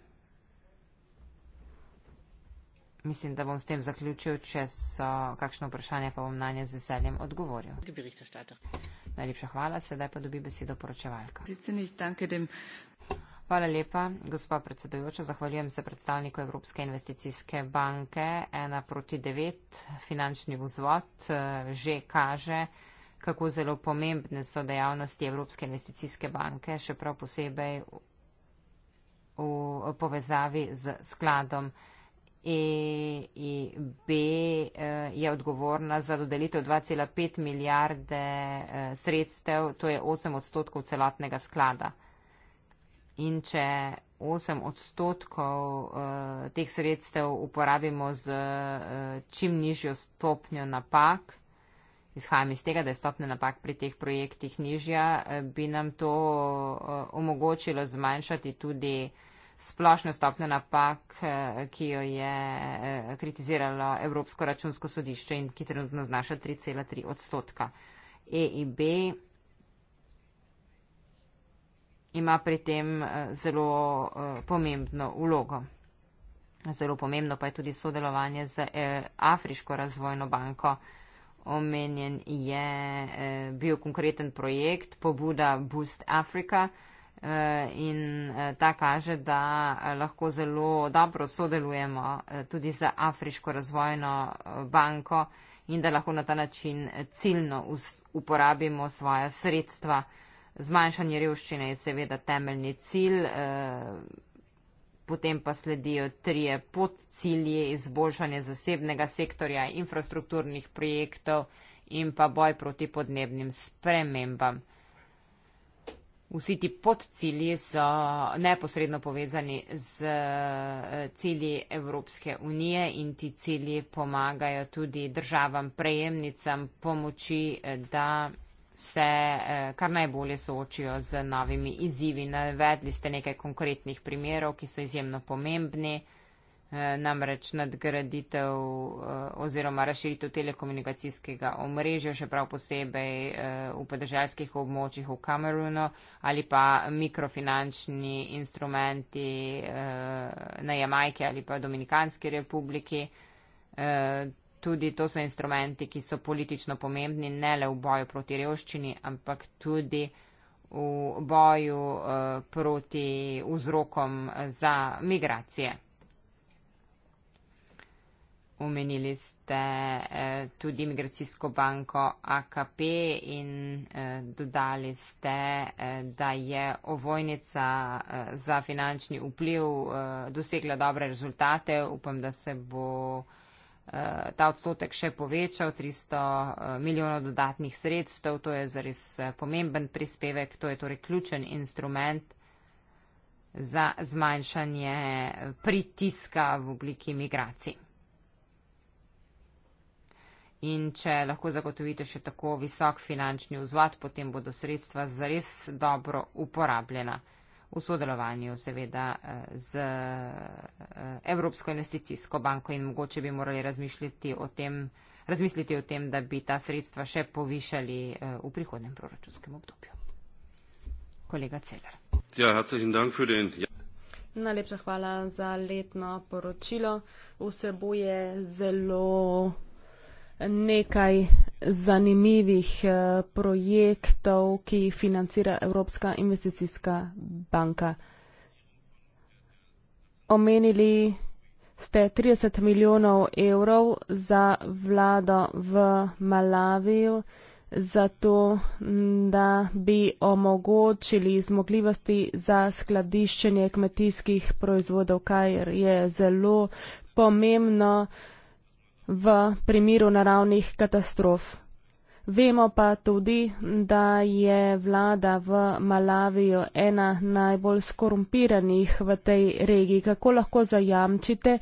S1: Mislim, da bom s tem zaključil, če so kakšno vprašanje, pa bom na nje z veseljem odgovoril. Najlepša hvala, sedaj pa dobi besedo poročevalka. Hvala lepa, gospa predsedujoča. Zahvaljujem se predstavniku Evropske investicijske banke. 1 proti 9 finančni vzvod eh, že kaže, kako zelo pomembne so dejavnosti Evropske investicijske banke, še prav posebej v povezavi z skladom. EIB eh, je odgovorna za dodelitev 2,5 milijarde eh, sredstev, to je 8 odstotkov celotnega sklada. In če 8 odstotkov eh, teh sredstev uporabimo z čim nižjo stopnjo napak, izhajam iz tega, da je stopna napak pri teh projektih nižja, eh, bi nam to eh, omogočilo zmanjšati tudi splošno stopno napak, eh, ki jo je kritiziralo Evropsko računsko sodišče in ki trenutno znaša 3,3 odstotka. EIB ima pri tem zelo pomembno ulogo. Zelo pomembno pa je tudi sodelovanje z Afriško razvojno banko omenjen je eh, bil konkreten projekt pobuda Boost Africa eh, in eh, ta kaže, da eh, lahko zelo dobro sodelujemo eh, tudi z Afriško razvojno eh, banko in da lahko na ta način eh, ciljno us, uporabimo svoja sredstva. Zmanjšanje revščine je seveda temeljni cilj. Eh, potem pa sledijo trije podcilji izboljšanje zasebnega sektorja, infrastrukturnih projektov in pa boj proti podnebnim spremembam. Vsi ti podcilji so neposredno povezani z eh, cilji Evropske unije in ti cilji pomagajo tudi državam prejemnicam pomoči, eh, da se eh, kar najbolje soočijo z novimi izzivi. Navedli ste nekaj konkretnih primerov, ki so izjemno pomembni, eh, namreč nadgraditev eh, oziroma razširitev telekomunikacijskega omrežja, še prav posebej v podržalskih območjih v Kamerunu ali pa mikrofinančni instrumenti na Jamajke ali pa Dominikanski republiki tudi to so instrumenti, ki so politično pomembni ne le v boju proti revščini, ampak tudi v boju eh, proti vzrokom za migracije. Umenili ste eh, tudi Migracijsko banko AKP in eh, dodali ste, da je ovojnica za finančni vpliv dosegla dobre rezultate. Upam, da se bo Eh, ta odstotek še povečal, 300 eh, milijonov dodatnih sredstev, to je zares eh, pomemben prispevek, to je torej ključen instrument za zmanjšanje pritiska v obliki migracij. In če lahko zagotovite še tako visok finančni vzvod, potem bodo sredstva zares dobro uporabljena v sodelovanju seveda eh, z eh, Evropsko investicijsko banko in mogoče bi morali razmišljati o tem, razmisliti o tem, da bi ta sredstva še povišali eh, v prihodnem proračunskem obdobju. Kolega Celer. Ja, ja,
S2: Najlepša hvala za letno poročilo. Vsebuje zelo nekaj zanimivih eh, projektov, ki jih financira Evropska investicijska banka. Omenili ste 30 milijonov evrov za vlado v Malaviju, zato da bi omogočili zmogljivosti za skladiščenje kmetijskih proizvodov, kar je zelo pomembno v primeru naravnih katastrof. Vemo pa tudi, da je vlada v Malavijo ena najbolj skorumpiranih v tej regiji. Kako lahko zajamčite,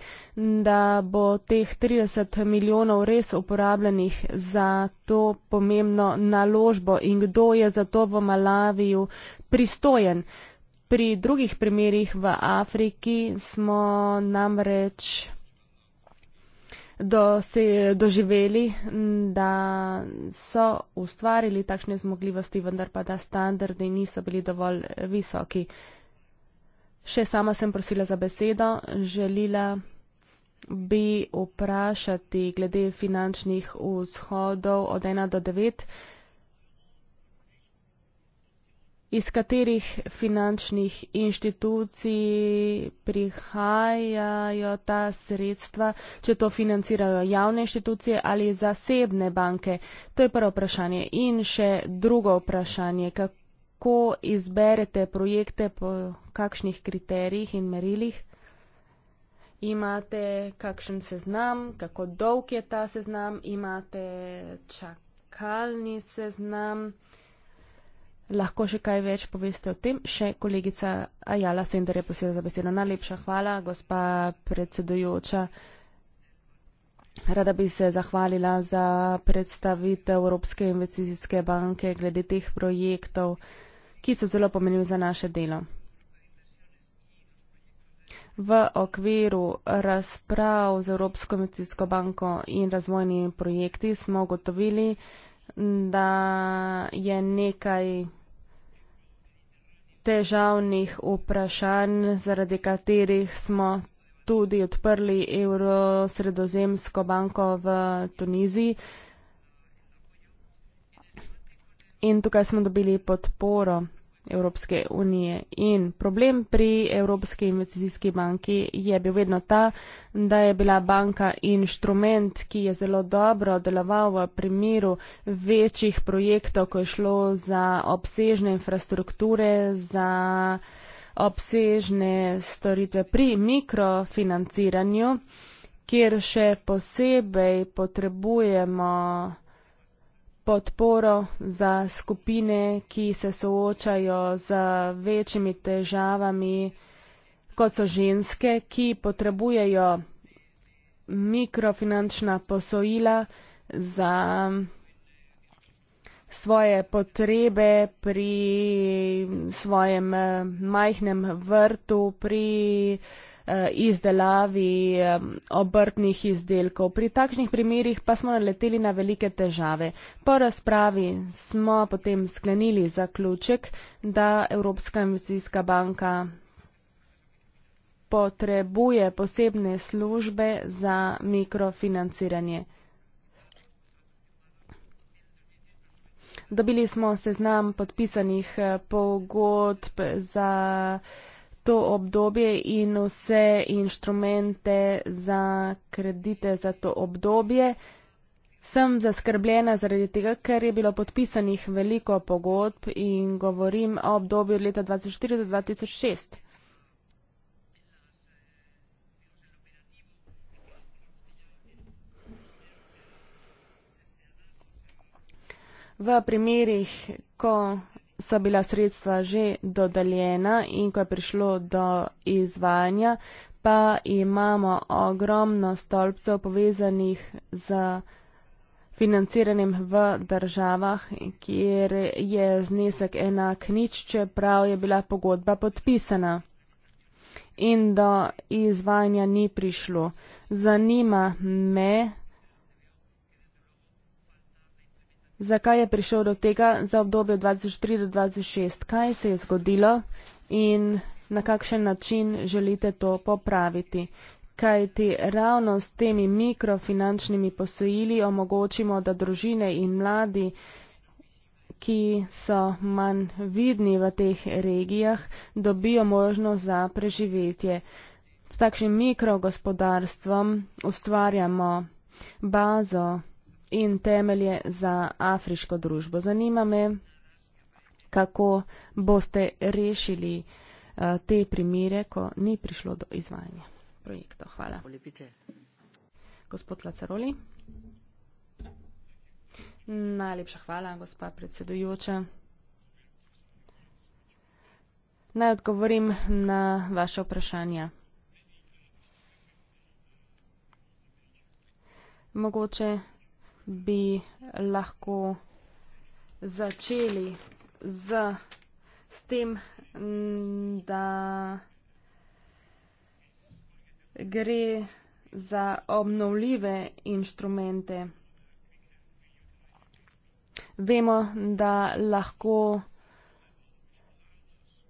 S2: da bo teh 30 milijonov res uporabljenih za to pomembno naložbo in kdo je za to v Malaviju pristojen? Pri drugih primerjih v Afriki smo namreč do, se doživeli, da so ustvarili takšne zmogljivosti, vendar pa da standardi niso bili dovolj eh, visoki. Še sama sem prosila za besedo, želila bi vprašati glede finančnih vzhodov od 1 do 9 iz katerih finančnih inštitucij prihajajo ta sredstva, če to financirajo javne inštitucije ali zasebne banke. To je prvo vprašanje. In še drugo vprašanje, kako izberete projekte po kakšnih kriterijih in merilih? Imate kakšen seznam, kako dolg je ta seznam, imate čakalni seznam. Lahko še kaj več poveste o tem? Še kolegica Ajala Sender je posebej za besedo. Najlepša hvala, gospa predsedujoča. Rada bi se zahvalila za predstavitev Evropske investicijske banke glede teh projektov, ki so zelo pomenili za naše delo. V okviru razprav z Evropsko investicijsko banko in razvojnimi projekti smo ugotovili, da je nekaj težavnih vprašanj, zaradi katerih smo tudi odprli Eurosredozemsko banko v Tuniziji. In tukaj smo dobili podporo. Evropske unije. In problem pri Evropski investicijski banki je bil vedno ta, da je bila banka inštrument, ki je zelo dobro deloval v primeru večjih projektov, ko je šlo za obsežne infrastrukture, za obsežne storitve pri mikrofinanciranju, kjer še posebej potrebujemo podporo za skupine, ki se soočajo z večjimi težavami, kot so ženske, ki potrebujejo mikrofinančna posojila za svoje potrebe pri svojem eh, majhnem vrtu, pri uh, Eh, izdelavi obrtnih izdelkov. Pri takšnih primerjih pa smo naleteli na velike težave. Po razpravi smo potem sklenili zaključek, da Evropska investicijska banka potrebuje posebne službe za mikrofinanciranje. Dobili smo seznam podpisanih eh, pogodb za to obdobje in vse inštrumente za kredite za to obdobje. Sem zaskrbljena zaradi tega, ker je bilo podpisanih veliko pogodb in govorim o obdobju leta 2004-2006. V primerih, ko so bila sredstva že dodeljena in ko je prišlo do izvajanja, pa imamo ogromno stolpcev povezanih z financiranjem v državah, kjer je znesek enak nič, čeprav je bila pogodba podpisana in do izvajanja ni prišlo. Zanima me, zakaj je prišel do tega za obdobje 2003 do 2006, kaj se je zgodilo in na kakšen način želite to popraviti. Kaj ti ravno s temi mikrofinančnimi posojili omogočimo, da družine in mladi, ki so manj vidni v teh regijah, dobijo možnost za preživetje. S takšnim mikrogospodarstvom ustvarjamo bazo in temelje za afriško družbo. Zanima me, kako boste rešili eh, te primere, ko ni prišlo do izvajanja projektov. Hvala. Gospod Lacaroli. Najlepša hvala, gospa predsedujoča. Naj odgovorim na vaše vprašanja. Mogoče bi lahko začeli z, s tem, da gre za obnovljive inštrumente. Vemo, da lahko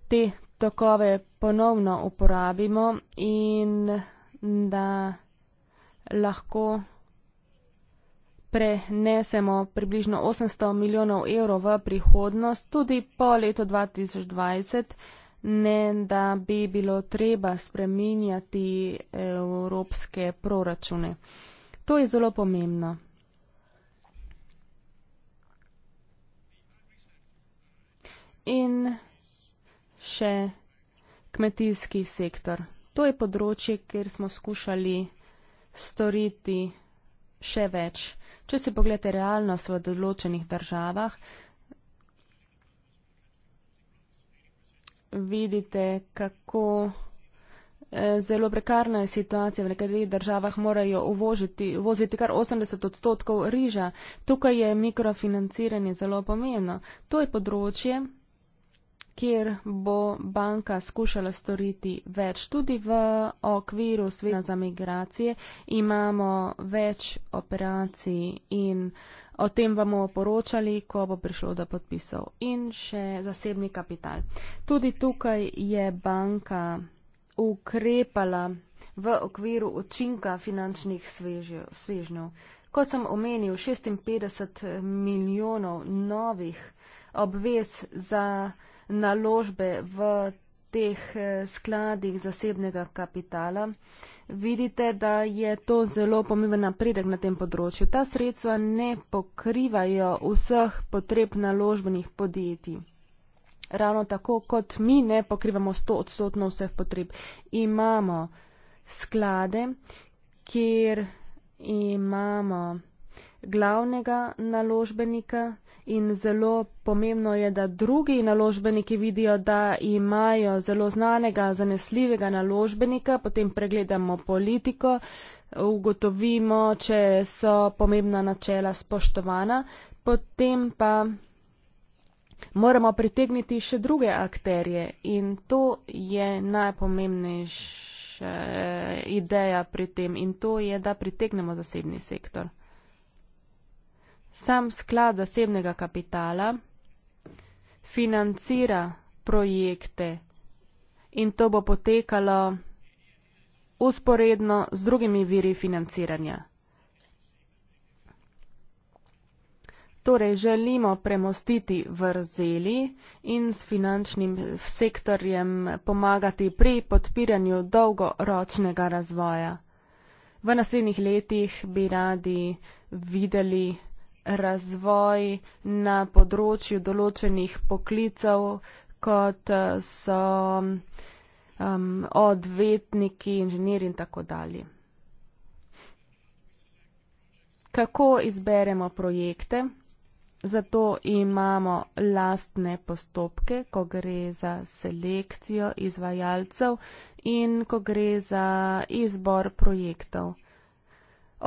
S2: te tokove ponovno uporabimo in da lahko prenesemo približno 800 milijonov evrov v prihodnost, tudi po letu 2020, ne da bi bilo treba spreminjati evropske proračune. To je zelo pomembno. In še kmetijski sektor. To je področje, kjer smo skušali storiti še več. Če se pogledate realnost v določenih državah, vidite, kako eh, zelo prekarna je situacija, v nekaterih državah morajo uvožiti, uvoziti kar 80 odstotkov riža. Tukaj je mikrofinanciranje zelo pomembno. To je področje, kjer bo banka skušala storiti več. Tudi v okviru sveta za migracije imamo več operacij in o tem bomo poročali, ko bo prišlo do podpisov. In še zasebni kapital. Tudi tukaj je banka ukrepala v okviru učinka finančnih svežnjev. Ko sem omenil 56 milijonov novih obvez za naložbe v teh eh, skladih zasebnega kapitala. Vidite, da je to zelo pomemben napredek na tem področju. Ta sredstva ne pokrivajo vseh potreb naložbenih podjetij. Ravno tako, kot mi ne pokrivamo 100 odstotno vseh potreb. Imamo sklade, kjer imamo glavnega naložbenika in zelo pomembno je, da drugi naložbeniki vidijo, da imajo zelo znanega, zanesljivega naložbenika, potem pregledamo politiko, ugotovimo, če so pomembna načela spoštovana, potem pa moramo pritegniti še druge akterje in to je najpomembnejša eh, ideja pri tem in to je, da pritegnemo zasebni sektor sam sklad zasebnega kapitala financira projekte in to bo potekalo usporedno z drugimi viri financiranja. Torej želimo premostiti vrzeli in s finančnim sektorjem pomagati pri podpiranju dolgoročnega razvoja. V naslednjih letih bi radi videli razvoj na področju določenih poklicev, kot eh, so um, odvetniki, inženir in tako dalje. Kako izberemo projekte? Zato imamo lastne postopke, ko gre za selekcijo izvajalcev in ko gre za izbor projektov.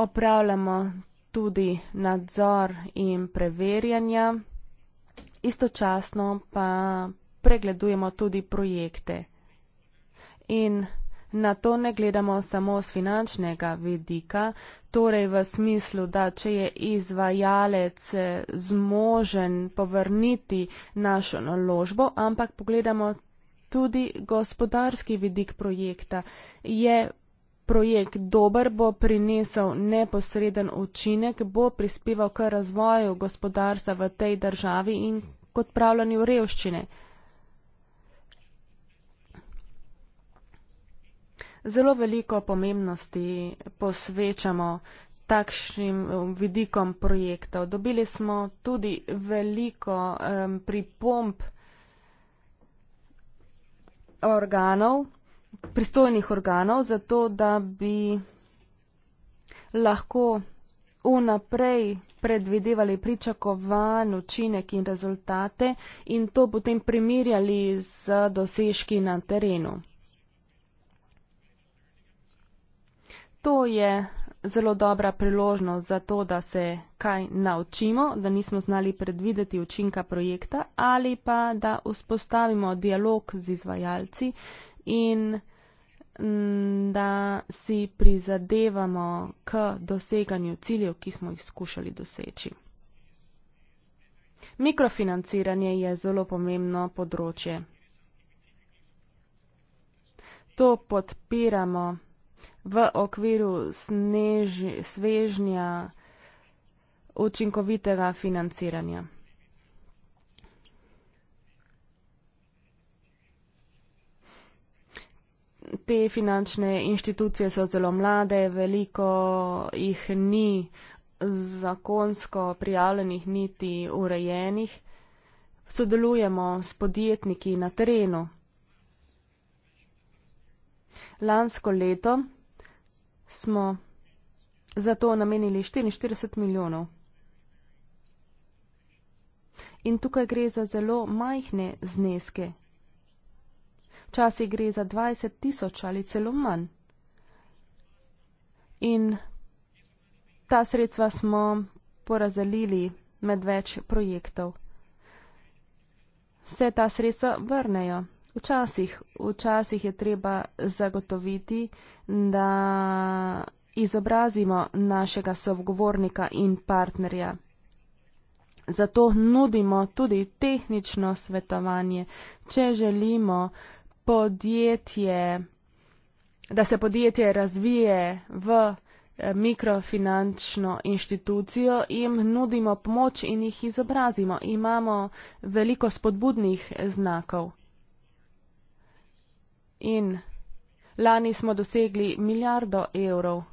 S2: Opravljamo tudi nadzor in preverjanja, istočasno pa pregledujemo tudi projekte. In na to ne gledamo samo z finančnega vidika, torej v smislu, da če je izvajalec eh, zmožen povrniti našo naložbo, ampak pogledamo tudi gospodarski vidik projekta. Je projekt dober, bo prinesel neposreden učinek, bo prispeval k razvoju gospodarstva v tej državi in k odpravljanju revščine. Zelo veliko pomembnosti posvečamo takšnim um, vidikom projektov. Dobili smo tudi veliko um, pripomp organov pristojnih organov za to, da bi lahko vnaprej predvidevali pričakovan učinek in rezultate in to potem primirjali z dosežki na terenu. To je zelo dobra priložnost za to, da se kaj naučimo, da nismo znali predvideti učinka projekta ali pa da vzpostavimo dialog z izvajalci in da si prizadevamo k doseganju ciljev, ki smo jih skušali doseči. Mikrofinanciranje je zelo pomembno področje. To podpiramo v okviru snež, svežnja učinkovitega financiranja. te finančne inštitucije so zelo mlade, veliko jih ni zakonsko prijavljenih niti urejenih. Sodelujemo s podjetniki na terenu. Lansko leto smo za to namenili 44 milijonov. In tukaj gre za zelo majhne zneske. Časi gre za 20 tisoč ali celo manj. In ta sredstva smo porazdelili med več projektov. Vse ta sredstva vrnejo. Včasih, včasih je treba zagotoviti, da izobrazimo našega sogovornika in partnerja. Zato nudimo tudi tehnično svetovanje, če želimo podjetje, da se podjetje razvije v eh, mikrofinančno inštitucijo, jim nudimo pomoč in jih izobrazimo. Imamo veliko spodbudnih znakov. In lani smo dosegli milijardo evrov.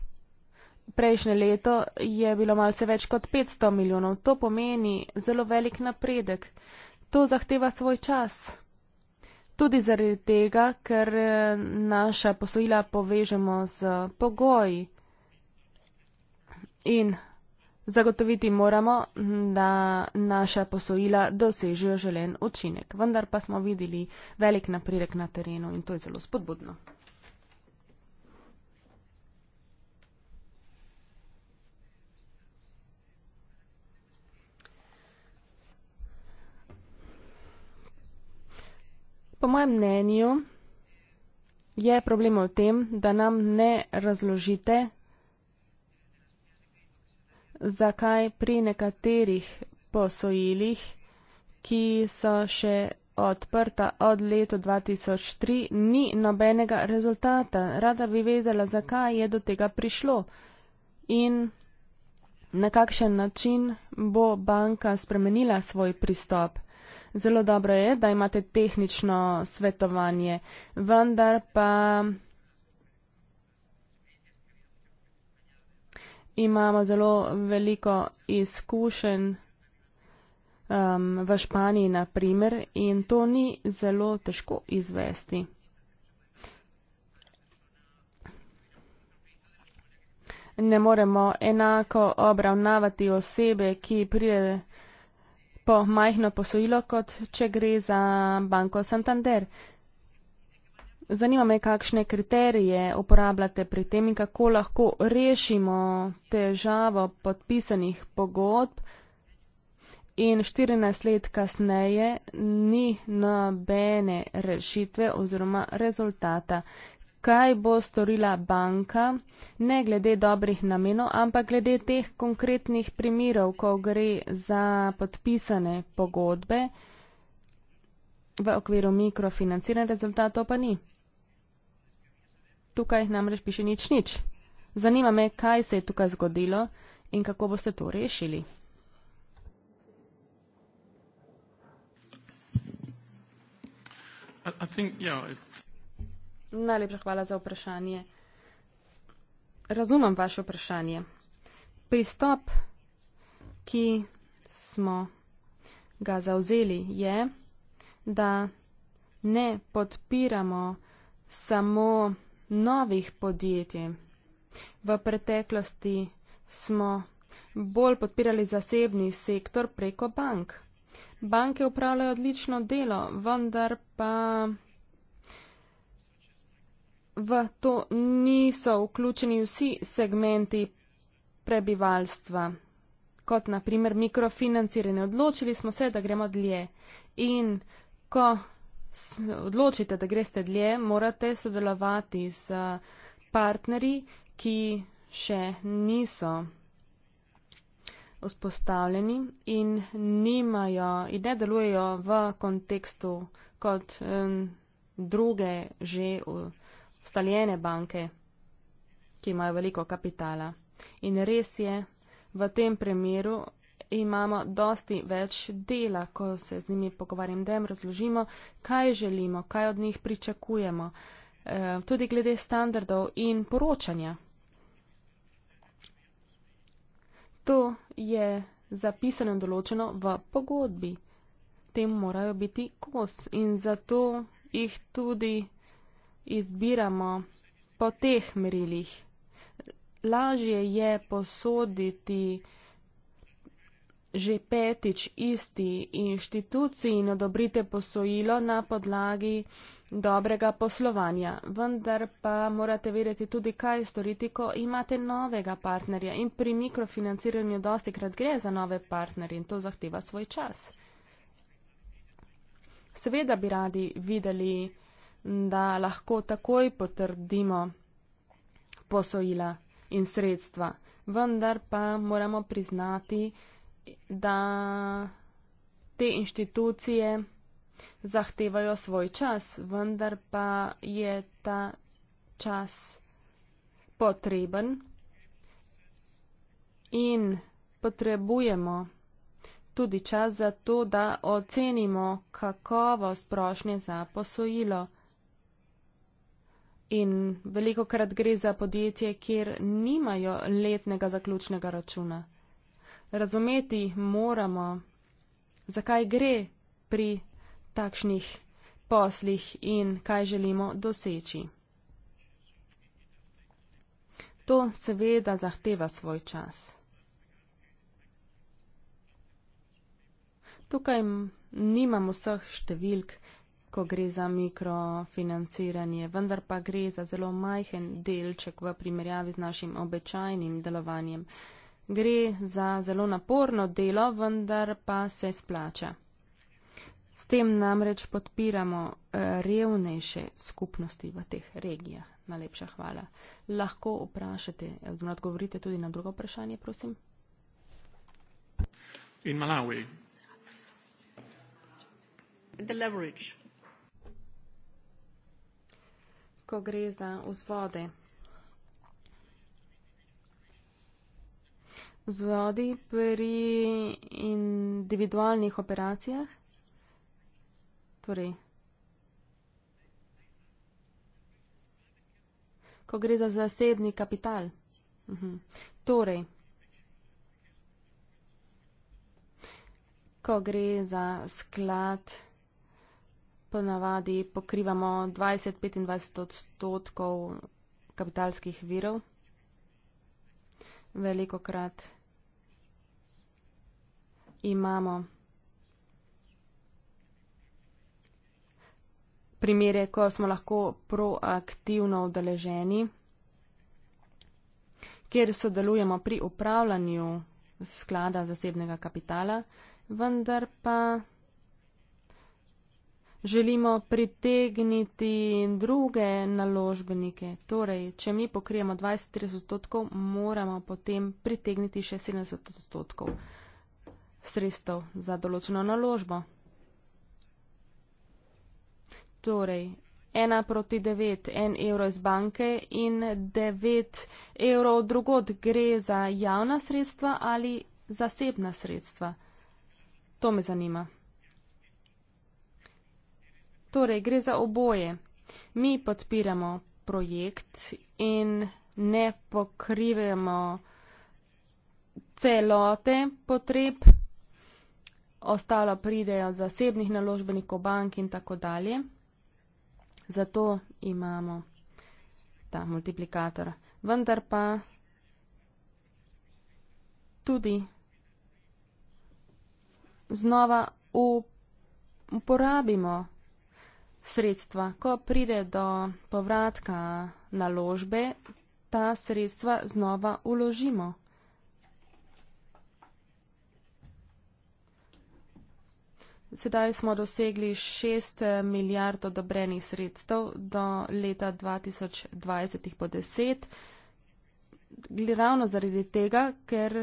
S2: Prejšnje leto je bilo malce več kot 500 milijonov. To pomeni zelo velik napredek. To zahteva svoj čas. Tudi zaradi tega, ker eh, naša posojila povežemo z pogoji in zagotoviti moramo, hm, da naša posojila dosežejo želen učinek. Vendar pa smo videli velik napredek na terenu in to je zelo spodbudno. po mojem mnenju je problem v tem, da nam ne razložite, zakaj pri nekaterih posojilih, ki so še odprta od leta 2003, ni nobenega rezultata. Rada bi vedela, zakaj je do tega prišlo in na kakšen način bo banka spremenila svoj pristop zelo dobro je, da imate tehnično svetovanje, vendar pa imamo zelo veliko izkušenj um, v Španiji, naprimer, in to ni zelo težko izvesti. Ne moremo enako obravnavati osebe, ki pride lepo majhno posojilo, kot če gre za banko Santander. Zanima me, kakšne kriterije uporabljate pri tem in kako lahko rešimo težavo podpisanih pogodb in 14 let kasneje ni nobene rešitve oziroma rezultata kaj bo storila banka, ne glede dobrih namenov, ampak glede teh konkretnih primerov, ko gre za podpisane pogodbe v okviru mikrofinanciranja rezultatov pa ni. Tukaj namreč piše nič nič. Zanima me, kaj se je tukaj zgodilo in kako boste to rešili.
S1: I think, yeah, it,
S2: Najlepša hvala za vprašanje. Razumem vaše vprašanje. Pristop, ki smo ga zauzeli, je, da ne podpiramo samo novih podjetij. V preteklosti smo bolj podpirali zasebni sektor preko bank. Banke upravljajo odlično delo, vendar pa v to niso vključeni vsi segmenti prebivalstva. Kot naprimer mikrofinanciranje. Odločili smo se, da gremo dlje. In ko odločite, da greste dlje, morate sodelovati z partnerji, ki še niso vzpostavljeni in nimajo in ne delujejo v kontekstu kot um, druge že. Uh, ustaljene banke, ki imajo veliko kapitala. In res je, v tem primeru imamo dosti več dela, ko se z njimi pogovarjam, da jim razložimo, kaj želimo, kaj od njih pričakujemo, eh, tudi glede standardov in poročanja. To je zapisano in določeno v pogodbi. Tem morajo biti kos in zato jih tudi izbiramo po teh merilih. Lažje je posoditi že petič isti inštituciji in odobrite posojilo na podlagi dobrega poslovanja. Vendar pa morate vedeti tudi, kaj storiti, ko imate novega partnerja. In pri mikrofinanciranju dosti krat gre za nove partnerje in to zahteva svoj čas. Seveda bi radi videli da lahko takoj potrdimo posojila in sredstva. Vendar pa moramo priznati, da te inštitucije zahtevajo svoj čas, vendar pa je ta čas potreben in potrebujemo tudi čas za to, da ocenimo kakovost prošnje za posojilo in veliko krat gre za podjetje, kjer nimajo letnega zaključnega računa. Razumeti moramo, zakaj gre pri takšnih poslih in kaj želimo doseči. To seveda zahteva svoj čas. Tukaj nimam vseh številk, ko gre za mikrofinanciranje, vendar pa gre za zelo majhen delček v primerjavi z našim običajnim delovanjem. Gre za zelo naporno delo, vendar pa se splača. S tem namreč podpiramo eh, revnejše skupnosti v teh regijah. Najlepša hvala. Lahko vprašate, oziroma odgovorite tudi na drugo vprašanje, prosim.
S3: In Malawi.
S2: The leverage. ko gre za vzvode. Vzvodi pri individualnih operacijah, torej, ko gre za zasebni kapital. Uh mhm. -huh. Torej, ko gre za sklad ponavadi pokrivamo 20-25 odstotkov kapitalskih virov. Velikokrat imamo primere, ko smo lahko proaktivno udeleženi, kjer sodelujemo pri upravljanju sklada zasebnega kapitala, vendar pa želimo pritegniti druge naložbenike. Torej, če mi pokrijemo 20-30 odstotkov, moramo potem pritegniti še 70 odstotkov sredstev za določeno naložbo. Torej, 1 proti 9, 1 evro iz banke in 9 evrov drugod gre za javna sredstva ali zasebna sredstva. To me zanima. Torej, gre za oboje. Mi podpiramo projekt in ne pokrivamo celote potreb, ostalo pridejo zasebnih naložbenikov bank in tako dalje. Zato imamo ta multiplikator. Vendar pa tudi znova uporabimo sredstva. Ko pride do povratka naložbe, ta sredstva znova uložimo. Sedaj smo dosegli 6 milijard odobrenih sredstev do leta 2020 po 10. Ravno zaradi tega, ker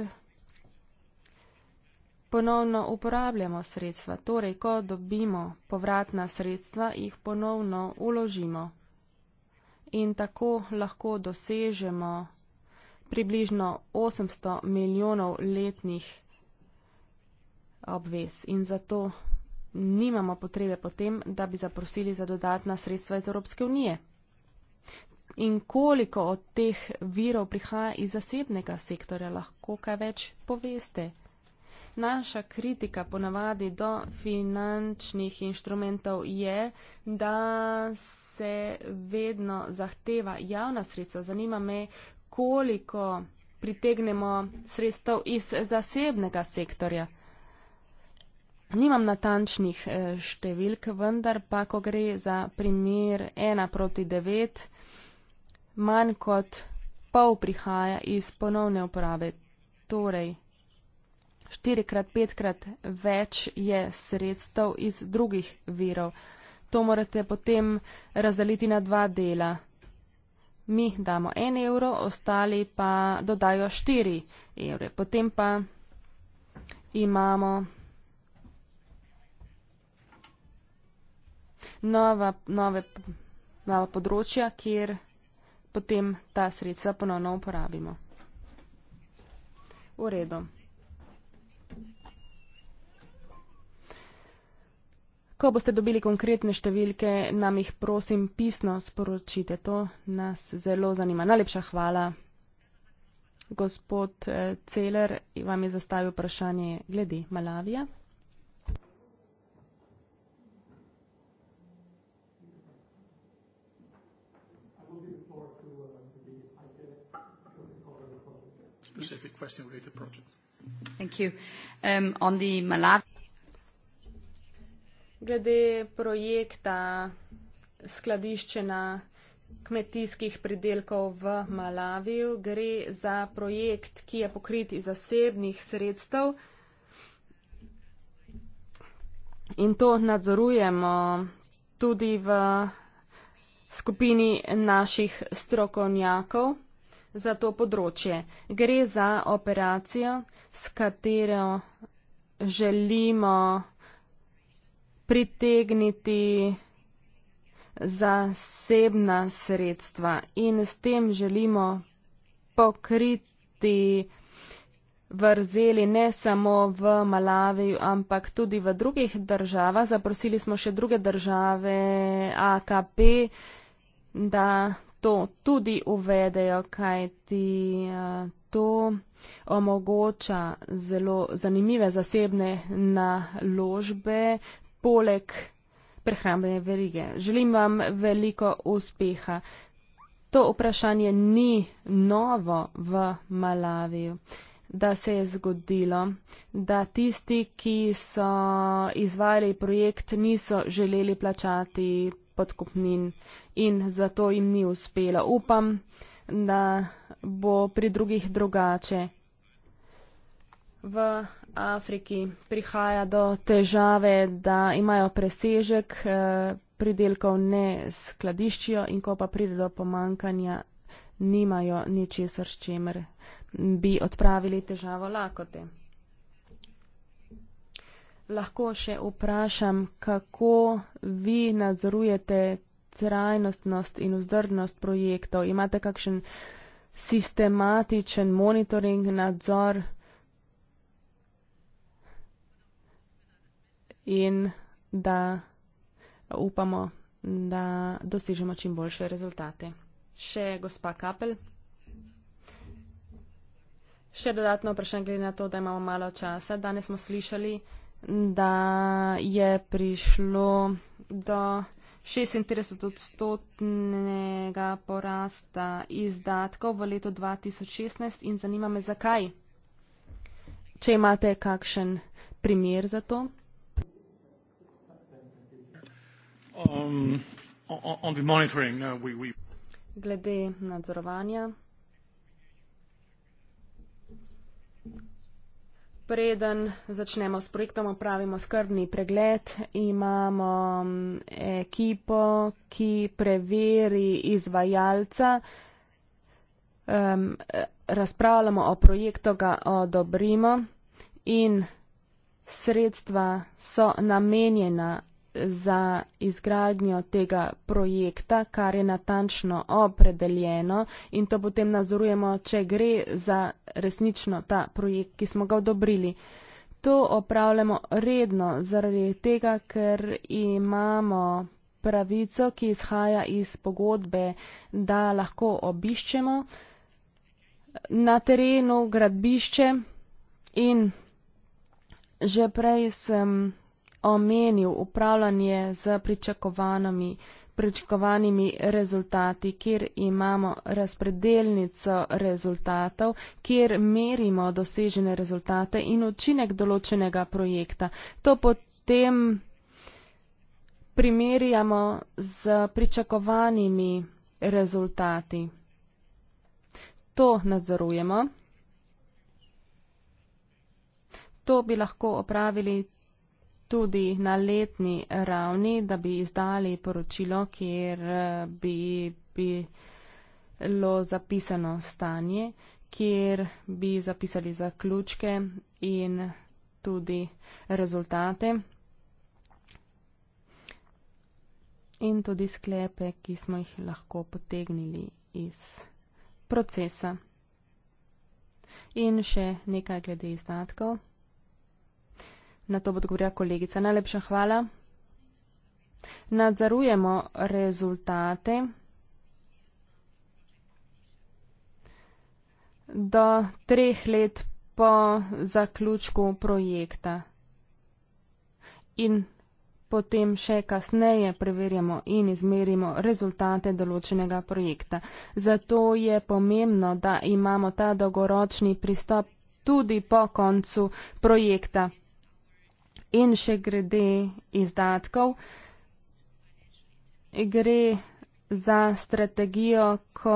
S2: ponovno uporabljamo sredstva, torej, ko dobimo povratna sredstva, jih ponovno uložimo. In tako lahko dosežemo približno 800 milijonov letnih obvez in zato nimamo potrebe potem, da bi zaprosili za dodatna sredstva iz Evropske unije. In koliko od teh virov prihaja iz zasebnega sektorja, lahko kaj več poveste. Naša kritika ponavadi do finančnih inštrumentov je, da se vedno zahteva javna sredstva. Zanima me, koliko pritegnemo sredstev iz zasebnega sektorja. Nimam natančnih eh, številk, vendar pa, ko gre za primer 1 proti 9, manj kot pol prihaja iz ponovne uporabe. Torej, štirikrat, petkrat več je sredstev iz drugih virov. To morate potem razdeliti na dva dela. Mi damo en evro, ostali pa dodajo štiri evre. Potem pa imamo nova, nove, nova področja, kjer potem ta sredstva ponovno uporabimo. V redu. Ko boste dobili konkretne številke, nam jih prosim pisno sporočite. To nas zelo zanima. Najlepša hvala. Gospod eh, Celer vam je zastavil vprašanje glede Malavija.
S3: Specific question related projects.
S1: Thank you. Um, on the Malawi
S2: glede projekta skladiščena kmetijskih pridelkov v Malaviju. Gre za projekt, ki je pokrit iz zasebnih sredstev in to nadzorujemo tudi v skupini naših strokovnjakov za to področje. Gre za operacijo, s katero želimo pritegniti zasebna sredstva in s tem želimo pokriti vrzeli ne samo v Malaviju, ampak tudi v drugih državah. Zaprosili smo še druge države AKP, da to tudi uvedejo, kajti eh, to omogoča zelo zanimive zasebne naložbe, poleg prehrambene verige. Želim vam veliko uspeha. To vprašanje ni novo v Malaviju, da se je zgodilo, da tisti, ki so izvajali projekt, niso želeli plačati podkupnin in zato jim ni uspelo. Upam, da bo pri drugih drugače. V Afriki prihaja do težave, da imajo presežek eh, pridelkov, ne skladiščijo in ko pa pride do pomankanja, nimajo ničesar, s čimer bi odpravili težavo lakote. Lahko še vprašam, kako vi nadzorujete trajnostnost in vzdržnost projektov? Imate kakšen sistematičen monitoring, nadzor? in da upamo, da dosežemo čim boljše rezultate. Še gospa Kapel. Še dodatno vprašanje glede na to, da imamo malo časa. Danes smo slišali, da je prišlo do 36 odstotnega porasta izdatkov v letu 2016 in zanima me, zakaj. Če imate kakšen primer za to?
S1: Um, on the monitoring, no, we
S2: Glede nadzorovanja. Preden začnemo s projektom, opravimo skrbni pregled. Imamo um, ekipo, ki preveri izvajalca. Um, razpravljamo o projektu, ga odobrimo in sredstva so namenjena za izgradnjo tega projekta, kar je natančno opredeljeno in to potem nazorujemo, če gre za resnično ta projekt, ki smo ga odobrili. To opravljamo redno zaradi tega, ker imamo pravico, ki izhaja iz pogodbe, da lahko obiščemo na terenu gradbišče in že prej sem omenil upravljanje z pričakovanimi, pričakovanimi rezultati, kjer imamo razpredelnico rezultatov, kjer merimo dosežene rezultate in učinek določenega projekta. To potem primerjamo z pričakovanimi rezultati. To nadzorujemo. To bi lahko opravili tudi na letni ravni, da bi izdali poročilo, kjer eh, bi bilo zapisano stanje, kjer bi zapisali zaključke in tudi rezultate in tudi sklepe, ki smo jih lahko potegnili iz procesa. In še nekaj glede izdatkov. Na to bo odgovorila kolegica. Najlepša hvala. Nadzorujemo rezultate. Do treh let po zaključku projekta. In potem še kasneje preverjamo in izmerimo rezultate določenega projekta. Zato je pomembno, da imamo ta dolgoročni pristop tudi po koncu projekta. In še grede izdatkov, gre za strategijo, ko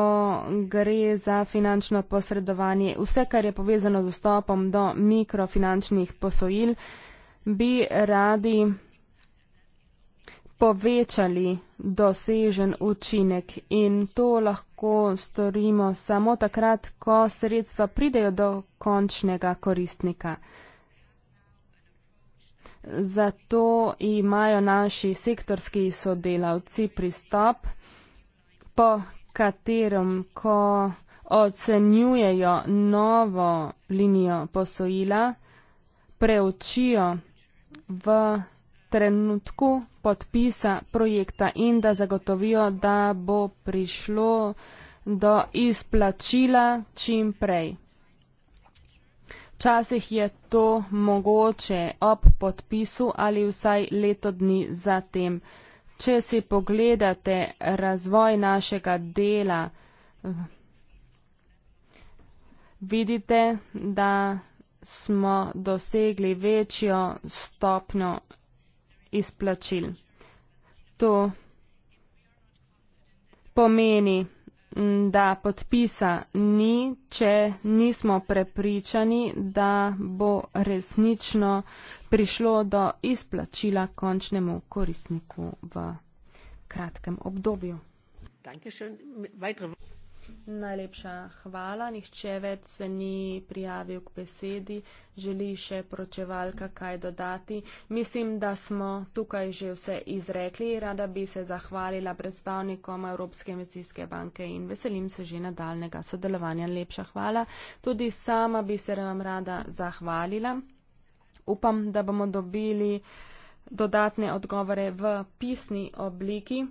S2: gre za finančno posredovanje. Vse, kar je povezano z dostopom do mikrofinančnih posojil, bi radi povečali dosežen učinek in to lahko storimo samo takrat, ko sredstva pridejo do končnega koristnika. Zato imajo naši sektorski sodelavci pristop, po katerem, ko ocenjujejo novo linijo posojila, preučijo v trenutku podpisa projekta in da zagotovijo, da bo prišlo do izplačila čim prej. Včasih je to mogoče ob podpisu ali vsaj leto dni zatem. Če si pogledate razvoj našega dela, vidite, da smo dosegli večjo stopnjo izplačil. To pomeni, da podpisa ni, če nismo prepričani, da bo resnično prišlo do izplačila končnemu koristniku v kratkem obdobju. Danke schön. Weitere... Najlepša hvala. Nihče več se ni prijavil k besedi. Želi še pročevalka kaj dodati? Mislim, da smo tukaj že vse izrekli. Rada bi se zahvalila predstavnikom Evropske investicijske banke in veselim se že nadaljnega sodelovanja. Lepša hvala. Tudi sama bi se vam rada zahvalila. Upam, da bomo dobili dodatne odgovore v pisni obliki.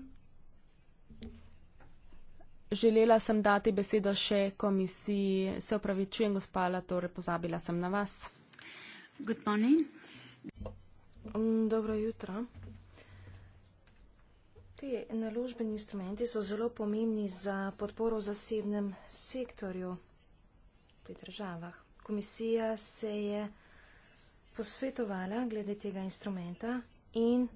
S2: Želela sem dati besedo še komisiji. Se opravičujem, gospa Latore, pozabila sem na vas. Mm, dobro jutro.
S3: Ti naložbeni instrumenti so zelo pomembni za podporo v zasebnem sektorju v tej državah. Komisija se je posvetovala glede tega instrumenta in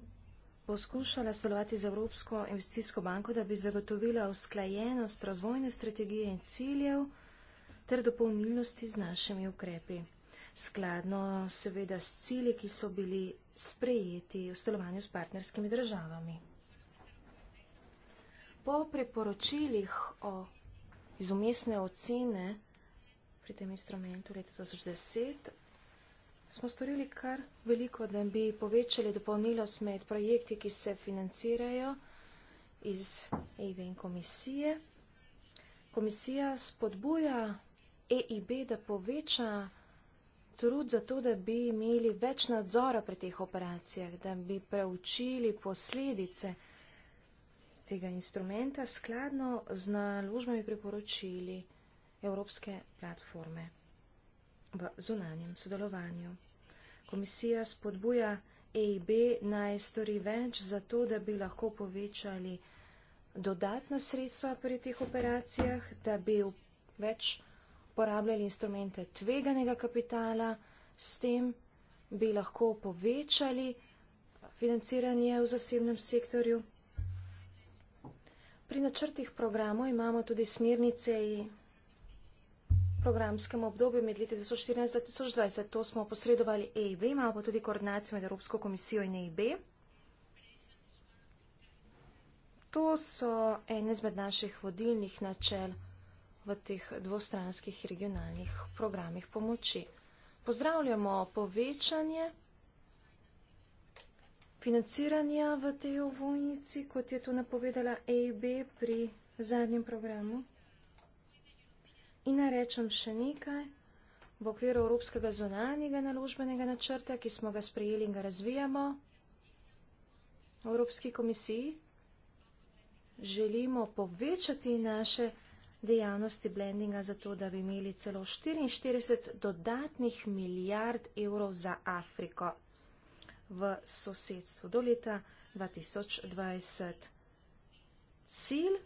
S3: poskušala sodelovati z Evropsko investicijsko banko, da bi zagotovila usklajenost razvojne strategije in ciljev ter dopolnilnosti z našimi ukrepi. Skladno seveda s cilji, ki so bili sprejeti v sodelovanju s partnerskimi državami. Po priporočilih o izumestne ocene pri tem instrumentu leta 2010 Smo storili kar veliko, da bi povečali dopolnilost med projekti, ki se financirajo iz EIB in komisije. Komisija spodbuja EIB, da poveča trud za to, da bi imeli več nadzora pri teh operacijah, da bi preučili posledice tega instrumenta skladno z naložbami priporočili Evropske platforme v zunanjem sodelovanju. Komisija spodbuja EIB naj stori več za to, da bi lahko povečali dodatna sredstva pri teh operacijah, da bi več porabljali instrumente tveganega kapitala, s tem bi lahko povečali financiranje v zasebnem sektorju. Pri načrtih programov imamo tudi smernice in programskem obdobju med leti 2014 in 2020. To smo posredovali EIB, imamo pa tudi koordinacijo med Evropsko komisijo in EIB. To so ene izmed naših vodilnih načel v teh dvostranskih regionalnih programih pomoči. Pozdravljamo povečanje financiranja v tej ovojnici, kot je to napovedala EIB pri zadnjem programu in naj rečem še nekaj. V okviru Evropskega zunanjega naložbenega načrta, ki smo ga sprejeli in ga razvijamo, v Evropski komisiji želimo povečati naše dejavnosti blendinga zato, da bi imeli celo 44 dodatnih milijard evrov za Afriko v sosedstvu do leta 2020. Cilj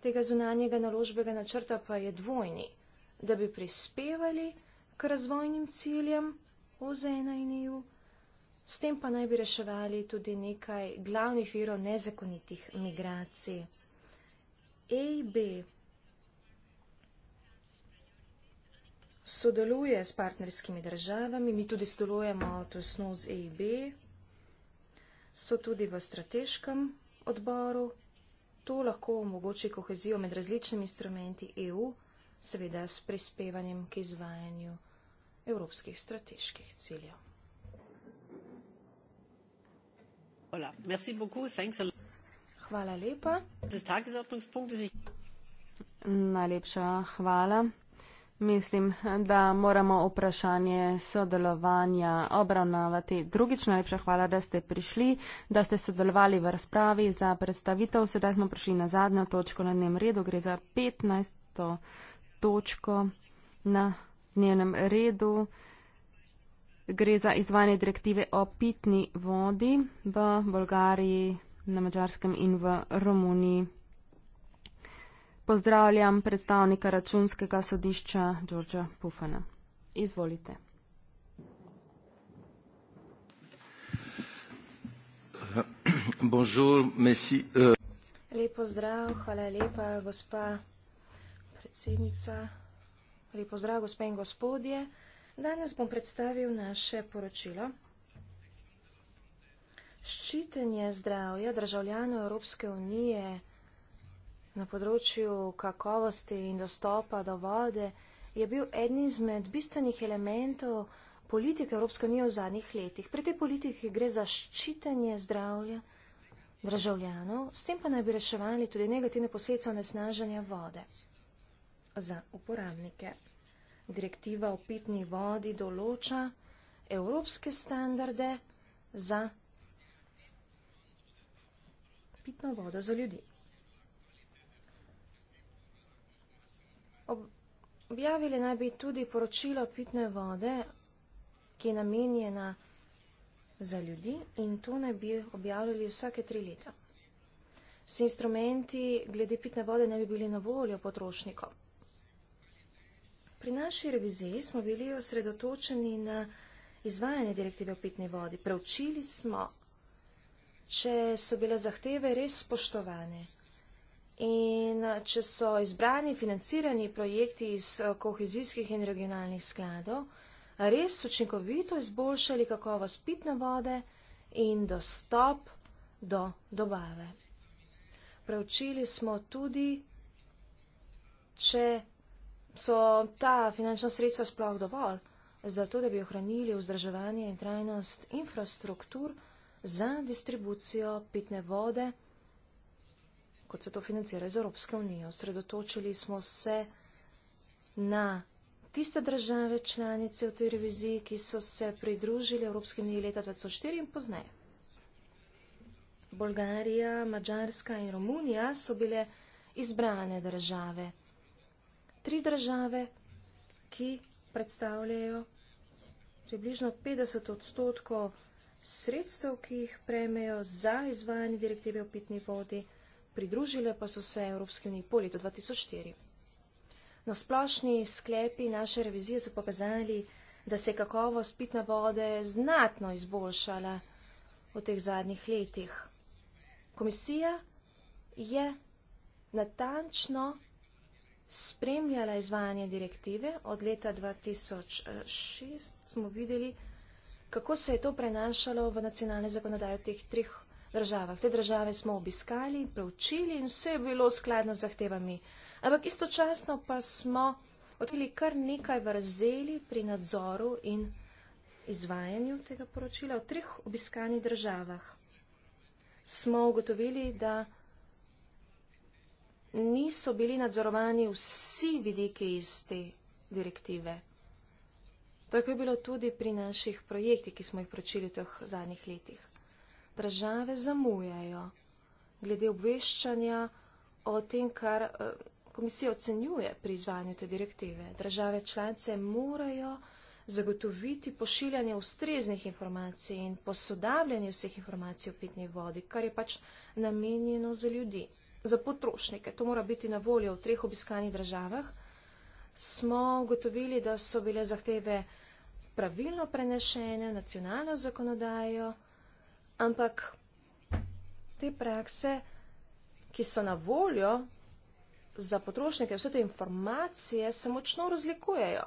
S3: tega zunanjega naložbega načrta pa je dvojni, da bi prispevali k razvojnim ciljem OZN-a in EU, s tem pa naj bi reševali tudi nekaj glavnih virov nezakonitih migracij. AB e sodeluje s partnerskimi državami, mi tudi sodelujemo tesno z AB, e so tudi v strateškem odboru To lahko omogoči kohezijo med različnimi instrumenti EU, seveda s prispevanjem k izvajanju evropskih strateških ciljev. Hvala lepa.
S2: Najlepša hvala. Mislim, da moramo vprašanje sodelovanja obravnavati. Drugič, najlepša hvala, da ste prišli, da ste sodelovali v razpravi za predstavitev. Sedaj smo prišli na zadnjo točko na dnevnem redu. Gre za 15. točko na dnevnem redu. Gre za izvajanje direktive o pitni vodi v Bolgariji, na Mačarskem in v Romuniji pozdravljam predstavnika računskega sodišča Đorđa Pufana. Izvolite.
S3: Bonjour, merci. Euh. Lepo zdrav, hvala lepa, gospa predsednica. Lepo zdrav, gospe in gospodje. Danes bom predstavil naše poročilo. Ščitenje zdravja državljanov Evropske unije na področju kakovosti in dostopa do vode je bil eden izmed bistvenih elementov politike Evropske unije v zadnjih letih. Pri tej politiki gre za ščitenje zdravja državljanov, s tem pa naj bi reševali tudi negativne posledice onesnaženja vode. Za uporabnike direktiva o pitni vodi določa evropske standarde za pitno vodo za ljudi. Objavili naj bi tudi poročilo pitne vode, ki je namenjena za ljudi in to naj bi objavljali vsake tri leta. Vsi instrumenti glede pitne vode naj bi bili na voljo potrošnikom. Pri naši reviziji smo bili osredotočeni na izvajanje direktive o pitni vodi. Preučili smo, če so bile zahteve res spoštovane in eh, če so izbrani financirani projekti iz eh, kohezijskih in regionalnih skladov res učinkovito izboljšali kakovost pitne vode in dostop do dobave. Preučili smo tudi, če so ta finančna sredstva sploh dovolj, zato da bi ohranili vzdrževanje in trajnost infrastruktur za distribucijo pitne vode kot se to financira iz Evropske unije. Osredotočili smo se na tiste države članice v tej reviziji, ki so se pridružili Evropske unije leta 2004 in pozneje. Bolgarija, Mačarska in Romunija so bile izbrane države. Tri države, ki predstavljajo približno 50 odstotkov sredstev, ki jih prejmejo za izvajanje direktive o pitni vodi, pridružile pa so se Evropski uniji po letu 2004. Na splošni sklepi naše revizije so pokazali, da se je kakovost pitne vode znatno izboljšala v teh zadnjih letih. Komisija je natančno spremljala izvajanje direktive. Od leta 2006 smo videli, kako se je to prenašalo v nacionalne zakonodaje v teh treh državah. Te države smo obiskali, preučili in vse je bilo skladno z zahtevami. Ampak istočasno pa smo odkrili kar nekaj vrzeli pri nadzoru in izvajanju tega poročila v treh obiskanih državah. Smo ugotovili, da niso bili nadzorovani vsi vidiki iz te direktive. Tako je bilo tudi pri naših projektih, ki smo jih pročili v teh zadnjih letih države zamujajo glede obveščanja o tem, kar eh, komisija ocenjuje pri izvanju te direktive. Države članice morajo zagotoviti pošiljanje ustreznih informacij in posodabljanje vseh informacij o pitni vodi, kar je pač namenjeno za ljudi, za potrošnike. To mora biti na voljo v treh obiskanih državah. Smo ugotovili, da so bile zahteve pravilno prenešene v nacionalno zakonodajo ampak te prakse, ki so na voljo za potrošnike, vse te informacije se močno razlikujejo.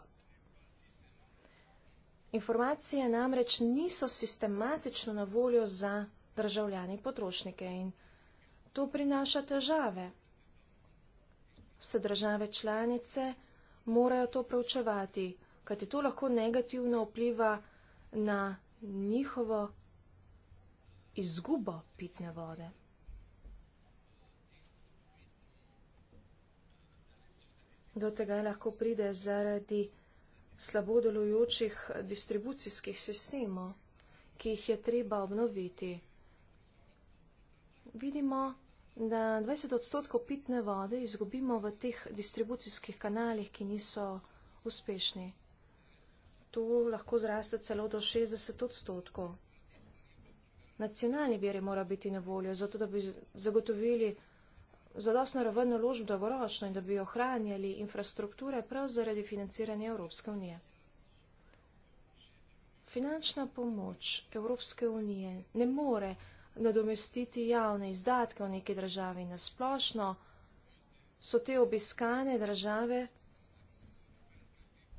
S3: Informacije namreč niso sistematično na voljo za državljane in potrošnike in to prinaša težave. Vse države članice morajo to pravčevati, kajti to lahko negativno vpliva na njihovo izgubo pitne vode. Do tega lahko pride zaradi slabo delujočih distribucijskih sistemov, ki jih je treba obnoviti. Vidimo, da 20 odstotkov pitne vode izgubimo v teh distribucijskih kanalih, ki niso uspešni. Tu lahko zraste celo do 60 odstotkov nacionalni veri mora biti na voljo, zato da bi zagotovili zadostno raven naložb dolgoročno in da bi ohranjali infrastrukture prav zaradi financiranja Evropske unije. Finančna pomoč Evropske unije ne more nadomestiti javne izdatke v neki državi na splošno, so te obiskane države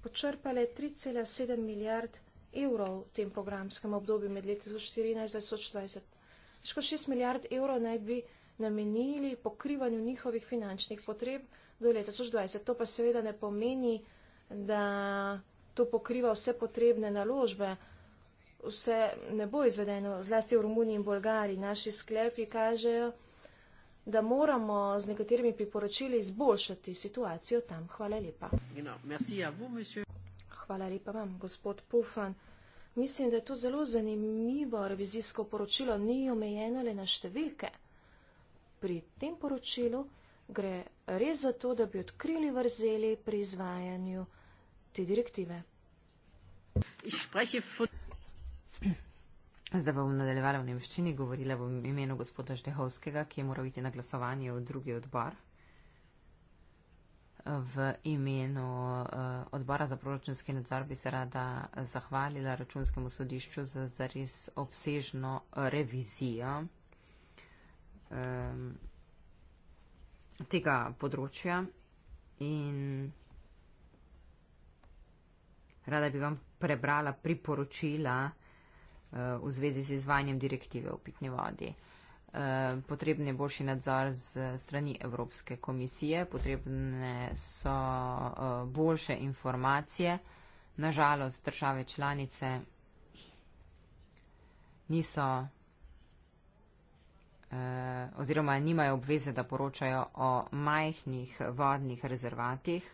S3: počrpale 3,7 milijard evrov v tem programskem obdobju med leti 2014 in 2020. Ško 6 milijard evrov naj bi namenili pokrivanju njihovih finančnih potreb do leta 2020. To pa seveda ne pomeni, da to pokriva vse potrebne naložbe. Vse ne bo izvedeno, zlasti v Romuniji in Bolgariji. Naši sklepi kažejo, da moramo z nekaterimi priporočili izboljšati situacijo tam. Hvala lepa. You know, Hvala lepa vam, gospod Pufan. Mislim, da je to zelo zanimivo revizijsko poročilo, ni omejeno le na številke. Pri tem poročilu gre res za to, da bi odkrili vrzeli pri izvajanju te direktive.
S1: Zdaj bom nadaljevala v nemščini, govorila bom imenu gospoda Štehovskega, ki je moral iti na glasovanje v drugi odbor v imenu eh, odbora za proračunski nadzor bi se rada zahvalila računskemu sodišču za zares obsežno eh, revizijo tega področja in rada bi vam prebrala priporočila eh, v zvezi z izvajanjem direktive o pitni vodi. Eh, potrebni boljši nadzor z strani Evropske komisije, potrebne so eh, boljše informacije. Nažalost, države članice niso eh, oziroma nimajo obveze, da poročajo o majhnih vodnih rezervatih,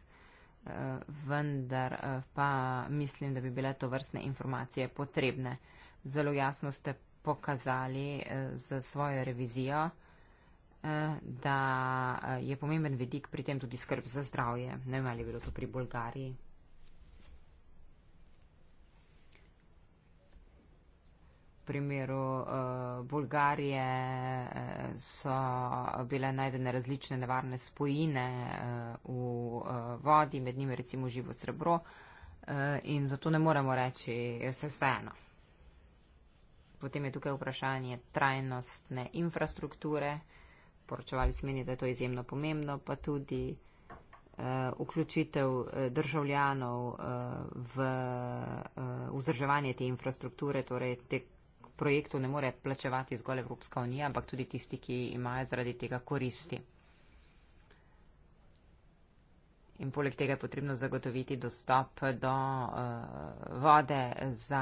S1: vendar pa mislim, da bi bile to vrstne informacije potrebne. Zelo jasno ste pokazali z eh, svojo revizijo, eh, da eh, je pomemben vidik pri tem tudi skrb za zdravje. Ne vem, ali je bilo to pri Bolgariji. V primeru Bolgarije so bile najdene različne nevarne spojine v vodi, med njimi recimo živo srebro in zato ne moremo reči, da je vse vseeno. Potem je tukaj vprašanje trajnostne infrastrukture. Poročevali smo meni, da je to izjemno pomembno, pa tudi uh, vključitev eh, državljanov uh, v uh, vzdrževanje te infrastrukture, torej te projektu ne more plačevati zgolj Evropska unija, ampak tudi tisti, ki imajo zaradi tega koristi in poleg tega je potrebno zagotoviti dostop do uh, vode za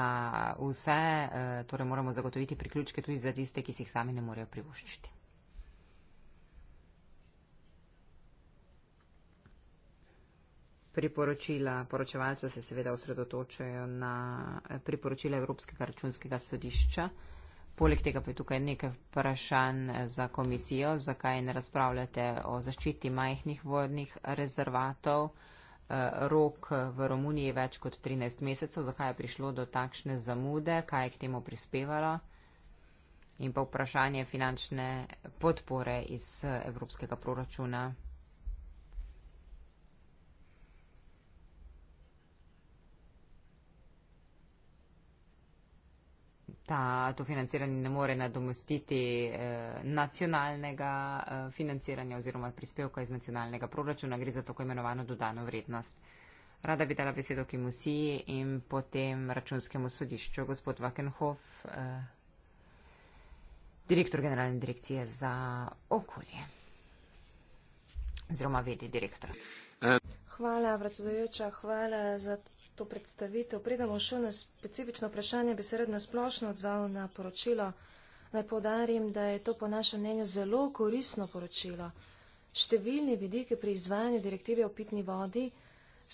S1: vse, uh, torej moramo zagotoviti priključke tudi za tiste, ki si jih sami ne morejo privoščiti. Priporočila poročevalca se seveda osredotočajo na eh, priporočila Evropskega računskega sodišča. Uh, Poleg tega pa je tukaj nekaj vprašanj za komisijo, zakaj ne razpravljate o zaščiti majhnih vodnih rezervatov. Eh, rok v Romuniji je več kot 13 mesecev, zakaj je prišlo do takšne zamude, kaj je k temu prispevalo in pa vprašanje finančne podpore iz eh, evropskega proračuna. ta, to financiranje ne more nadomestiti eh, nacionalnega eh, financiranja oziroma prispevka iz nacionalnega proračuna, gre za tako imenovano dodano vrednost. Rada bi dala besedo Kimusiji in potem računskemu sodišču, gospod Wakenhof, eh, direktor generalne direkcije za okolje oziroma vedi direktor.
S2: Eh.
S3: Hvala, predsedujoča, hvala za to predstavitev. Predamo še na specifično vprašanje, bi se rad nasplošno odzval na poročilo. Naj podarim, da je to po našem mnenju zelo korisno poročilo. Številni vidiki pri izvajanju direktive o pitni vodi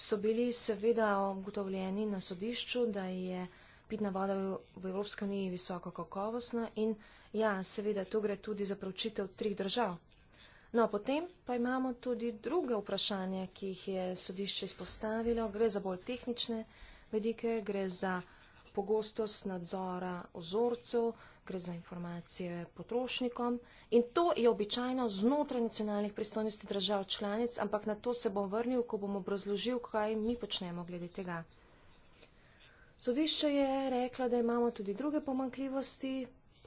S3: so bili seveda ugotovljeni na sodišču, da je pitna voda v Evropski uniji visoko kakovostna in ja, seveda tu gre tudi za pročitev trih držav. No, potem pa imamo tudi druge vprašanja, ki jih je sodišče izpostavilo. Gre za bolj tehnične vedike, gre za pogostost nadzora ozorcev, gre za informacije potrošnikom. In to je običajno znotraj nacionalnih pristojnosti držav članic, ampak na to se bom vrnil, ko bom obrazložil, kaj mi počnemo glede tega. Sodišče je reklo, da imamo tudi druge pomankljivosti,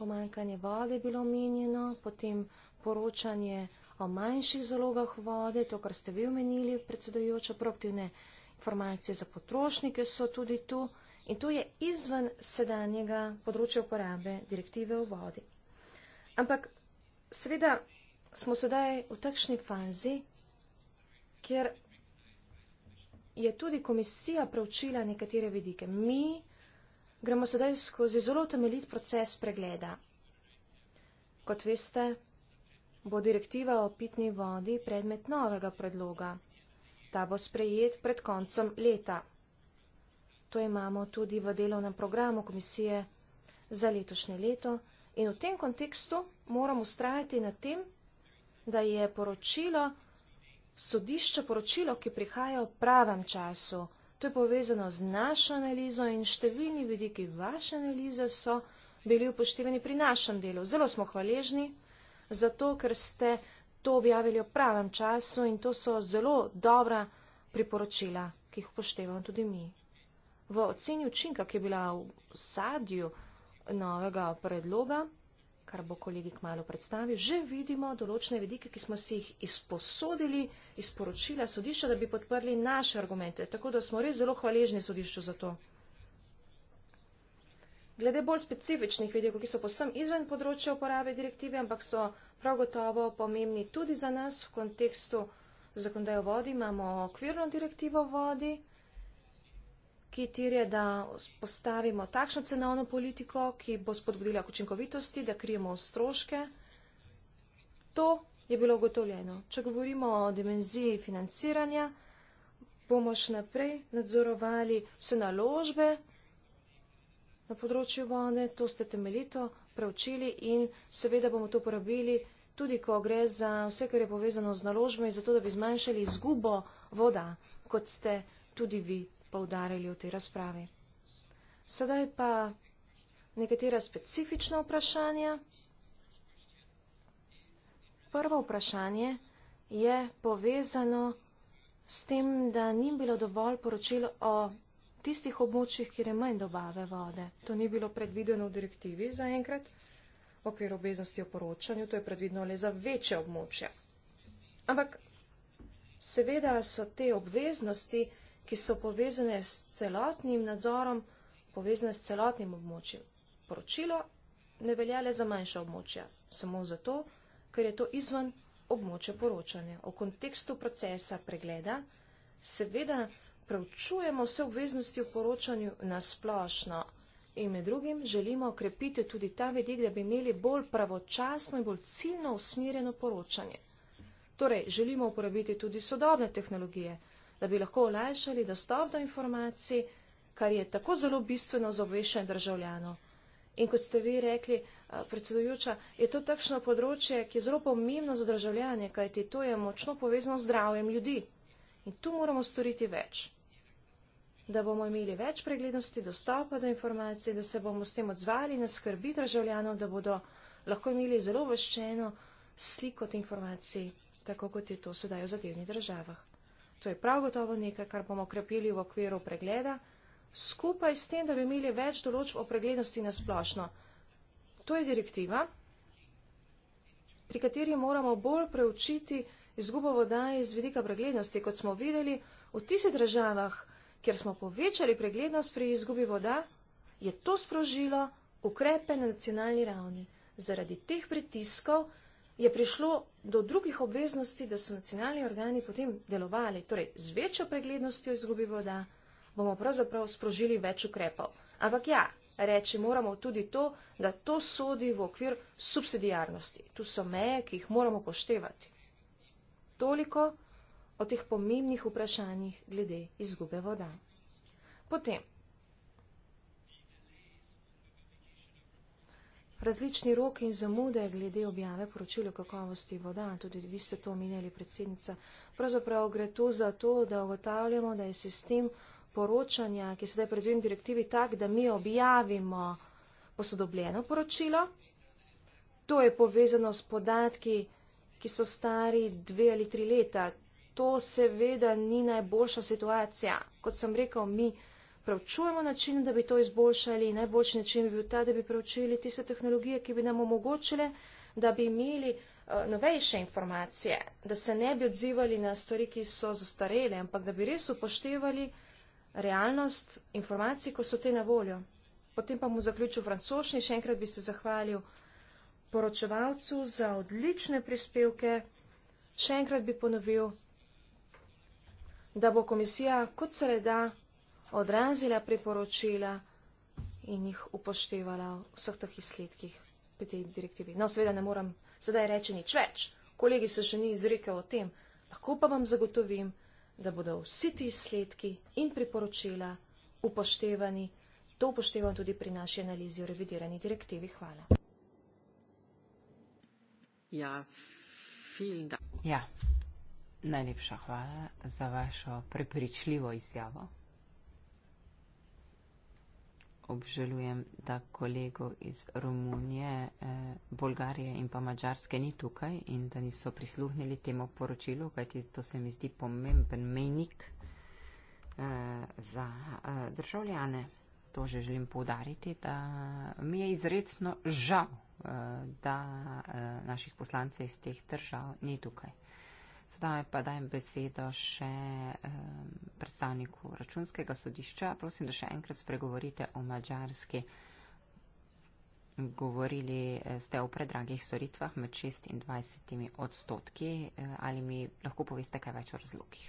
S3: pomankanje vode je bilo omenjeno, potem poročanje o manjših zalogah vode, to, kar ste vi omenili, predsedojoča, proaktivne informacije za potrošnike so tudi tu in to je izven sedanjega področja uporabe direktive o vodi. Ampak seveda smo sedaj v takšni fazi, kjer je tudi komisija preučila nekatere vidike. Mi gremo sedaj skozi zelo temeljit proces pregleda. Kot veste, bo direktiva o pitni vodi predmet novega predloga. Ta bo sprejet pred koncem leta. To imamo tudi v delovnem programu komisije za letošnje leto in v tem kontekstu moram ustrajati na tem, da je poročilo, sodišče poročilo, ki prihaja v pravem času. To je povezano z našo analizo in številni vidiki vaše analize so bili upoštevani pri našem delu. Zelo smo hvaležni zato ker ste to objavili v pravem času in to so zelo dobra priporočila, ki jih upoštevamo tudi mi. V oceni učinka, ki je bila v sadju novega predloga, kar bo kolegi k malu predstavil, že vidimo določene vedike, ki smo si jih izposodili iz poročila sodišča, da bi podprli naše argumente. Tako da smo res zelo hvaležni sodišču za to glede bolj specifičnih vidikov, ki so posem izven področja uporabe direktive, ampak so prav gotovo pomembni tudi za nas v kontekstu zakonodaje o vodi, imamo okvirno direktivo o vodi, ki tirje, da postavimo takšno cenovno politiko, ki bo spodbudila k učinkovitosti, da krijemo stroške. To je bilo ugotovljeno. Če govorimo o dimenziji financiranja, bomo še naprej nadzorovali vse naložbe, na področju vojne, to ste temeljito preučili in seveda bomo to uporabili tudi, ko gre za vse, kar je povezano z naložbami, zato da bi zmanjšali izgubo voda, kot ste tudi vi poudarili v tej razpravi. Sedaj pa nekatera specifična vprašanja. Prvo vprašanje je povezano s tem, da ni bilo dovolj poročilo o tistih območjih, kjer je manj dobave vode. To ni bilo predvideno v direktivi za enkrat, v okviru obveznosti o poročanju, to je predvideno le za večje območje. Ampak seveda so te obveznosti, ki so povezane s celotnim nadzorom, povezane s celotnim območjem. Poročilo ne velja le za manjša območja, samo zato, ker je to izven območja poročanja. V kontekstu procesa pregleda, seveda, preučujemo vse obveznosti v poročanju na splošno in med drugim želimo okrepiti tudi ta vidik, da bi imeli bolj pravočasno in bolj ciljno usmerjeno poročanje. Torej, želimo uporabiti tudi sodobne tehnologije, da bi lahko olajšali dostop do informacij, kar je tako zelo bistveno za obveščanje državljanov. In kot ste vi rekli, eh, predsedujoča, je to takšno področje, ki je zelo pomembno za državljanje, kajti to je močno povezano z zdravjem ljudi. In tu moramo storiti več da bomo imeli več preglednosti, dostopa do informacij, da se bomo s tem odzvali na skrbi državljanov, da bodo lahko imeli zelo vaščeno sliko te informacij, tako kot je to sedaj v zadevnih državah. To je prav gotovo nekaj, kar bomo krepili v okviru pregleda, skupaj s tem, da bi imeli več določb o preglednosti na splošno. To je direktiva, pri kateri moramo bolj preučiti izgubo voda iz vidika preglednosti, kot smo videli v tistih državah, ker smo povečali preglednost pri izgubi voda, je to sprožilo ukrepe na nacionalni ravni. Zaradi teh pritiskov je prišlo do drugih obveznosti, da so nacionalni organi potem delovali. Torej, z večjo preglednostjo izgubi voda bomo pravzaprav sprožili več ukrepov. Ampak ja, reči moramo tudi to, da to sodi v okvir subsidijarnosti. Tu so meje, ki jih moramo poštevati. Toliko o teh pomembnih vprašanjih glede izgube voda. Potem, različni roki in zamude glede objave poročilo kakovosti voda, tudi vi ste to omenjali, predsednica, pravzaprav gre to za to, da ogotavljamo, da je sistem poročanja, ki sedaj predvidim direktivi, tak, da mi objavimo posodobljeno poročilo. To je povezano s podatki, ki so stari dve ali tri leta to seveda ni najboljša situacija. Kot sem rekel, mi pravčujemo način, da bi to izboljšali. Najboljši način bi bil ta, da bi pravčili tiste tehnologije, ki bi nam omogočile, da bi imeli uh, novejše informacije, da se ne bi odzivali na stvari, ki so zastarele, ampak da bi res upoštevali realnost informacij, ko so te na voljo. Potem pa mu zaključil francošnji, še enkrat bi se zahvalil poročevalcu za odlične prispevke. Še enkrat bi ponovil, da bo komisija kot se le da odrazila priporočila in jih upoštevala v vseh teh izsledkih pri tej direktivi. No, seveda ne moram sedaj reči nič več, kolegi se še ni izrekel o tem, lahko pa vam zagotovim, da bodo vsi ti izsledki in priporočila upoštevani, to upoštevam tudi pri naši analizi o revidirani direktivi. Hvala.
S1: Ja, vielen Dank. Ja. Najlepša hvala za vašo prepričljivo izjavo. Obžalujem, da kolego iz Romunije, eh, Bolgarije in pa Mačarske ni tukaj in da niso prisluhnili temu poročilu, kajti to se mi zdi pomemben menik eh, za eh, državljane. To že želim poudariti, da mi je izredno žal, da naših poslancev iz teh držav ni tukaj. Sedaj pa dajem besedo še um, predstavniku računskega sodišča. Prosim, da še enkrat spregovorite o mađarski. Govorili eh, ste o predragih storitvah med 6 in 20 odstotki. Eh, ali mi lahko poveste kaj več o razlogih?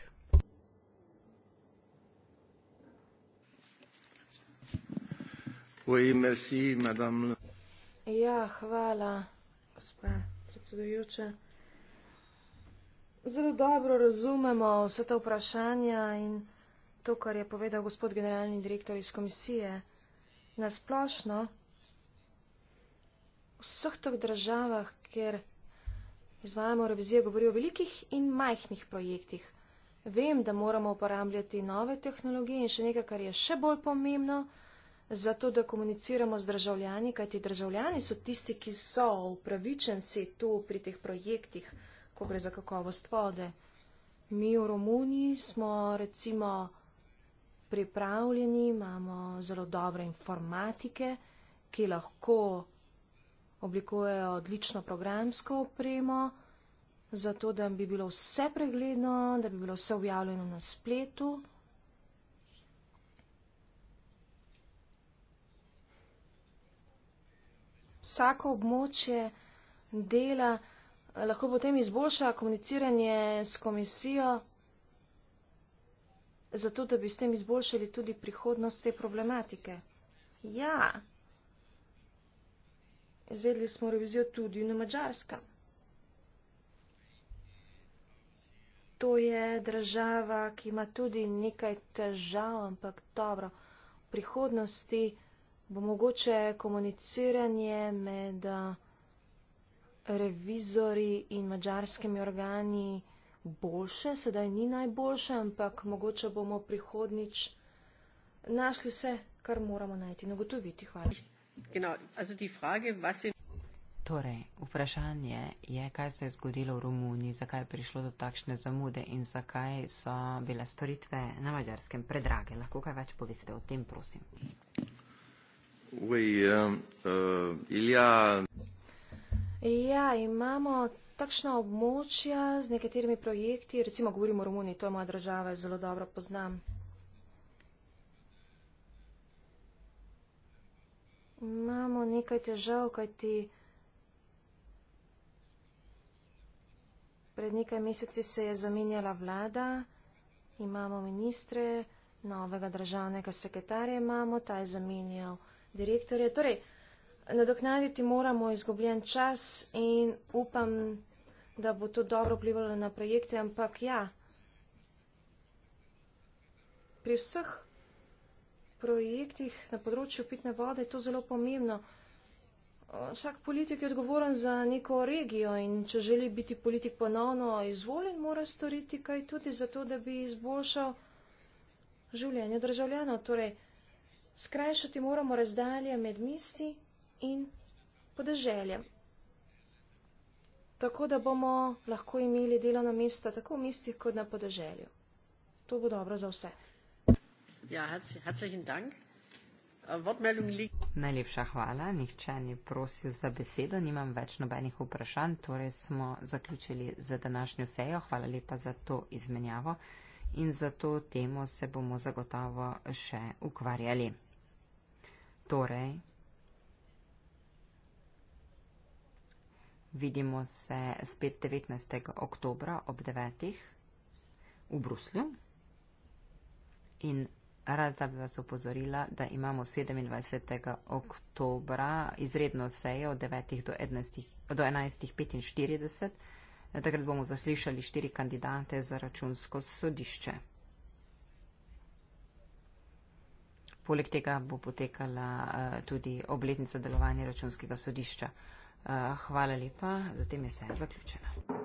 S3: Oui, merci, ja, hvala, gospa predsedujoča zelo dobro razumemo vse ta vprašanja in to, kar je povedal gospod generalni direktor iz komisije. Nasplošno, v vseh teh državah, kjer izvajamo revizijo, govori o velikih in majhnih projektih. Vem, da moramo uporabljati nove tehnologije in še nekaj, kar je še bolj pomembno, zato da komuniciramo z državljani, kajti državljani so tisti, ki so upravičenci tu pri teh projektih ko gre za kakovost vode. Mi v Romuniji smo recimo pripravljeni, imamo zelo dobre informatike, ki lahko oblikujejo odlično programsko opremo, zato da bi bilo vse pregledno, da bi bilo vse objavljeno na spletu. Vsako območje dela lahko potem izboljša komuniciranje s komisijo, zato da bi s tem izboljšali tudi prihodnost te problematike. Ja, izvedli smo revizijo tudi na Mačarskem. To je država, ki ima tudi nekaj težav, ampak dobro, v prihodnosti bo mogoče komuniciranje med. Uh, revizori in mačarskimi organi boljše, sedaj ni najboljše, ampak mogoče bomo prihodnič našli vse, kar moramo najti in ugotoviti. Hvala.
S1: Torej, vprašanje je, kaj se je zgodilo v Romuniji, zakaj je prišlo do takšne zamude in zakaj so bile storitve na mačarskem predrage. Lahko kaj več poveste o tem, prosim.
S3: Oui, euh, euh, il y a...
S1: Ja, imamo
S3: takšna območja z nekaterimi projekti, recimo govorim o Romuniji, to je moja država, zelo dobro poznam. Imamo nekaj težav, kajti pred nekaj meseci se je zamenjala vlada, imamo ministre, novega državnega sekretarja imamo, ta je zamenjal direktorje. Torej, nadoknaditi moramo izgubljen čas in upam, da bo to dobro vplivalo na projekte, ampak ja, pri vseh projektih na področju pitne vode je to zelo pomembno. Vsak politik je odgovoren za neko regijo in če želi biti politik ponovno izvoljen, mora storiti kaj tudi za to, da bi izboljšal življenje državljanov. Torej, skrajšati moramo razdalje med misti in podeželje. Tako da bomo lahko imeli delovna mesta tako v mestih kot na podeželju. To bo dobro za vse. Ja, herzlichen dank.
S1: Najlepša hvala, nihče ni prosil za besedo, nimam več nobenih vprašanj, torej smo zaključili za današnjo sejo. Hvala lepa za to izmenjavo in za to temo se bomo zagotovo še ukvarjali. Torej, Vidimo se spet 19. oktobra ob 9. v Bruslju. In rada bi vas opozorila, da imamo 27. oktobra izredno sejo od 9. do 11.45. Takrat bomo zaslišali štiri kandidate za računsko sodišče. Poleg tega bo potekala eh, tudi obletnica delovanja računskega sodišča. Eh, hvala lepa, zatem je seja zaključena.